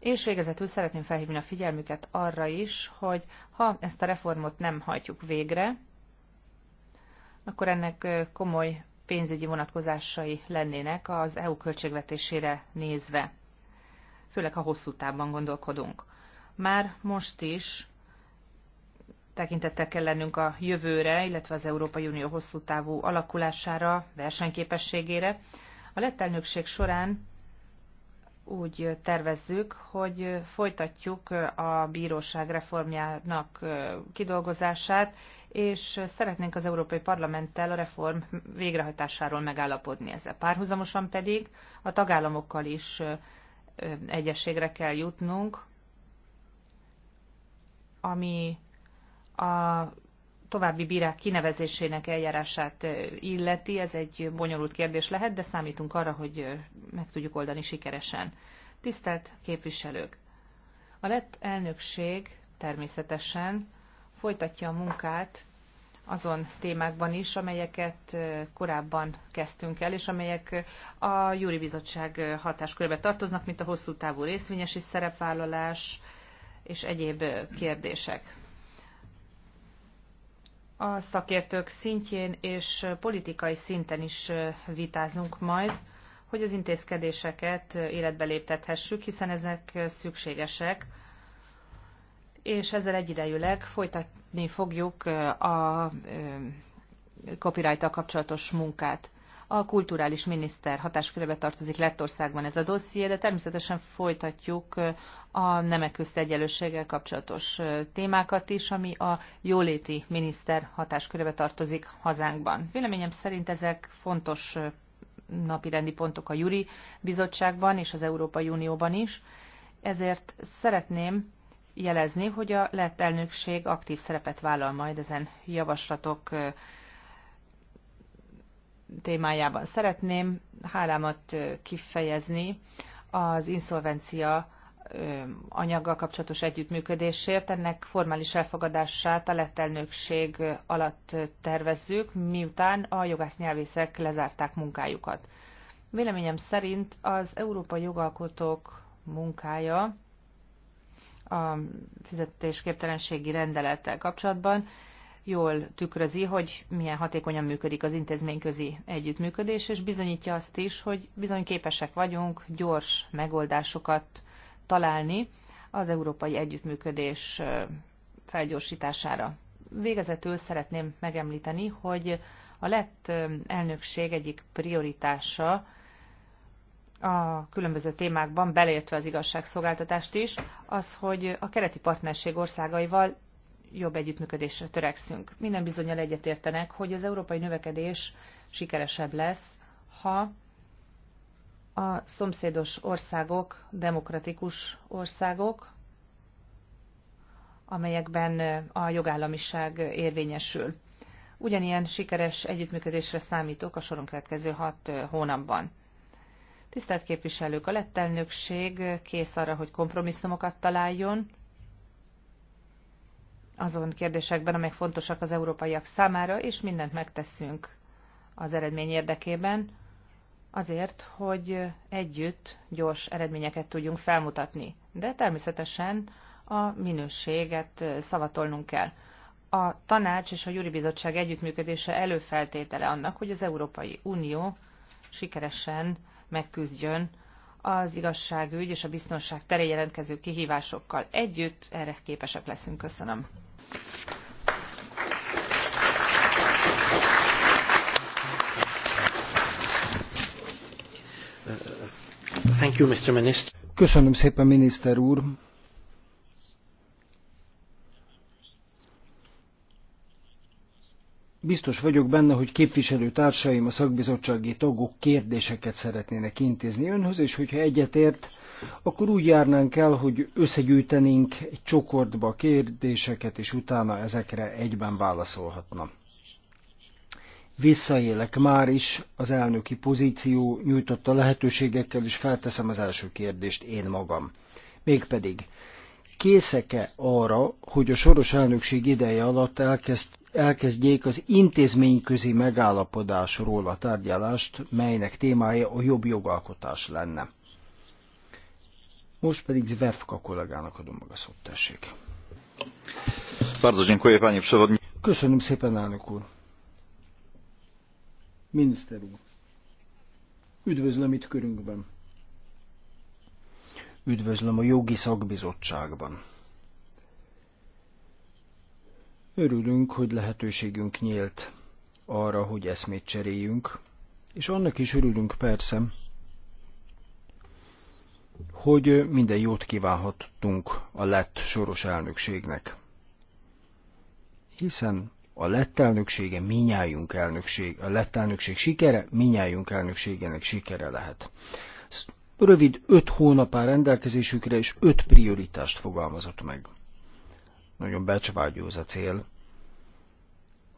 És végezetül szeretném felhívni a figyelmüket arra is, hogy ha ezt a reformot nem hajtjuk végre, akkor ennek komoly pénzügyi vonatkozásai lennének az EU költségvetésére nézve, főleg ha hosszú távban gondolkodunk. Már most is tekintettel kell lennünk a jövőre, illetve az Európai Unió hosszú távú alakulására, versenyképességére. A lett elnökség során úgy tervezzük, hogy folytatjuk a bíróság reformjának kidolgozását, és szeretnénk az Európai Parlamenttel a reform végrehajtásáról megállapodni ezzel. Párhuzamosan pedig a tagállamokkal is egyességre kell jutnunk, ami a további bírák kinevezésének eljárását illeti, ez egy bonyolult kérdés lehet, de számítunk arra, hogy meg tudjuk oldani sikeresen. Tisztelt képviselők! A lett elnökség természetesen folytatja a munkát azon témákban is, amelyeket korábban kezdtünk el, és amelyek a Júri Bizottság hatáskörébe tartoznak, mint a hosszú távú részvényesi szerepvállalás és egyéb kérdések a szakértők szintjén és politikai szinten is vitázunk majd, hogy az intézkedéseket életbe léptethessük, hiszen ezek szükségesek, és ezzel egyidejűleg folytatni fogjuk a copyright kapcsolatos munkát. A kulturális miniszter hatáskörébe tartozik Lettországban ez a dosszié, de természetesen folytatjuk a nemek közt egyenlőséggel kapcsolatos témákat is, ami a jóléti miniszter hatáskörébe tartozik hazánkban. Véleményem szerint ezek fontos napirendi pontok a Juri Bizottságban és az Európai Unióban is, ezért szeretném jelezni, hogy a lett elnökség aktív szerepet vállal majd ezen javaslatok témájában. Szeretném hálámat kifejezni az inszolvencia anyaggal kapcsolatos együttműködésért. Ennek formális elfogadását a lettelnökség alatt tervezzük, miután a jogásznyelvészek lezárták munkájukat. Véleményem szerint az európai jogalkotók munkája a fizetésképtelenségi rendelettel kapcsolatban jól tükrözi, hogy milyen hatékonyan működik az intézményközi együttműködés, és bizonyítja azt is, hogy bizony képesek vagyunk gyors megoldásokat találni az európai együttműködés felgyorsítására. Végezetül szeretném megemlíteni, hogy a lett elnökség egyik prioritása a különböző témákban, beleértve az igazságszolgáltatást is, az, hogy a kereti partnerség országaival jobb együttműködésre törekszünk. Minden bizonyal egyetértenek, hogy az európai növekedés sikeresebb lesz, ha a szomszédos országok, demokratikus országok, amelyekben a jogállamiság érvényesül. Ugyanilyen sikeres együttműködésre számítok a soron következő hat hónapban. Tisztelt képviselők, a lett elnökség kész arra, hogy kompromisszumokat találjon, azon kérdésekben, amelyek fontosak az európaiak számára, és mindent megteszünk az eredmény érdekében, azért, hogy együtt gyors eredményeket tudjunk felmutatni. De természetesen a minőséget szavatolnunk kell. A tanács és a Júri Bizottság együttműködése előfeltétele annak, hogy az Európai Unió sikeresen megküzdjön az igazságügy és a biztonság terén jelentkező kihívásokkal együtt. Erre képesek leszünk. Köszönöm. Thank you, Mr. Minister. Köszönöm szépen, miniszter úr. Biztos vagyok benne, hogy képviselő társaim, a szakbizottsági tagok kérdéseket szeretnének intézni önhöz, és hogyha egyetért, akkor úgy járnánk el, hogy összegyűjtenénk egy csokortba kérdéseket, és utána ezekre egyben válaszolhatna visszaélek már is az elnöki pozíció nyújtotta lehetőségekkel, és felteszem az első kérdést én magam. Mégpedig, készek-e arra, hogy a soros elnökség ideje alatt elkezd, elkezdjék az intézményközi megállapodásról a tárgyalást, melynek témája a jobb jogalkotás lenne? Most pedig Zvefka kollégának adom meg a szót, tessék. Köszönöm szépen, elnök úr. Miniszter úr, üdvözlöm itt körünkben. Üdvözlöm a jogi szakbizottságban. Örülünk, hogy lehetőségünk nyílt arra, hogy eszmét cseréljünk, és annak is örülünk persze, hogy minden jót kívánhattunk a lett soros elnökségnek. Hiszen a lett elnöksége minnyájunk elnökség, a lett elnökség sikere minnyájunk elnökségének sikere lehet. Rövid öt hónap áll rendelkezésükre, és öt prioritást fogalmazott meg. Nagyon becsvágyó ez a cél.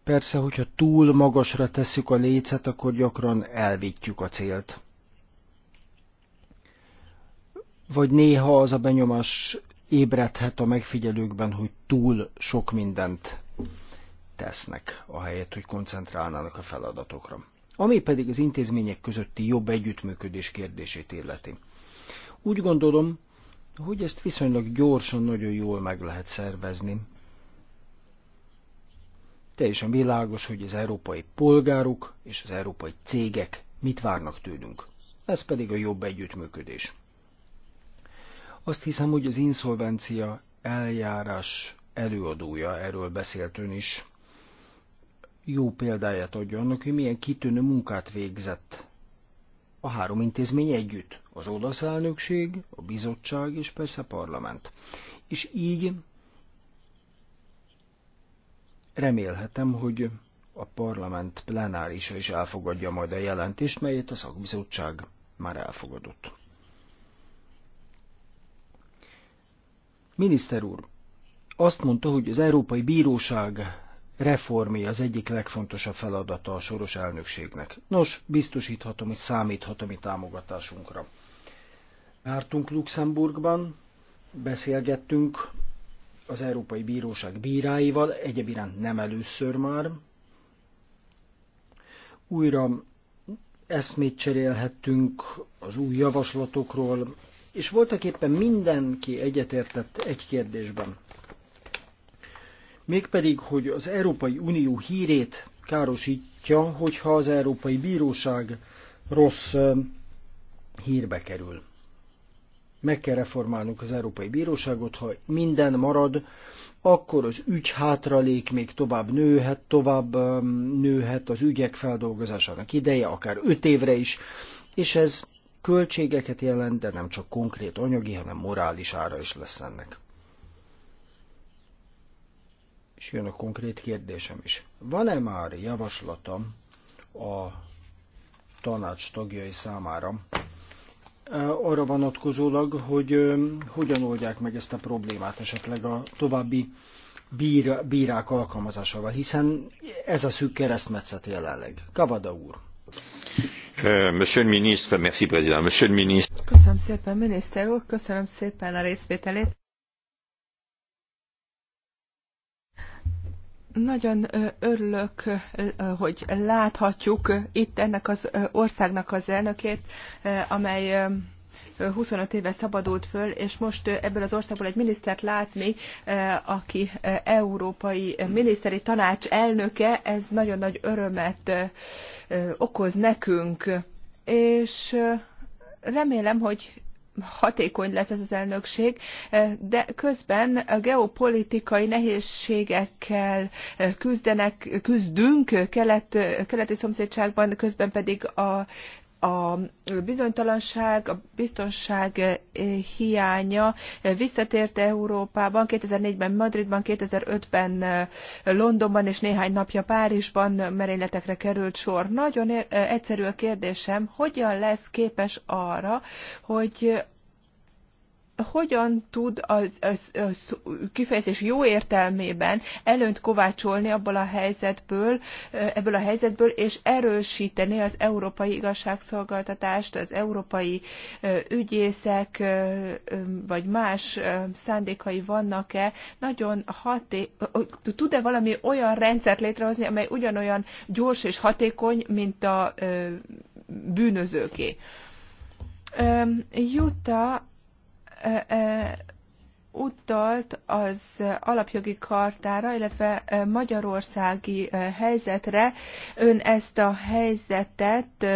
Persze, hogyha túl magasra tesszük a lécet, akkor gyakran elvitjük a célt. Vagy néha az a benyomás ébredhet a megfigyelőkben, hogy túl sok mindent tesznek, ahelyett, hogy koncentrálnának a feladatokra. Ami pedig az intézmények közötti jobb együttműködés kérdését illeti. Úgy gondolom, hogy ezt viszonylag gyorsan nagyon jól meg lehet szervezni. Teljesen világos, hogy az európai polgárok és az európai cégek mit várnak tőlünk. Ez pedig a jobb együttműködés. Azt hiszem, hogy az inszolvencia eljárás előadója erről beszélt ön is, jó példáját adja annak, hogy milyen kitűnő munkát végzett a három intézmény együtt, az olasz elnökség, a bizottság és persze a parlament. És így remélhetem, hogy a parlament plenárisa is elfogadja majd a jelentést, melyet a szakbizottság már elfogadott. Miniszter úr, azt mondta, hogy az Európai Bíróság reformi az egyik legfontosabb feladata a soros elnökségnek. Nos, biztosíthatom, hogy számíthat a mi támogatásunkra. Jártunk Luxemburgban, beszélgettünk az Európai Bíróság bíráival, egyebiránt nem először már. Újra eszmét cserélhettünk az új javaslatokról, és voltak éppen mindenki egyetértett egy kérdésben mégpedig, hogy az Európai Unió hírét károsítja, hogyha az Európai Bíróság rossz hírbe kerül. Meg kell reformálnunk az Európai Bíróságot, ha minden marad, akkor az ügy hátralék még tovább nőhet, tovább nőhet az ügyek feldolgozásának ideje, akár öt évre is, és ez költségeket jelent, de nem csak konkrét anyagi, hanem morális ára is lesz ennek. És jön a konkrét kérdésem is. Van-e már javaslatom a tanács tagjai számára e, arra vonatkozólag, hogy hogyan oldják meg ezt a problémát esetleg a további bír, bírák alkalmazásával, hiszen ez a szűk keresztmetszet jelenleg. Kavada úr. Euh, monsieur le ministre, merci président. Monsieur le ministre. Köszönöm szépen, miniszter úr, köszönöm szépen a részvételét. Nagyon örülök, hogy láthatjuk itt ennek az országnak az elnökét, amely 25 éve szabadult föl, és most ebből az országból egy minisztert látni, aki európai miniszteri tanács elnöke, ez nagyon nagy örömet okoz nekünk. És remélem, hogy hatékony lesz ez az elnökség, eh, de közben a geopolitikai nehézségekkel eh, küzdenek, küzdünk kelet, eh, keleti szomszédságban, közben pedig a a bizonytalanság, a biztonság eh, hiánya eh, visszatért Európában, 2004-ben Madridban, 2005-ben eh, Londonban és néhány napja Párizsban merényletekre került sor. Nagyon egyszerű a kérdésem, hogyan lesz képes arra, hogy hogyan tud az, az, az kifejezés jó értelmében előnyt kovácsolni abból a helyzetből, ebből a helyzetből, és erősíteni az európai igazságszolgáltatást, az európai ügyészek vagy más szándékai vannak-e, nagyon haté tud-e valami olyan rendszert létrehozni, amely ugyanolyan gyors és hatékony, mint a bűnözőké. Jutta utalt az alapjogi kartára, illetve magyarországi helyzetre. Ön ezt a helyzetet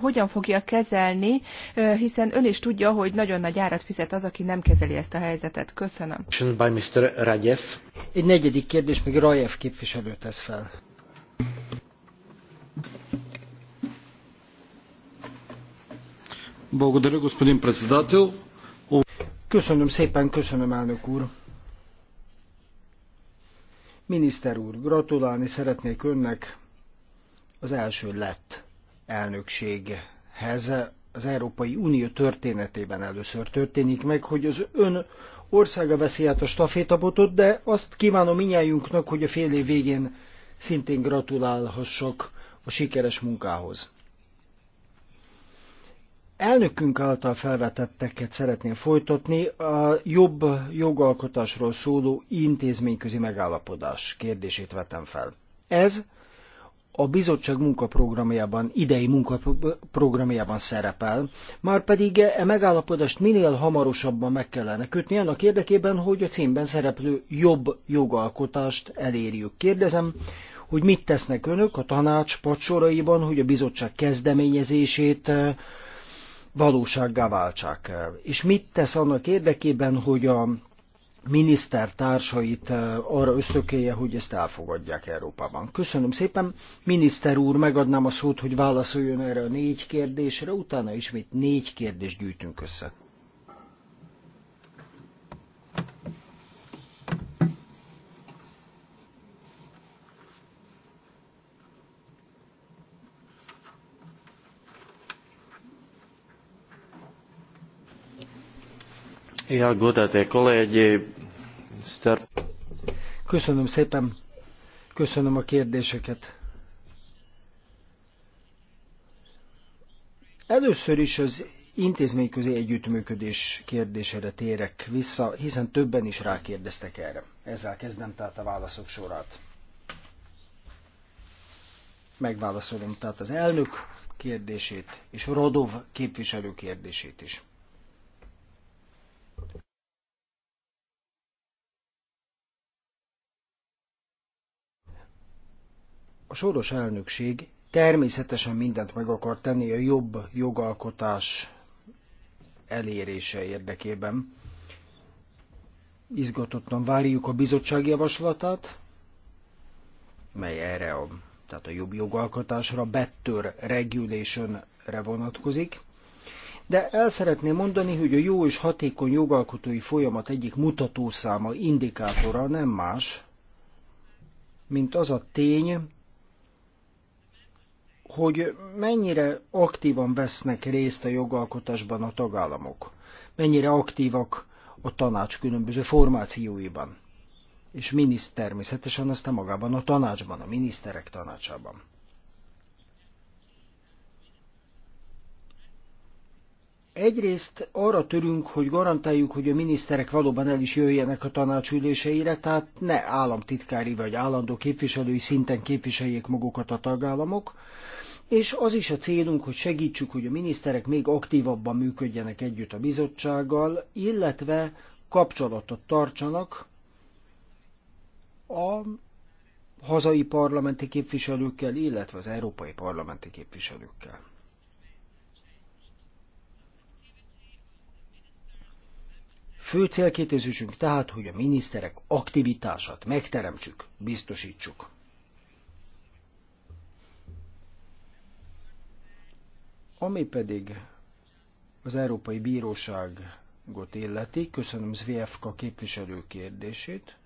hogyan fogja kezelni, hiszen ön is tudja, hogy nagyon nagy árat fizet az, aki nem kezeli ezt a helyzetet. Köszönöm. Egy negyedik kérdés még Rajev képviselő tesz fel. Благодаря, господин председател. Köszönöm szépen, köszönöm elnök úr. Miniszter úr, gratulálni szeretnék önnek az első lett elnökséghez. Az Európai Unió történetében először történik meg, hogy az ön országa veszi át a stafétabotot, de azt kívánom minnyájunknak, hogy a fél év végén szintén gratulálhassak a sikeres munkához elnökünk által felvetetteket szeretném folytatni a jobb jogalkotásról szóló intézményközi megállapodás kérdését vetem fel. Ez a bizottság munkaprogramjában, idei munkaprogramjában szerepel, már pedig e megállapodást minél hamarosabban meg kellene kötni annak érdekében, hogy a címben szereplő jobb jogalkotást elérjük. Kérdezem, hogy mit tesznek önök a tanács pacsoraiban, hogy a bizottság kezdeményezését valósággá váltsák. És mit tesz annak érdekében, hogy a miniszter társait eh, arra ösztökéje, hogy ezt elfogadják Európában. Köszönöm szépen. Miniszter úr, megadnám a szót, hogy válaszoljon erre a négy kérdésre, utána ismét négy kérdést gyűjtünk össze. Köszönöm szépen. Köszönöm a kérdéseket. Először is az intézményközi együttműködés kérdésére térek vissza, hiszen többen is rákérdeztek erre. Ezzel kezdem tehát a válaszok sorát. Megválaszolom tehát az elnök kérdését és Rodov képviselő kérdését is. A soros elnökség természetesen mindent meg akar tenni a jobb jogalkotás elérése érdekében. Izgatottan várjuk a bizottság javaslatát, mely erre a, tehát a jobb jogalkotásra, better regulationre vonatkozik. De el szeretném mondani, hogy a jó és hatékony jogalkotói folyamat egyik mutatószáma, indikátora nem más, mint az a tény, hogy mennyire aktívan vesznek részt a jogalkotásban a tagállamok, mennyire aktívak a tanács különböző formációiban, és miniszt természetesen aztán magában a tanácsban, a miniszterek tanácsában. Egyrészt arra törünk, hogy garantáljuk, hogy a miniszterek valóban el is jöjjenek a tanácsüléseire, tehát ne államtitkári vagy állandó képviselői szinten képviseljék magukat a tagállamok, és az is a célunk, hogy segítsük, hogy a miniszterek még aktívabban működjenek együtt a bizottsággal, illetve kapcsolatot tartsanak a hazai parlamenti képviselőkkel, illetve az európai parlamenti képviselőkkel. Fő célkétezésünk tehát, hogy a miniszterek aktivitását megteremtsük, biztosítsuk. Ami pedig az Európai Bíróságot illeti, köszönöm Zvjevka képviselő kérdését.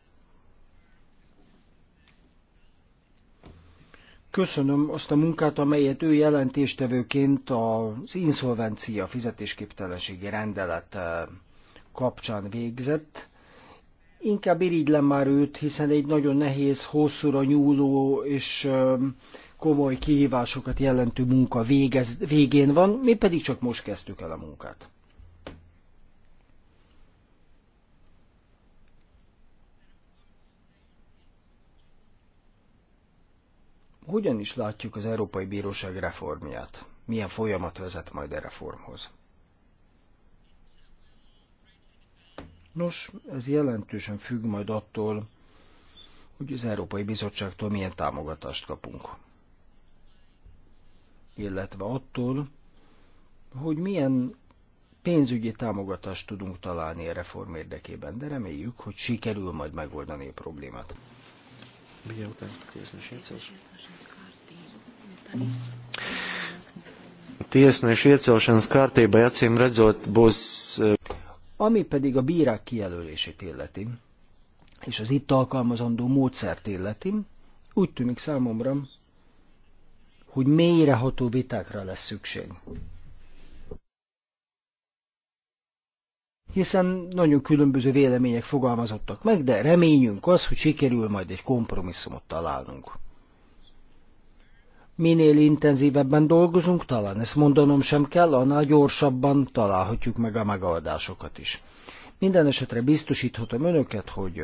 Köszönöm azt a munkát, amelyet ő jelentéstevőként az inszolvencia fizetésképtelenségi rendelet eh, kapcsán végzett. Inkább irigylem már őt, hiszen egy nagyon nehéz, hosszúra nyúló és eh, komoly kihívásokat jelentő munka végez, végén van, mi pedig csak most kezdtük el a munkát. Hogyan is látjuk az Európai Bíróság reformját? Milyen folyamat vezet majd a reformhoz? Nos, ez jelentősen függ majd attól, hogy az Európai Bizottságtól milyen támogatást kapunk illetve attól, hogy milyen pénzügyi támogatást tudunk találni a reform érdekében, de reméljük, hogy sikerül majd megoldani a problémát. Ami pedig a bírák kijelölését illeti, és az itt alkalmazandó módszert illeti, úgy tűnik számomra, hogy mélyreható vitákra lesz szükség. Hiszen nagyon különböző vélemények fogalmazottak meg, de reményünk az, hogy sikerül majd egy kompromisszumot találnunk. Minél intenzívebben dolgozunk, talán ezt mondanom sem kell, annál gyorsabban találhatjuk meg a megoldásokat is. Minden esetre biztosíthatom önöket, hogy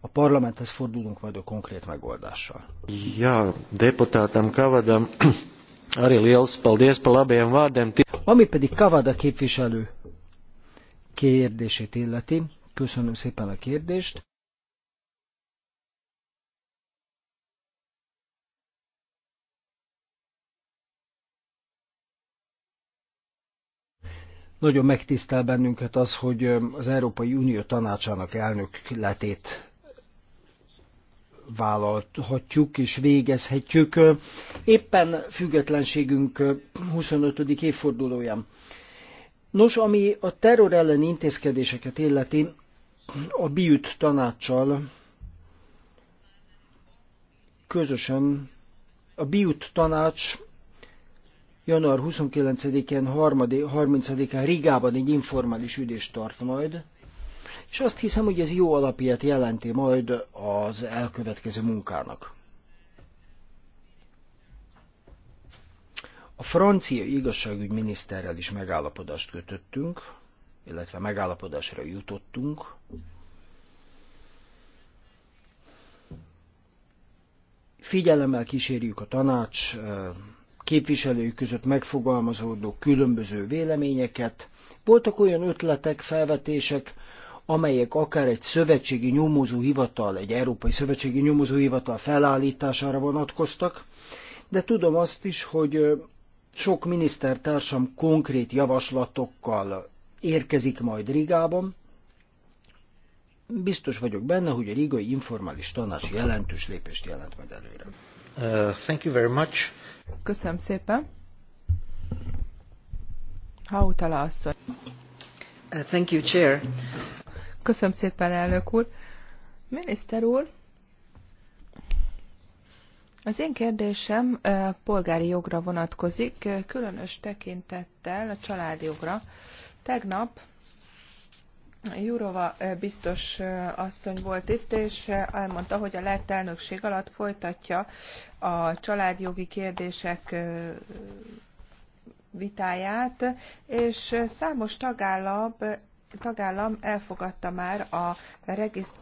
a parlamenthez fordulunk majd a konkrét megoldással. Ja, deputátam Kavadam, arī liels paldies par labajiem vārdiem. Ami pedig Kavada képviselő kérdését illeti, köszönöm szépen a kérdést. Nagyon megtisztel bennünket az, hogy az Európai Unió tanácsának elnökletét vállalhatjuk és végezhetjük. Éppen függetlenségünk 25. évfordulóján. Nos, ami a terror elleni intézkedéseket illeti, a BIUT Tanácsal közösen a BIUT tanács január 29-én, 30-án Rigában egy informális üdést tart majd, és azt hiszem, hogy ez jó alapját jelenti majd az elkövetkező munkának. A francia igazságügyminiszterrel is megállapodást kötöttünk, illetve megállapodásra jutottunk. Figyelemmel kísérjük a tanács képviselői között megfogalmazódó különböző véleményeket. Voltak olyan ötletek, felvetések, amelyek akár egy szövetségi nyomozóhivatal, egy európai szövetségi nyomozóhivatal felállítására vonatkoztak, de tudom azt is, hogy sok minisztertársam konkrét javaslatokkal érkezik majd Rigában. Biztos vagyok benne, hogy a Rigai Informális Tanács jelentős lépést jelent majd előre. Uh, thank you very much. Köszönöm szépen. Hautala asszony. Uh, thank you, Chair. Köszönöm szépen, elnök úr. Miniszter úr, az én kérdésem uh, polgári jogra vonatkozik, uh, különös tekintettel a családjogra. Tegnap Jurova biztos asszony volt itt, és elmondta, hogy a lett elnökség alatt folytatja a családjogi kérdések vitáját, és számos tagállam, tagállam elfogadta már a regiszt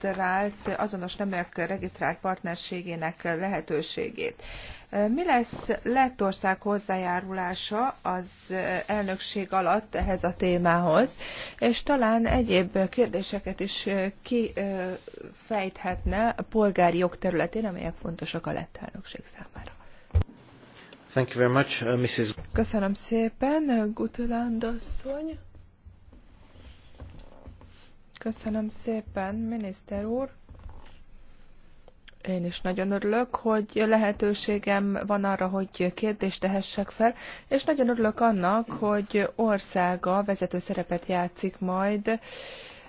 regisztrált, azonos neműek regisztrált partnerségének lehetőségét. Mi lesz Lettország hozzájárulása az elnökség alatt ehhez a témához, és talán egyéb kérdéseket is kifejthetne a polgári jog területén, amelyek fontosak a lett elnökség számára. Thank you very much, uh, Mrs. Köszönöm szépen, Gutland asszony. Köszönöm szépen, miniszter úr. Én is nagyon örülök, hogy lehetőségem van arra, hogy kérdést tehessek fel, és nagyon örülök annak, hogy országa vezető szerepet játszik majd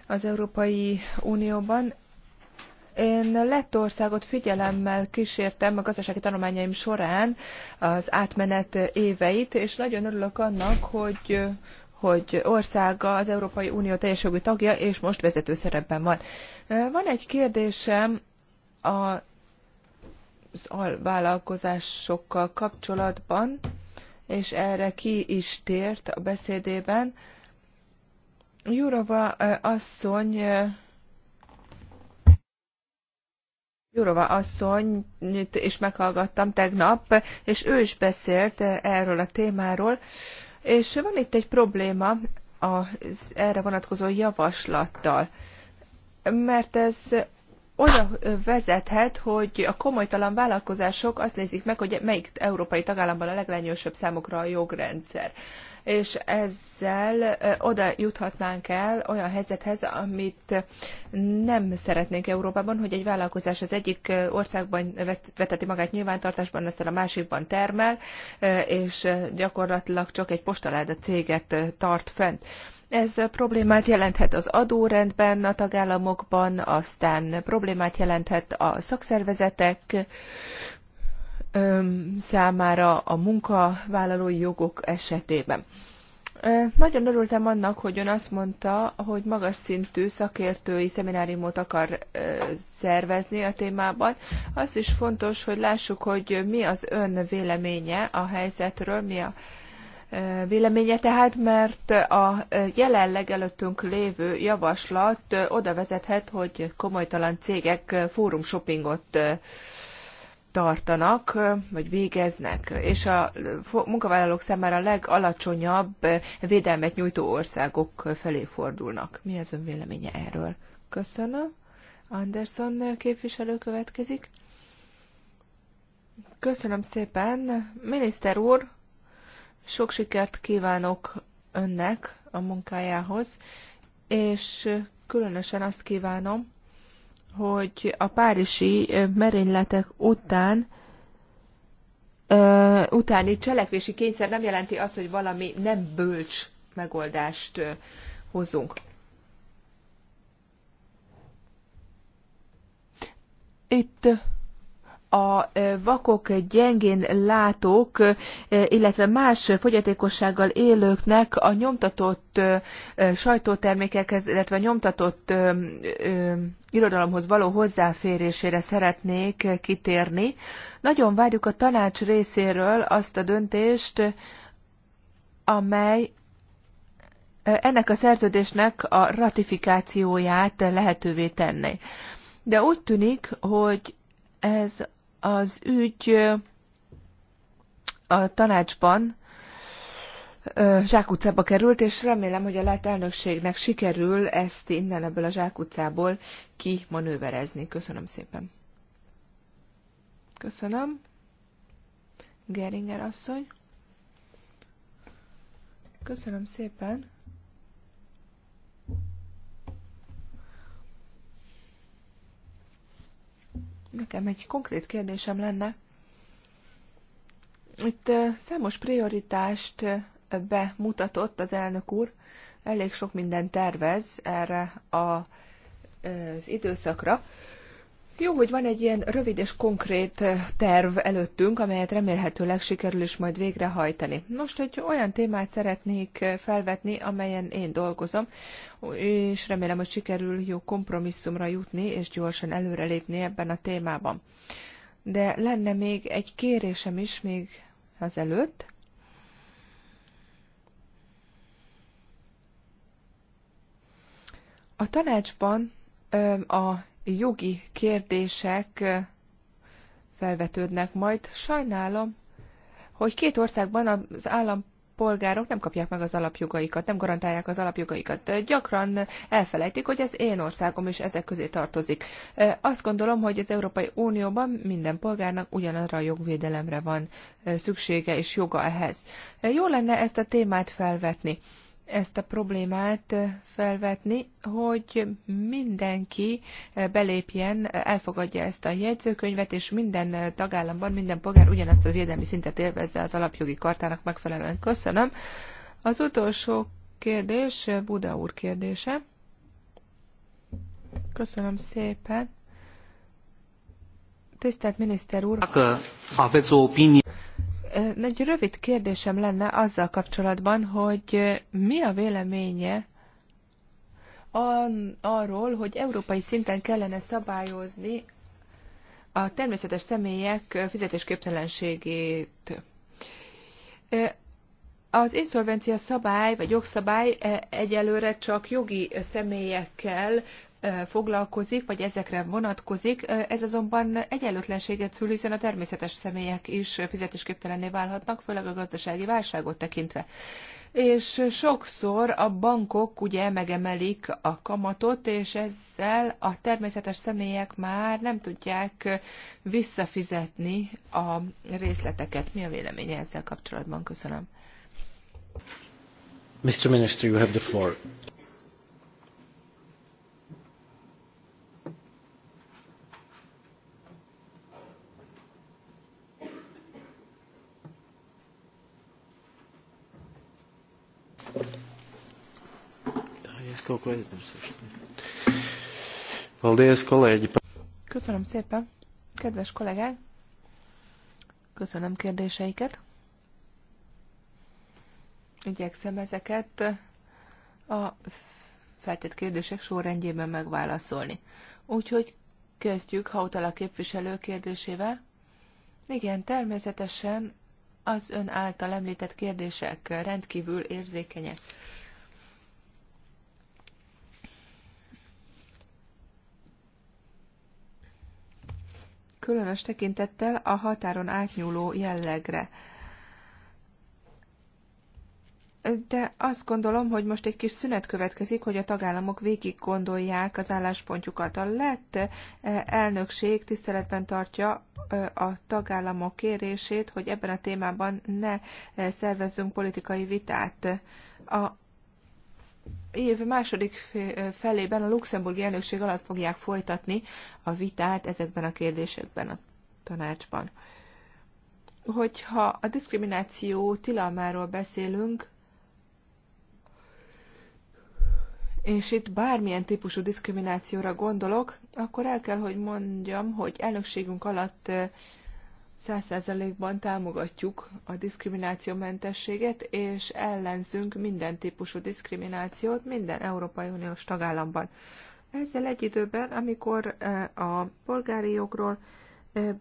az Európai Unióban. Én Lettországot figyelemmel kísértem a gazdasági tanulmányaim során az átmenet éveit, és nagyon örülök annak, hogy hogy országa az Európai Unió teljes jogú tagja, és most vezető szerepben van. Van egy kérdésem a, az alvállalkozásokkal kapcsolatban, és erre ki is tért a beszédében. Jurova asszony Jurova asszonyt is meghallgattam tegnap, és ő is beszélt erről a témáról, és van itt egy probléma az erre vonatkozó javaslattal, mert ez oda vezethet, hogy a komolytalan vállalkozások azt nézik meg, hogy melyik európai tagállamban a leglenyősebb számukra a jogrendszer. És ezzel oda juthatnánk el olyan helyzethez, amit nem szeretnénk Európában, hogy egy vállalkozás az egyik országban veteti magát nyilvántartásban, aztán a másikban termel, és gyakorlatilag csak egy postaláda céget tart fent ez problémát jelenthet az adórendben, a tagállamokban, aztán problémát jelenthet a szakszervezetek számára a munkavállalói jogok esetében. Nagyon örültem annak, hogy ön azt mondta, hogy magas szintű szakértői szemináriumot akar szervezni a témában. Az is fontos, hogy lássuk, hogy mi az ön véleménye a helyzetről, mi a véleménye tehát, mert a jelenleg előttünk lévő javaslat oda vezethet, hogy komolytalan cégek fórum shoppingot tartanak, vagy végeznek, és a munkavállalók számára a legalacsonyabb védelmet nyújtó országok felé fordulnak. Mi az ön véleménye erről? Köszönöm. Anderson képviselő következik. Köszönöm szépen. Miniszter úr, sok sikert kívánok önnek a munkájához, és különösen azt kívánom, hogy a párizsi merényletek után utáni cselekvési kényszer nem jelenti azt, hogy valami nem bölcs megoldást hozunk. Itt a vakok, gyengén látók, illetve más fogyatékossággal élőknek a nyomtatott sajtótermékekhez, illetve a nyomtatott irodalomhoz való hozzáférésére szeretnék kitérni. Nagyon várjuk a tanács részéről azt a döntést, amely ennek a szerződésnek a ratifikációját lehetővé tenni. De úgy tűnik, hogy ez az ügy a tanácsban zsákutcába került, és remélem, hogy a lett elnökségnek sikerül ezt innen ebből a zsákutcából kimanőverezni. Köszönöm szépen. Köszönöm. Geringer asszony. Köszönöm szépen. Nekem egy konkrét kérdésem lenne. Itt számos prioritást bemutatott az elnök úr, elég sok minden tervez erre a, az időszakra. Jó, hogy van egy ilyen rövid és konkrét eh, terv előttünk, amelyet remélhetőleg sikerül is majd végrehajtani. Most egy olyan témát szeretnék eh, felvetni, amelyen én dolgozom, és remélem, hogy sikerül jó kompromisszumra jutni, és gyorsan előrelépni ebben a témában. De lenne még egy kérésem is még azelőtt, A tanácsban eh, a jogi kérdések felvetődnek majd. Sajnálom, hogy két országban az állampolgárok nem kapják meg az alapjogaikat, nem garantálják az alapjogaikat. Gyakran elfelejtik, hogy az én országom is ezek közé tartozik. Azt gondolom, hogy az Európai Unióban minden polgárnak ugyanarra a jogvédelemre van szüksége és joga ehhez. Jó lenne ezt a témát felvetni ezt a problémát eh, felvetni, hogy mindenki eh, belépjen, eh, elfogadja ezt a jegyzőkönyvet, és minden tagállamban, minden polgár ugyanazt a védelmi szintet élvezze az alapjogi kartának megfelelően. Köszönöm. Az utolsó kérdés Buda úr kérdése. Köszönöm szépen. Tisztelt miniszter úr! Dacă aveți egy rövid kérdésem lenne azzal kapcsolatban, hogy mi a véleménye arról, hogy európai szinten kellene szabályozni a természetes személyek fizetésképtelenségét. Az inszolvencia szabály vagy jogszabály egyelőre csak jogi személyekkel foglalkozik, vagy ezekre vonatkozik, ez azonban egyenlőtlenséget szül, hiszen a természetes személyek is fizetésképtelenné válhatnak, főleg a gazdasági válságot tekintve. És sokszor a bankok ugye megemelik a kamatot, és ezzel a természetes személyek már nem tudják visszafizetni a részleteket. Mi a véleménye ezzel kapcsolatban? Köszönöm. Mr. Minister, you have the floor. Szóval ko Paldies, kolēģi! Köszönöm szépen, kedves kollégák! Köszönöm kérdéseiket. Igyekszem ezeket a feltett kérdések sorrendjében megválaszolni. Úgyhogy kezdjük Hautala képviselő kérdésével. Igen, természetesen az ön által említett kérdések rendkívül érzékenyek. különös tekintettel a határon átnyúló jellegre. De azt gondolom, hogy most egy kis szünet következik, hogy a tagállamok végig gondolják az álláspontjukat. A lett eh, elnökség tiszteletben tartja eh, a tagállamok kérését, hogy ebben a témában ne eh, szervezzünk politikai vitát. A év második felében a luxemburgi elnökség alatt fogják folytatni a vitát ezekben a kérdésekben a tanácsban. Hogyha a diszkrimináció tilalmáról beszélünk, és itt bármilyen típusú diszkriminációra gondolok, akkor el kell, hogy mondjam, hogy elnökségünk alatt 100%-ban támogatjuk a diszkriminációmentességet, és ellenzünk minden típusú diszkriminációt minden Európai Uniós tagállamban. Ezzel egy időben, amikor e, a polgári jogról e,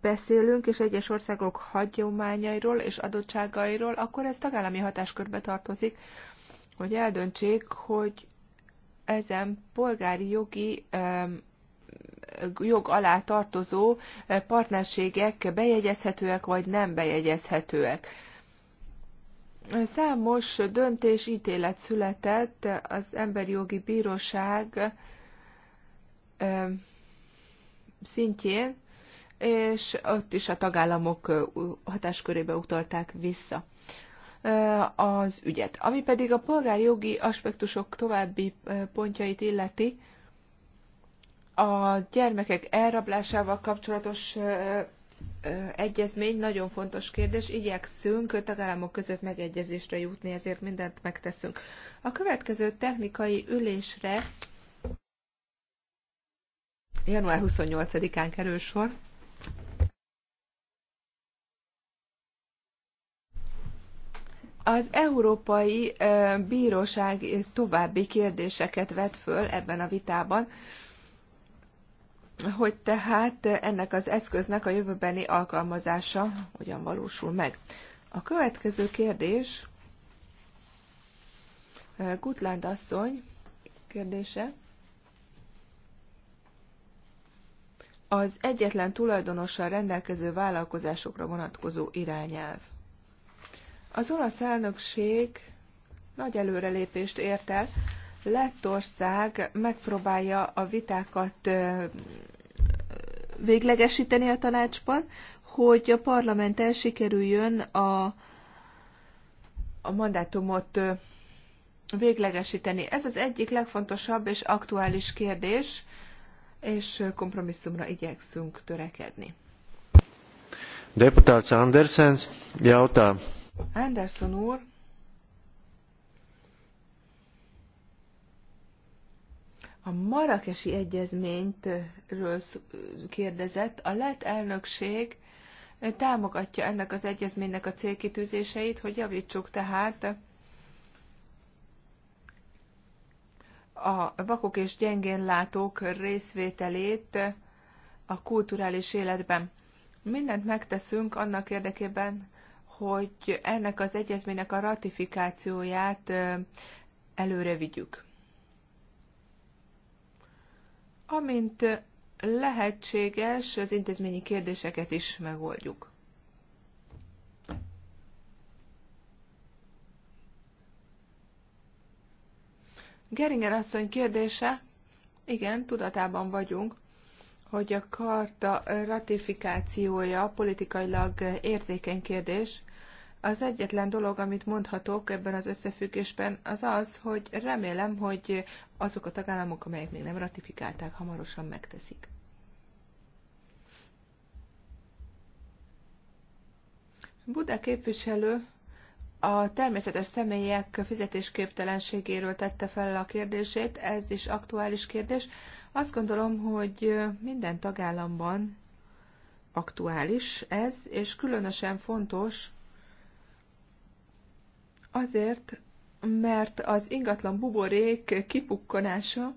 beszélünk, és egyes országok hagyományairól és adottságairól, akkor ez tagállami hatáskörbe tartozik, hogy eldöntsék, hogy ezen polgári jogi e, jog alá tartozó eh, partnerségek bejegyezhetőek vagy nem bejegyezhetőek. Számos döntés, ítélet született az Emberi Jogi Bíróság eh, szintjén, és ott is a tagállamok eh, hatáskörébe utalták vissza az ügyet. Ami pedig a polgárjogi aspektusok további pontjait illeti, a gyermekek elrablásával kapcsolatos egyezmény nagyon fontos kérdés, igyekszünk a tagállamok között megegyezésre jutni, ezért mindent megteszünk. A következő technikai ülésre január 28-án kerül sor. Az Európai Bíróság további kérdéseket vet föl ebben a vitában hogy tehát ennek az eszköznek a jövőbeni alkalmazása hogyan valósul meg. A következő kérdés eh, Gutland asszony kérdése. Az egyetlen tulajdonossal rendelkező vállalkozásokra vonatkozó irányelv. Az olasz elnökség nagy előrelépést ért el. Lettország megpróbálja a vitákat eh, véglegesíteni a tanácsban, hogy a el sikerüljön a, a mandátumot véglegesíteni. Ez az egyik legfontosabb és aktuális kérdés, és kompromisszumra igyekszünk törekedni. Deputáts Andersens, jautá. Anderson úr a marakesi egyezményről kérdezett, a lett elnökség támogatja ennek az egyezménynek a célkitűzéseit, hogy javítsuk tehát a vakok és gyengén látók részvételét a kulturális életben. Mindent megteszünk annak érdekében, hogy ennek az egyezménynek a ratifikációját előre vigyük. amint lehetséges, az intézményi kérdéseket is megoldjuk. Geringer asszony kérdése, igen, tudatában vagyunk, hogy a karta ratifikációja politikailag érzékeny kérdés, az egyetlen dolog, amit mondhatok ebben az összefüggésben, az az, hogy remélem, hogy azok a tagállamok, amelyek még nem ratifikálták, hamarosan megteszik. Buda képviselő a természetes személyek fizetésképtelenségéről tette fel a kérdését, ez is aktuális kérdés. Azt gondolom, hogy minden tagállamban aktuális ez, és különösen fontos Azért, mert az ingatlan buborék kipukkanása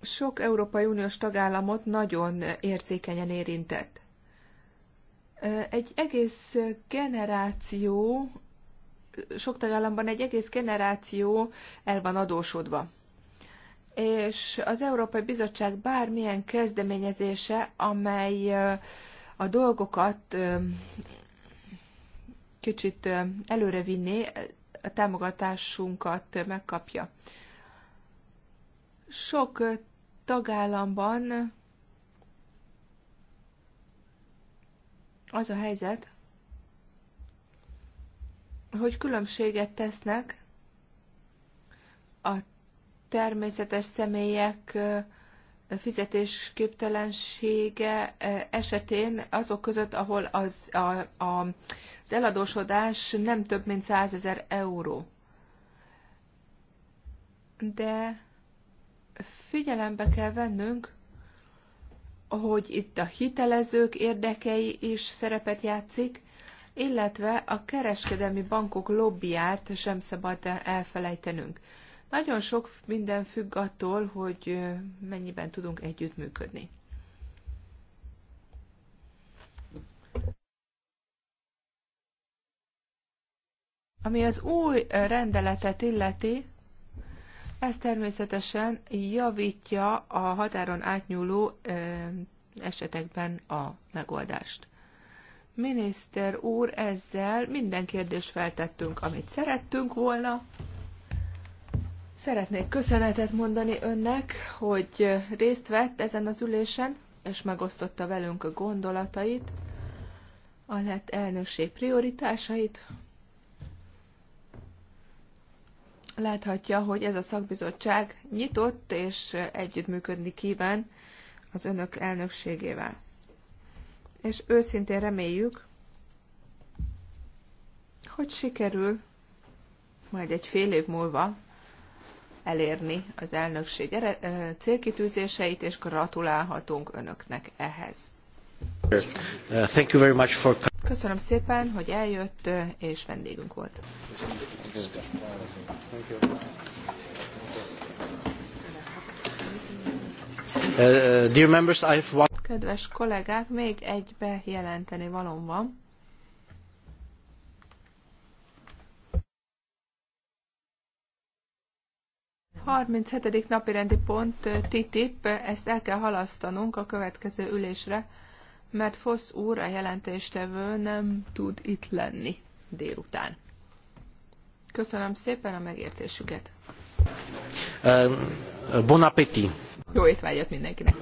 sok Európai Uniós tagállamot nagyon érzékenyen érintett. Egy egész generáció, sok tagállamban egy egész generáció el van adósodva. És az Európai Bizottság bármilyen kezdeményezése, amely a dolgokat kicsit előrevinni, a támogatásunkat megkapja. Sok tagállamban az a helyzet, hogy különbséget tesznek a természetes személyek fizetésképtelensége e, esetén azok között, ahol az, a, a, az eladósodás nem több, mint 100 ezer euró. De figyelembe kell vennünk, hogy itt a hitelezők érdekei is szerepet játszik, illetve a kereskedelmi bankok lobbyát sem szabad elfelejtenünk. Nagyon sok minden függ attól, hogy mennyiben tudunk együttműködni. Ami az új rendeletet illeti, ez természetesen javítja a határon átnyúló esetekben a megoldást. Miniszter úr, ezzel minden kérdést feltettünk, amit szerettünk volna. Szeretnék köszönetet mondani önnek, hogy részt vett ezen az ülésen, és megosztotta velünk a gondolatait, a lett elnökség prioritásait. Láthatja, hogy ez a szakbizottság nyitott és együttműködni kíván az önök elnökségével. És őszintén reméljük, hogy sikerül majd egy fél év múlva elérni az elnökség célkitűzéseit, és gratulálhatunk önöknek ehhez. Uh, thank you very much for... Köszönöm szépen, hogy eljött, és vendégünk volt. Uh, uh, Kedves kollégák, még egy bejelenteni valóban. 37. napi rendi pont TTIP, ezt el kell halasztanunk a következő ülésre, mert Fosz úr, a jelentéstevő nem tud itt lenni délután. Köszönöm szépen a megértésüket. Bon appétit! Jó étvágyat mindenkinek!